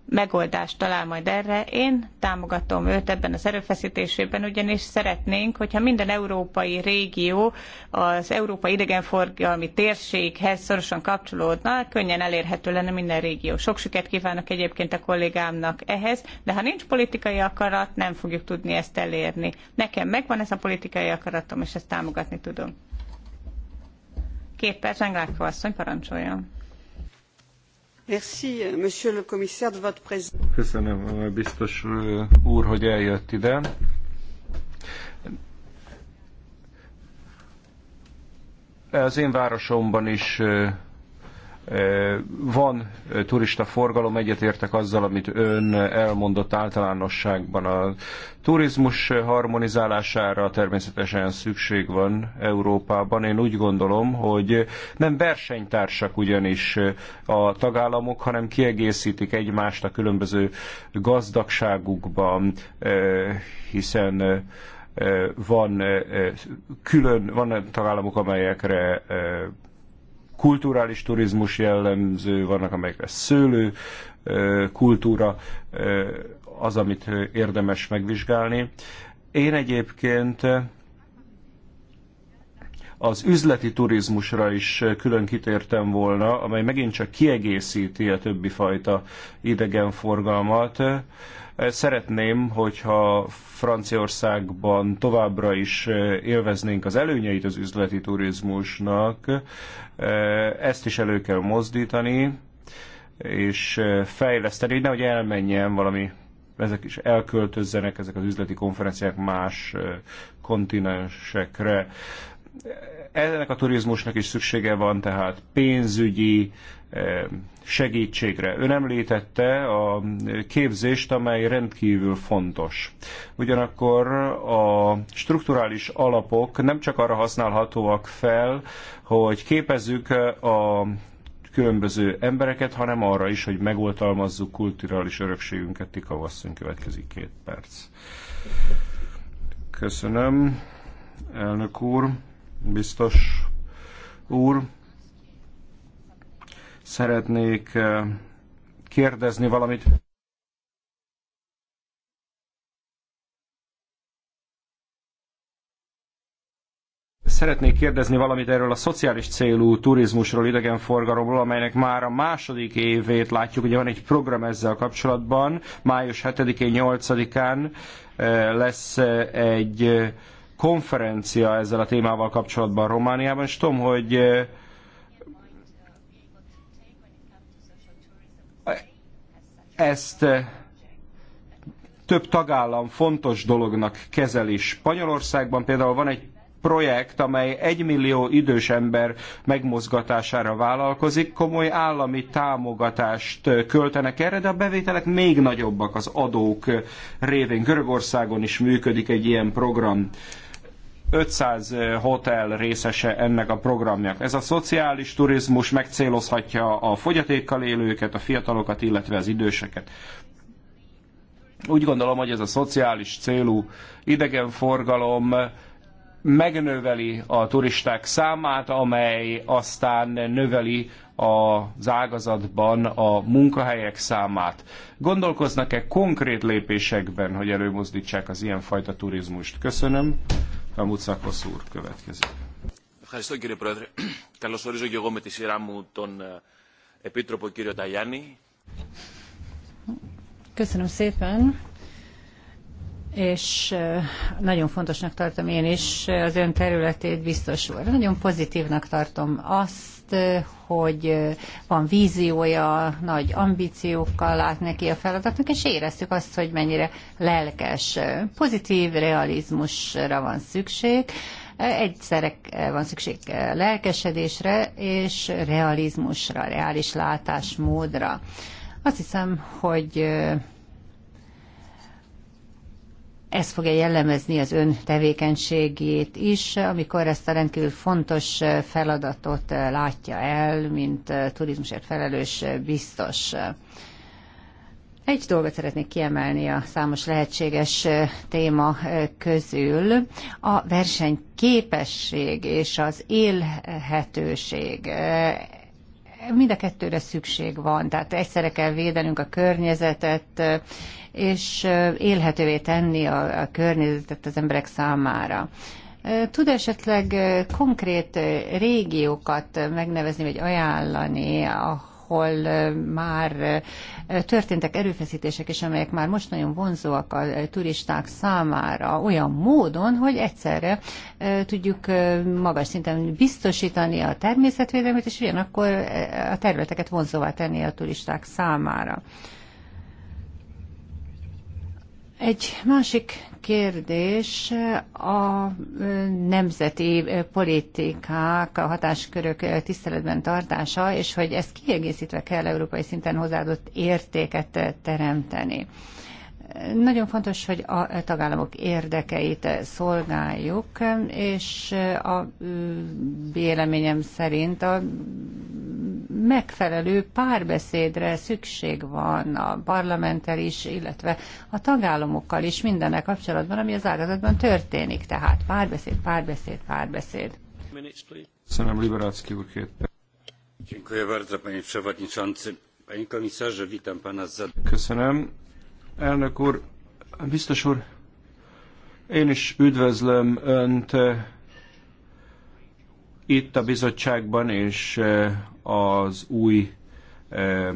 megoldást talál majd erre. Én támogatom őt ebben az erőfeszítésében, ugyanis szeretnénk, hogyha minden európai régió az európai idegenforgalmi térséghez szorosan kapcsolódna, könnyen elérhető lenne minden régió. Sok sikert kívánok egyébként a kollégámnak ehhez, de ha nincs politikai akarat, nem fogjuk tudni ezt elérni. Nekem megvan ez a politikai akaratom, és ezt támogatni tudom. Két perc, Englákó asszony, parancsoljon. Merci, monsieur le commissaire, de votre présence. Köszönöm, biztos úr, hogy eljött ide. Az én városomban is van turista forgalom, egyetértek azzal, amit ön elmondott általánosságban. A turizmus harmonizálására természetesen szükség van Európában. Én úgy gondolom, hogy nem versenytársak ugyanis a tagállamok, hanem kiegészítik egymást a különböző gazdagságukban, hiszen van külön, van tagállamok, amelyekre kulturális turizmus jellemző, vannak amelyekre szőlő kultúra, az, amit érdemes megvizsgálni. Én egyébként az üzleti turizmusra is külön kitértem volna, amely megint csak kiegészíti a többi fajta idegenforgalmat. forgalmat Szeretném, hogyha Franciaországban továbbra is eh, élveznénk az előnyeit az üzleti turizmusnak, eh, ezt is elő kell mozdítani, és eh, fejleszteni, hogy nehogy elmenjen valami ezek is elköltözzenek, ezek az üzleti konferenciák más kontinensekre. Ennek a turizmusnak is szüksége van, tehát pénzügyi, segítségre. Ön említette a képzést, amely rendkívül fontos. Ugyanakkor a strukturális alapok nem csak arra használhatóak fel, hogy képezzük a különböző embereket, hanem arra is, hogy megoltalmazzuk kulturális örökségünket. Tika Vasszony következik két perc. Köszönöm, elnök úr, biztos úr szeretnék eh, kérdezni valamit. Szeretnék kérdezni valamit erről a szociális célú turizmusról, idegenforgalomról, amelynek már a második évét látjuk. Ugye van egy program ezzel kapcsolatban. Május 7-én, 8-án eh, lesz eh, egy konferencia ezzel a témával kapcsolatban Romániában, és tudom, hogy ezt eh, több tagállam fontos dolognak kezeli. Spanyolországban például van egy projekt, amely egymillió idős ember megmozgatására vállalkozik, komoly állami támogatást eh, költenek erre, de a bevételek még nagyobbak az adók eh, révén. Görögországon is működik egy ilyen program. 500 hotel részese ennek a programnak. Ez a szociális turizmus megcélozhatja a fogyatékkal élőket, a fiatalokat, illetve az időseket. Úgy gondolom, hogy ez a szociális célú idegenforgalom megnöveli a turisták számát, amely aztán növeli az ágazatban a munkahelyek számát. Gondolkoznak-e konkrét lépésekben, hogy előmozdítsák az ilyenfajta turizmust? Köszönöm. Ramutszákos úr következik. Ευχαριστώ κύριε Πρόεδρε. Καλωσορίζω και εγώ με τη σειρά μου τον Επίτροπο κύριο Ταγιάννη. Köszönöm szépen és nagyon fontosnak tartom én is az ön területét biztos úr. Nagyon pozitívnak tartom azt, hogy van víziója, nagy ambíciókkal lát neki a feladatnak, és éreztük azt, hogy mennyire lelkes, pozitív realizmusra van szükség, egyszerre van szükség lelkesedésre és realizmusra, reális látásmódra. Azt hiszem, hogy ez fogja jellemezni az ön tevékenységét is, amikor ezt a rendkívül fontos feladatot látja el, mint eh, turizmusért felelős biztos. Egy dolgot szeretnék kiemelni a számos lehetséges eh, téma eh, közül, a versenyképesség és az élhetőség mind a kettőre szükség van, tehát egyszerre kell védenünk a környezetet és élhetővé tenni a, a környezetet az emberek számára. Tud esetleg konkrét régiókat megnevezni, vagy ajánlani, ahol már történtek erőfeszítések, és amelyek már most nagyon vonzóak a turisták számára olyan módon, hogy egyszerre tudjuk magas szinten biztosítani a természetvédelmet, és ugyanakkor a területeket vonzóvá tenni a turisták számára. Egy másik kérdés a nemzeti politikák, a hatáskörök tiszteletben tartása, és hogy ezt kiegészítve kell európai szinten hozzáadott értéket teremteni. Nagyon fontos, hogy a tagállamok érdekeit szolgáljuk, és a véleményem szerint a megfelelő párbeszédre szükség van a parlamenter is, illetve a tagállamokkal is mindennek kapcsolatban, ami az ágazatban történik. Tehát párbeszéd, párbeszéd, párbeszéd. Köszönöm, Liberácki úr, két Köszönöm. Elnök úr, biztos úr, én is üdvözlöm Önt eh, itt a bizottságban és eh, az új eh,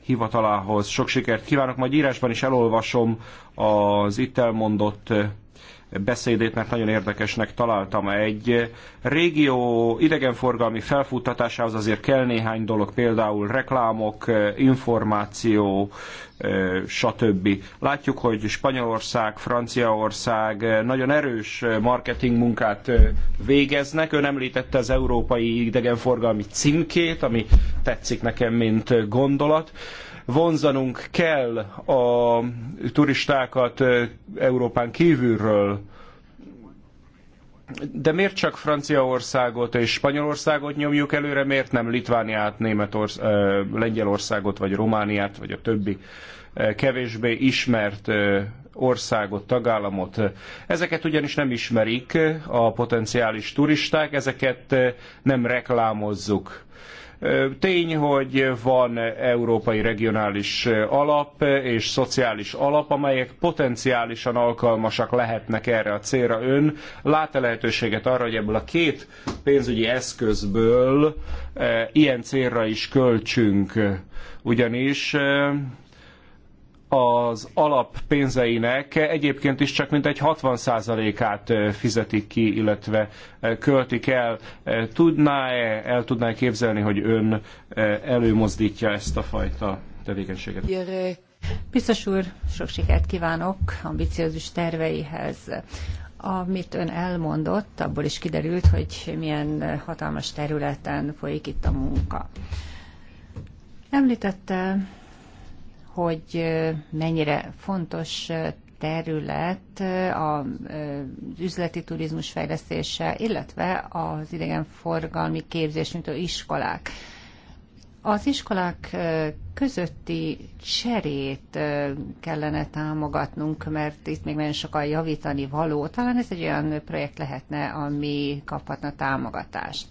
hivatalához sok sikert kívánok, majd írásban is elolvasom az itt elmondott mert nagyon érdekesnek találtam. Egy régió idegenforgalmi felfuttatásához azért kell néhány dolog, például reklámok, információ, stb. Látjuk, hogy Spanyolország, Franciaország nagyon erős marketing munkát végeznek. Ön említette az európai idegenforgalmi címkét, ami tetszik nekem, mint gondolat vonzanunk kell a turistákat Európán kívülről. De miért csak Franciaországot és Spanyolországot nyomjuk előre, miért nem Litvániát, Németország, Lengyelországot, vagy Romániát, vagy a többi kevésbé ismert országot, tagállamot. Ezeket ugyanis nem ismerik a potenciális turisták, ezeket nem reklámozzuk. Tény, hogy van európai regionális alap és szociális alap, amelyek potenciálisan alkalmasak lehetnek erre a célra. Ön lát-e lehetőséget arra, hogy ebből a két pénzügyi eszközből ilyen célra is költsünk? Ugyanis az alap pénzeinek egyébként is csak mintegy 60%-át fizetik ki, illetve költik el. Tudná-e, el tudná -e képzelni, hogy ön előmozdítja ezt a fajta tevékenységet? Biztos úr, sok sikert kívánok ambiciózus terveihez. Amit ön elmondott, abból is kiderült, hogy milyen hatalmas területen folyik itt a munka. Említette hogy mennyire fontos terület az üzleti turizmus fejlesztése, illetve az idegenforgalmi képzés, mint az iskolák. Az iskolák közötti cserét kellene támogatnunk, mert itt még nagyon sokan javítani való. Talán ez egy olyan projekt lehetne, ami kaphatna támogatást.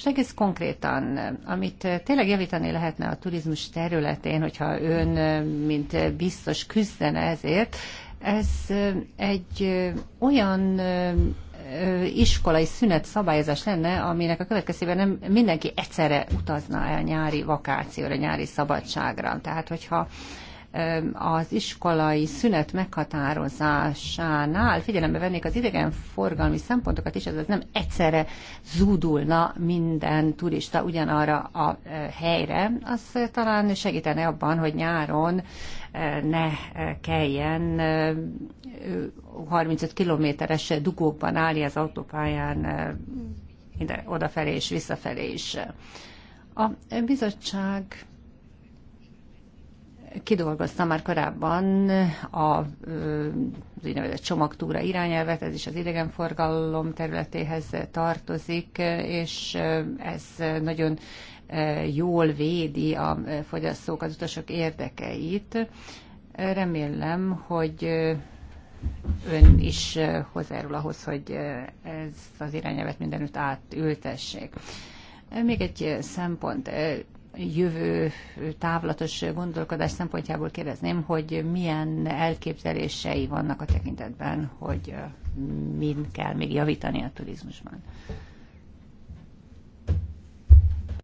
És egész konkrétan, amit eh, tényleg javítani lehetne a turizmus területén, hogyha ön, eh, mint eh, biztos küzdene ezért, ez egy olyan iskolai szünet szabályozás lenne, aminek a következőben nem mindenki egyszerre utazna el nyári vakációra, nyári szabadságra. Tehát, hogyha az iskolai szünet meghatározásánál figyelembe vennék az idegenforgalmi szempontokat is, azaz nem egyszerre zúdulna minden turista ugyanarra a helyre, az talán segítene abban, hogy nyáron ne kelljen 35 kilométeres dugókban állni az autópályán ide, odafelé és visszafelé is. A bizottság kidolgozta már korábban a, az úgynevezett csomagtúra irányelvet, ez is az idegenforgalom területéhez tartozik, és ez nagyon jól védi a fogyasztók, az utasok érdekeit. Remélem, hogy ön is hozzájárul ahhoz, hogy ez az irányelvet mindenütt átültessék. Még egy szempont jövő távlatos gondolkodás szempontjából kérdezném, hogy milyen elképzelései vannak a tekintetben, hogy mind kell még javítani a turizmusban.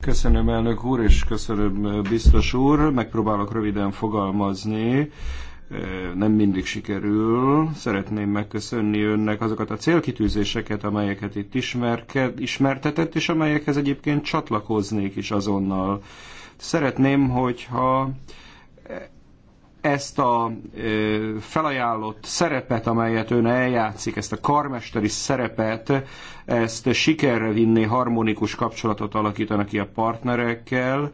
Köszönöm elnök úr, és köszönöm biztos úr. Megpróbálok röviden fogalmazni nem mindig sikerül. Szeretném megköszönni önnek azokat a célkitűzéseket, amelyeket itt ismerked, ismertetett, és amelyekhez egyébként csatlakoznék is azonnal. Szeretném, hogyha ezt a felajánlott szerepet, amelyet ön eljátszik, ezt a karmesteri szerepet, ezt sikerre vinni, harmonikus kapcsolatot alakítanak ki a partnerekkel,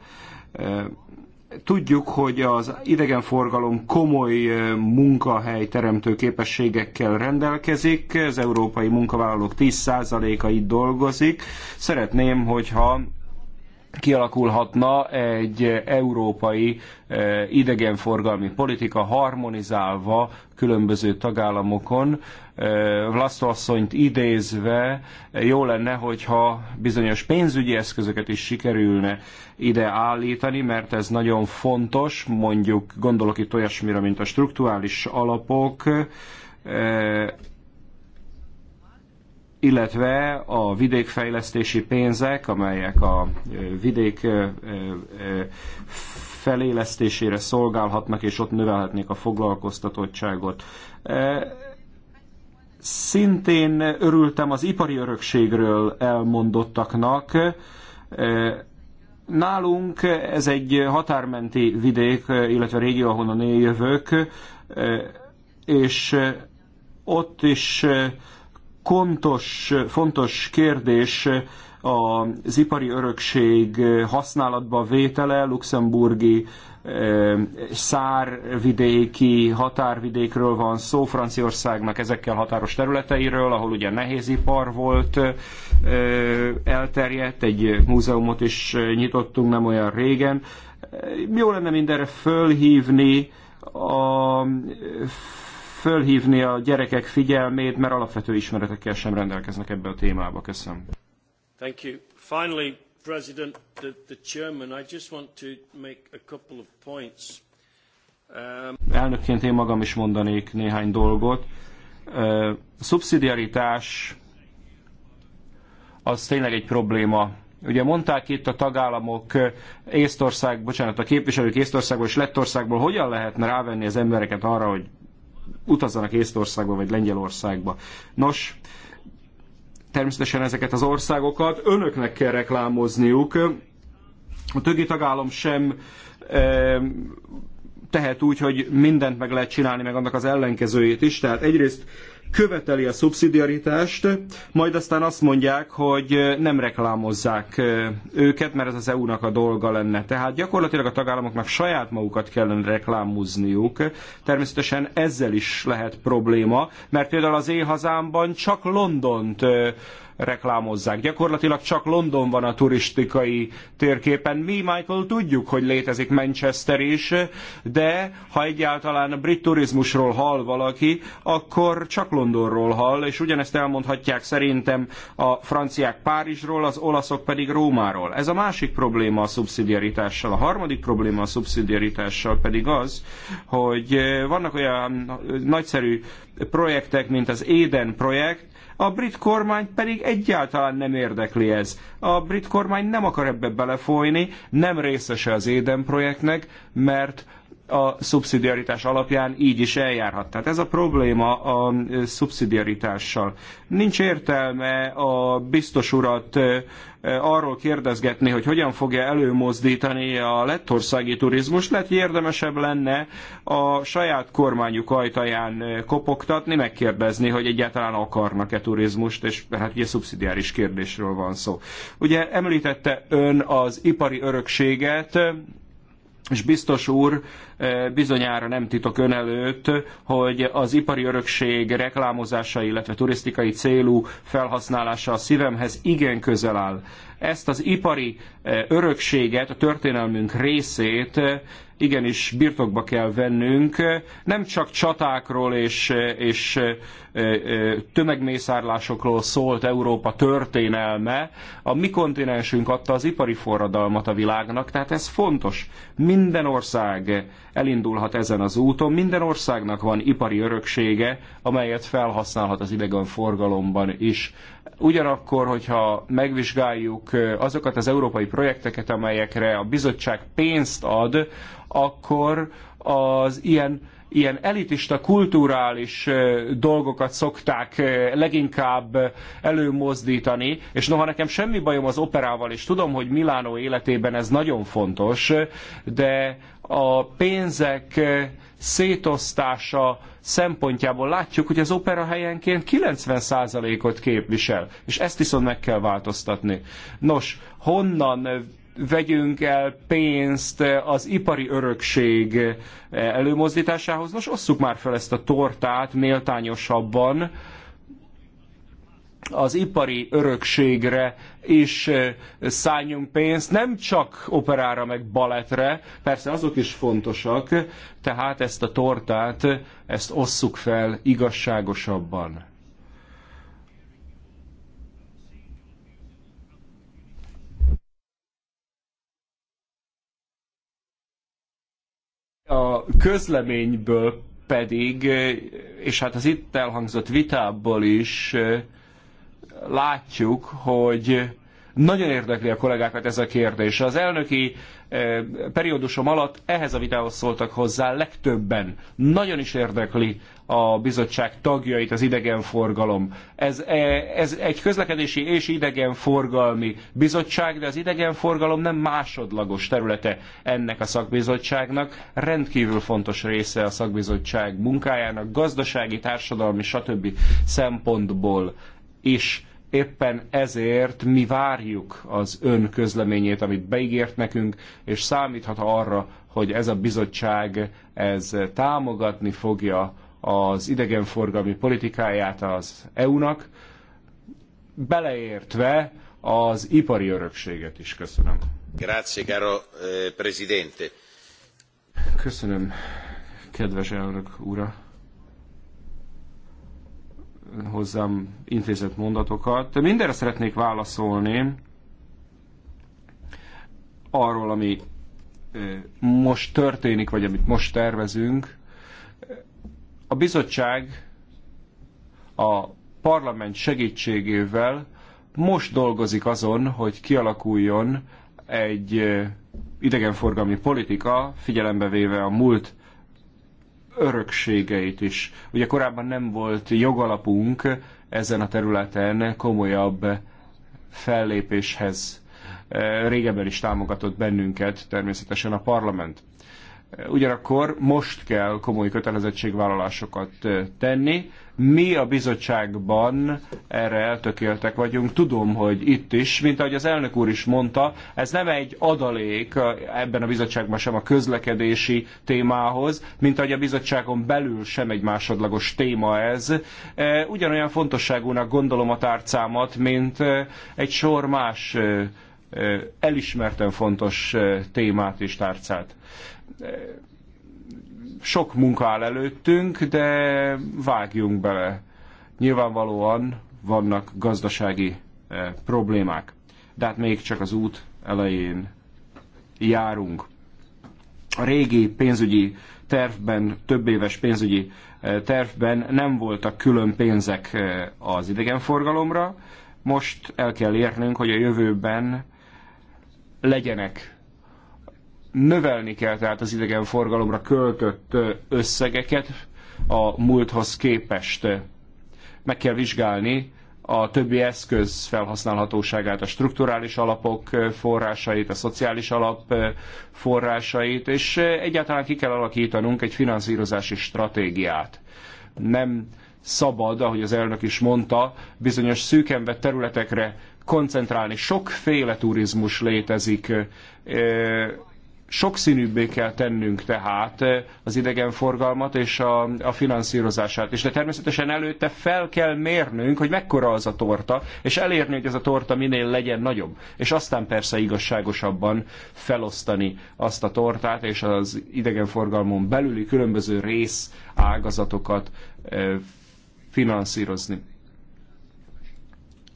Tudjuk, hogy az idegenforgalom komoly munkahely teremtő képességekkel rendelkezik, az európai munkavállalók 10%-a itt dolgozik. Szeretném, hogyha kialakulhatna egy európai eh, idegenforgalmi politika harmonizálva különböző tagállamokon. Eh, Vlasztó asszonyt idézve eh, jó lenne, hogyha bizonyos pénzügyi eszközöket is sikerülne ide állítani, mert ez nagyon fontos, mondjuk gondolok itt olyasmira, mint a struktúrális alapok, illetve a vidékfejlesztési pénzek, amelyek a vidék felélesztésére szolgálhatnak, és ott növelhetnék a foglalkoztatottságot. Szintén örültem az ipari örökségről elmondottaknak. Nálunk ez egy határmenti vidék, illetve régió, ahonnan én jövök, és ott is kontos, fontos kérdés az ipari örökség használatba vétele, luxemburgi eh, szárvidéki határvidékről van szó, Franciaországnak ezekkel határos területeiről, ahol ugye nehéz ipar volt eh, elterjedt, egy múzeumot is nyitottunk nem olyan régen. Jó lenne mindenre fölhívni a fölhívni a gyerekek figyelmét, mert alapvető ismeretekkel sem rendelkeznek ebbe a témába. Köszönöm. Thank you. Finally, President, the, the Chairman, I just want to make a couple of points. Um... Elnökként én magam is mondanék néhány dolgot. Uh, a szubszidiaritás az tényleg egy probléma Ugye mondták itt a tagállamok, uh, Észtország, bocsánat, a képviselők Észtországból és Lettországból, hogyan lehetne rávenni az embereket arra, hogy utazzanak Észtországba vagy Lengyelországba. Nos, természetesen ezeket az országokat önöknek kell reklámozniuk. A többi tagállam sem e, tehet úgy, hogy mindent meg lehet csinálni, meg annak az ellenkezőjét is. Tehát egyrészt követeli a szubszidiaritást, majd aztán azt mondják, hogy nem reklámozzák őket, mert ez az EU-nak a dolga lenne. Tehát gyakorlatilag a tagállamoknak saját magukat kellene reklámozniuk. Természetesen ezzel is lehet probléma, mert például az én hazámban csak Londont reklámozzák. Gyakorlatilag csak London van a turistikai térképen. Mi, Michael, tudjuk, hogy létezik Manchester is, de ha egyáltalán a brit turizmusról hall valaki, akkor csak Londonról hall, és ugyanezt elmondhatják szerintem a franciák Párizsról, az olaszok pedig Rómáról. Ez a másik probléma a szubszidiaritással. A harmadik probléma a szubszidiaritással pedig az, hogy vannak olyan nagyszerű projektek, mint az Éden projekt, a brit kormány pedig egyáltalán nem érdekli ez. A brit kormány nem akar ebbe belefolyni, nem részese az Éden projektnek, mert a szubszidiaritás alapján így is eljárhat. Tehát ez a probléma a szubszidiaritással. Nincs értelme a biztos urat arról kérdezgetni, hogy hogyan fogja előmozdítani a lettországi turizmust, lehet, hogy érdemesebb lenne a saját kormányuk ajtaján kopogtatni, megkérdezni, hogy egyáltalán akarnak-e turizmust, és hát ugye szubszidiáris kérdésről van szó. Ugye említette ön az ipari örökséget, és biztos úr, eh, bizonyára nem titok ön előtt, hogy az ipari örökség reklámozása, illetve turisztikai célú felhasználása a szívemhez igen közel áll. Ezt az ipari eh, örökséget, a történelmünk részét eh, igenis birtokba kell vennünk. Nem csak csatákról és, és tömegmészárlásokról szólt Európa történelme, a mi kontinensünk adta az ipari forradalmat a világnak, tehát ez fontos. Minden ország elindulhat ezen az úton, minden országnak van ipari öröksége, amelyet felhasználhat az idegenforgalomban is. Ugyanakkor, hogyha megvizsgáljuk azokat az európai projekteket, amelyekre a bizottság pénzt ad, akkor az ilyen ilyen elitista, kulturális dolgokat szokták leginkább előmozdítani, és noha nekem semmi bajom az operával, és tudom, hogy Milánó életében ez nagyon fontos, de a pénzek szétosztása szempontjából látjuk, hogy az opera helyenként 90%-ot képvisel, és ezt viszont meg kell változtatni. Nos, honnan vegyünk el pénzt az ipari örökség előmozdításához. Nos, osszuk már fel ezt a tortát méltányosabban, az ipari örökségre is szálljunk pénzt, nem csak operára meg baletre, persze azok is fontosak, tehát ezt a tortát, ezt osszuk fel igazságosabban. A közleményből pedig, és hát az itt elhangzott vitából is látjuk, hogy nagyon érdekli a kollégákat ez a kérdés. Az elnöki eh, periódusom alatt ehhez a vitához szóltak hozzá legtöbben. Nagyon is érdekli a bizottság tagjait az idegenforgalom. Ez, eh, ez egy közlekedési és idegenforgalmi bizottság, de az idegenforgalom nem másodlagos területe ennek a szakbizottságnak. Rendkívül fontos része a szakbizottság munkájának, gazdasági, társadalmi, stb. szempontból is Éppen ezért mi várjuk az ön közleményét, amit beígért nekünk, és számíthat arra, hogy ez a bizottság ez támogatni fogja az idegenforgalmi politikáját az EU-nak, beleértve az ipari örökséget is. Köszönöm. Grazie, caro eh, presidente. Köszönöm, kedves elnök úra hozzám intézett mondatokat. Mindenre szeretnék válaszolni arról, ami most történik, vagy amit most tervezünk. A bizottság a parlament segítségével most dolgozik azon, hogy kialakuljon egy idegenforgalmi politika, figyelembe véve a múlt örökségeit is. Ugye korábban nem volt jogalapunk ezen a területen komolyabb fellépéshez. Régebben is támogatott bennünket természetesen a parlament. Ugyanakkor most kell komoly kötelezettségvállalásokat tenni. Mi a bizottságban erre eltökéltek vagyunk. Tudom, hogy itt is, mint ahogy az elnök úr is mondta, ez nem egy adalék ebben a bizottságban sem a közlekedési témához, mint ahogy a bizottságon belül sem egy másodlagos téma ez. Ugyanolyan fontosságúnak gondolom a tárcámat, mint egy sor más elismerten fontos témát és tárcát sok munka áll előttünk, de vágjunk bele. Nyilvánvalóan vannak gazdasági eh, problémák, de hát még csak az út elején járunk. A régi pénzügyi tervben, több éves pénzügyi eh, tervben nem voltak külön pénzek eh, az idegenforgalomra. Most el kell érnünk, hogy a jövőben legyenek növelni kell tehát az idegenforgalomra költött összegeket a múlthoz képest. Meg kell vizsgálni a többi eszköz felhasználhatóságát, a strukturális alapok forrásait, a szociális alap forrásait, és egyáltalán ki kell alakítanunk egy finanszírozási stratégiát. Nem szabad, ahogy az elnök is mondta, bizonyos szűken vett területekre koncentrálni. Sokféle turizmus létezik, sokszínűbbé kell tennünk tehát eh, az idegenforgalmat és a, a finanszírozását is. De természetesen előtte fel kell mérnünk, hogy mekkora az a torta, és elérni, hogy ez a torta minél legyen nagyobb. És aztán persze igazságosabban felosztani azt a tortát, és az idegenforgalmon belüli különböző rész ágazatokat eh, finanszírozni.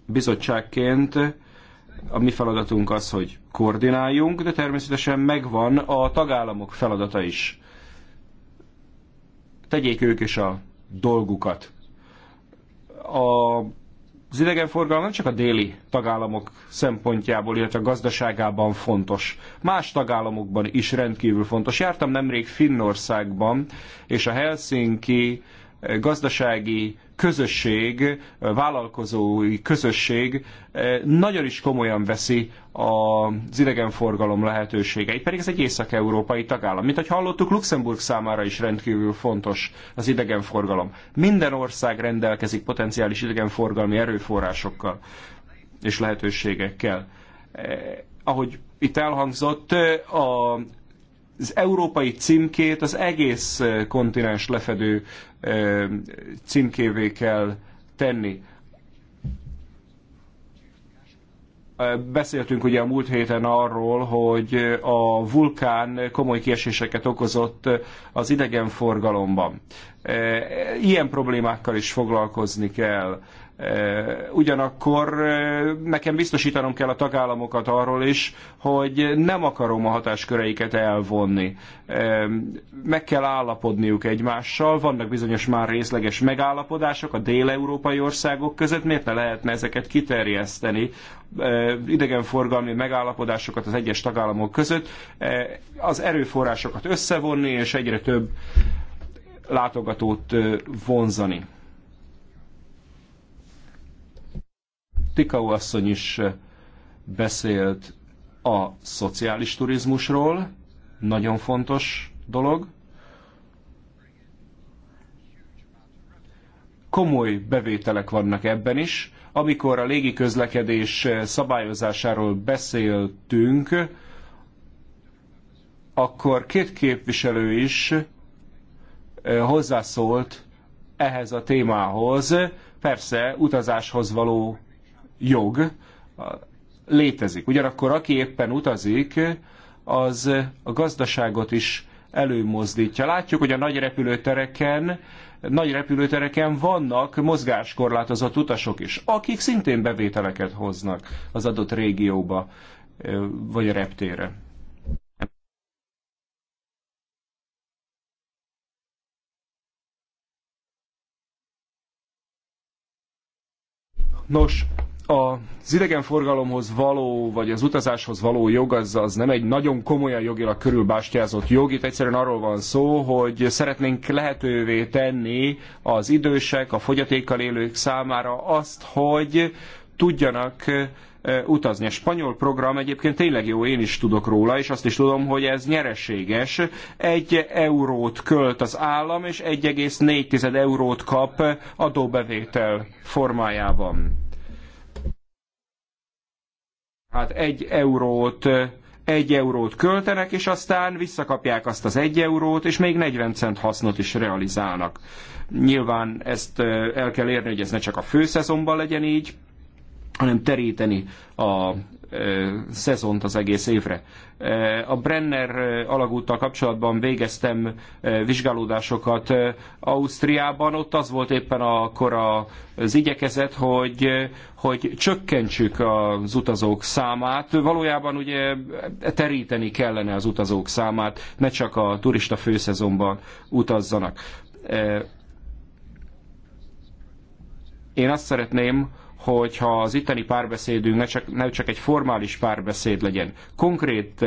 Bizottságként a mi feladatunk az, hogy koordináljunk, de természetesen megvan a tagállamok feladata is. Tegyék ők is a dolgukat. A, az idegenforgalom nem csak a déli tagállamok szempontjából, illetve gazdaságában fontos. Más tagállamokban is rendkívül fontos. Jártam nemrég Finnországban, és a Helsinki gazdasági közösség, vállalkozói közösség eh, nagyon is komolyan veszi az idegenforgalom lehetőségeit, pedig ez egy észak-európai tagállam. Mint ahogy hallottuk, Luxemburg számára is rendkívül fontos az idegenforgalom. Minden ország rendelkezik potenciális idegenforgalmi erőforrásokkal és lehetőségekkel. Eh, ahogy itt elhangzott, eh, a az európai címkét az egész kontinens lefedő címkévé kell tenni. Beszéltünk ugye a múlt héten arról, hogy a vulkán komoly kieséseket okozott az idegenforgalomban. Ilyen problémákkal is foglalkozni kell. Eh, ugyanakkor eh, nekem biztosítanom kell a tagállamokat arról is, hogy nem akarom a hatásköreiket elvonni. Eh, meg kell állapodniuk egymással, vannak bizonyos már részleges megállapodások a déleurópai országok között, miért ne lehetne ezeket kiterjeszteni idegenforgalmi megállapodásokat az egyes tagállamok között, az erőforrásokat összevonni és egyre több látogatót vonzani. Tikau asszony is eh, beszélt a szociális turizmusról, nagyon fontos dolog. Komoly bevételek vannak ebben is. Amikor a légiközlekedés eh, szabályozásáról beszéltünk, akkor két képviselő is eh, hozzászólt ehhez a témához. Persze utazáshoz való jog létezik. Ugyanakkor aki éppen utazik, az a gazdaságot is előmozdítja. Látjuk, hogy a nagy repülőtereken nagy repülőtereken vannak mozgáskorlátozott utasok is, akik szintén bevételeket hoznak az adott régióba vagy a reptére. Nos, az idegenforgalomhoz való, vagy az utazáshoz való jog az, az nem egy nagyon komolyan jogilag körülbástyázott jog. Itt egyszerűen arról van szó, hogy szeretnénk lehetővé tenni az idősek, a fogyatékkal élők számára azt, hogy tudjanak utazni. A spanyol program egyébként tényleg jó, én is tudok róla, és azt is tudom, hogy ez nyereséges. Egy eurót költ az állam, és 1,4 eurót kap adóbevétel formájában hát egy eurót egy eurót költenek, és aztán visszakapják azt az egy eurót, és még 40 cent hasznot is realizálnak. Nyilván ezt el kell érni, hogy ez ne csak a főszezonban legyen így, hanem teríteni a szezont az egész évre. A Brenner alagúttal kapcsolatban végeztem vizsgálódásokat Ausztriában, ott az volt éppen akkor az igyekezet, hogy, hogy csökkentsük az utazók számát. Valójában ugye teríteni kellene az utazók számát, ne csak a turista főszezonban utazzanak. Én azt szeretném, hogyha az itteni párbeszédünk ne csak, ne csak egy formális párbeszéd legyen. Konkrét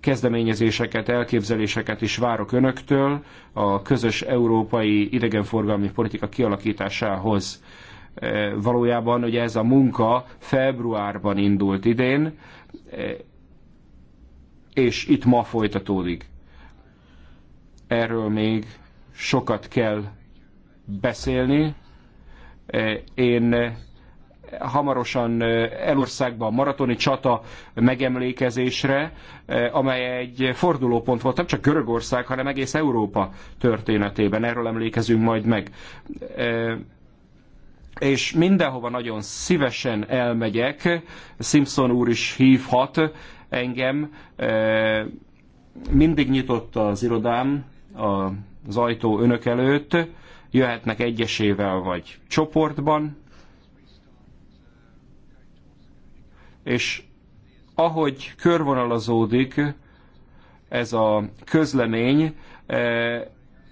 kezdeményezéseket, elképzeléseket is várok önöktől a közös európai idegenforgalmi politika kialakításához. Valójában ugye ez a munka februárban indult idén, és itt ma folytatódik. Erről még sokat kell beszélni, Eh, én eh, hamarosan eh, Elországban maratoni csata megemlékezésre, amely egy fordulópont volt nem csak Görögország, hanem egész Európa történetében. Erről emlékezünk majd meg. És mindenhova nagyon szívesen elmegyek, Simpson úr is hívhat engem, mindig nyitott az irodám az ajtó önök előtt, jöhetnek egyesével vagy csoportban, és ahogy körvonalazódik ez a közlemény, eh,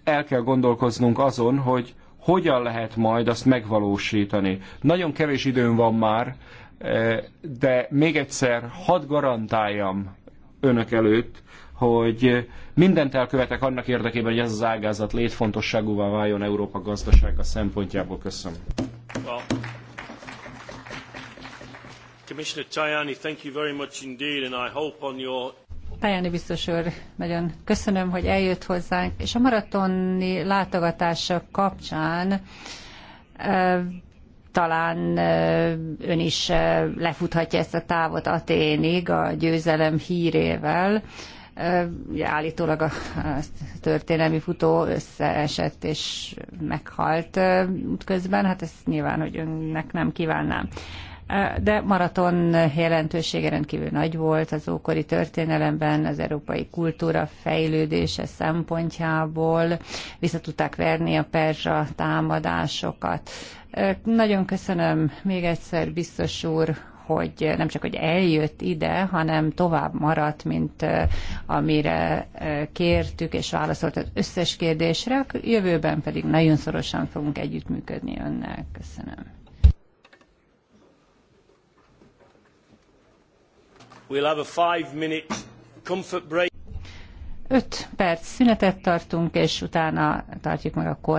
el kell gondolkoznunk azon, hogy hogyan lehet majd azt megvalósítani. Nagyon kevés időm van már, eh, de még egyszer hadd garantáljam önök előtt, hogy mindent elkövetek annak érdekében, hogy ez az ágazat létfontosságúvá váljon Európa gazdasága szempontjából. Köszönöm. Well. Commissioner Tajani, thank you very much indeed, and I hope on your Tajani biztos úr, nagyon köszönöm, hogy eljött hozzánk, és a maratoni látogatása kapcsán talán ön is lefuthatja ezt a távot Aténig a győzelem hírével. Ugye állítólag a történelmi futó összeesett és meghalt útközben, hát ezt nyilván, hogy önnek nem kívánnám. De maraton jelentősége rendkívül nagy volt az ókori történelemben, az európai kultúra fejlődése szempontjából. Visszatudták verni a perzsa támadásokat. Nagyon köszönöm még egyszer, biztos úr, hogy nem csak hogy eljött ide, hanem tovább maradt, mint amire kértük, és válaszolt az összes kérdésre. Jövőben pedig nagyon szorosan fogunk együttműködni önnel. Köszönöm. We'll have a five minute comfort break. Öt perc szünetet tartunk, és utána tartjuk meg a kor.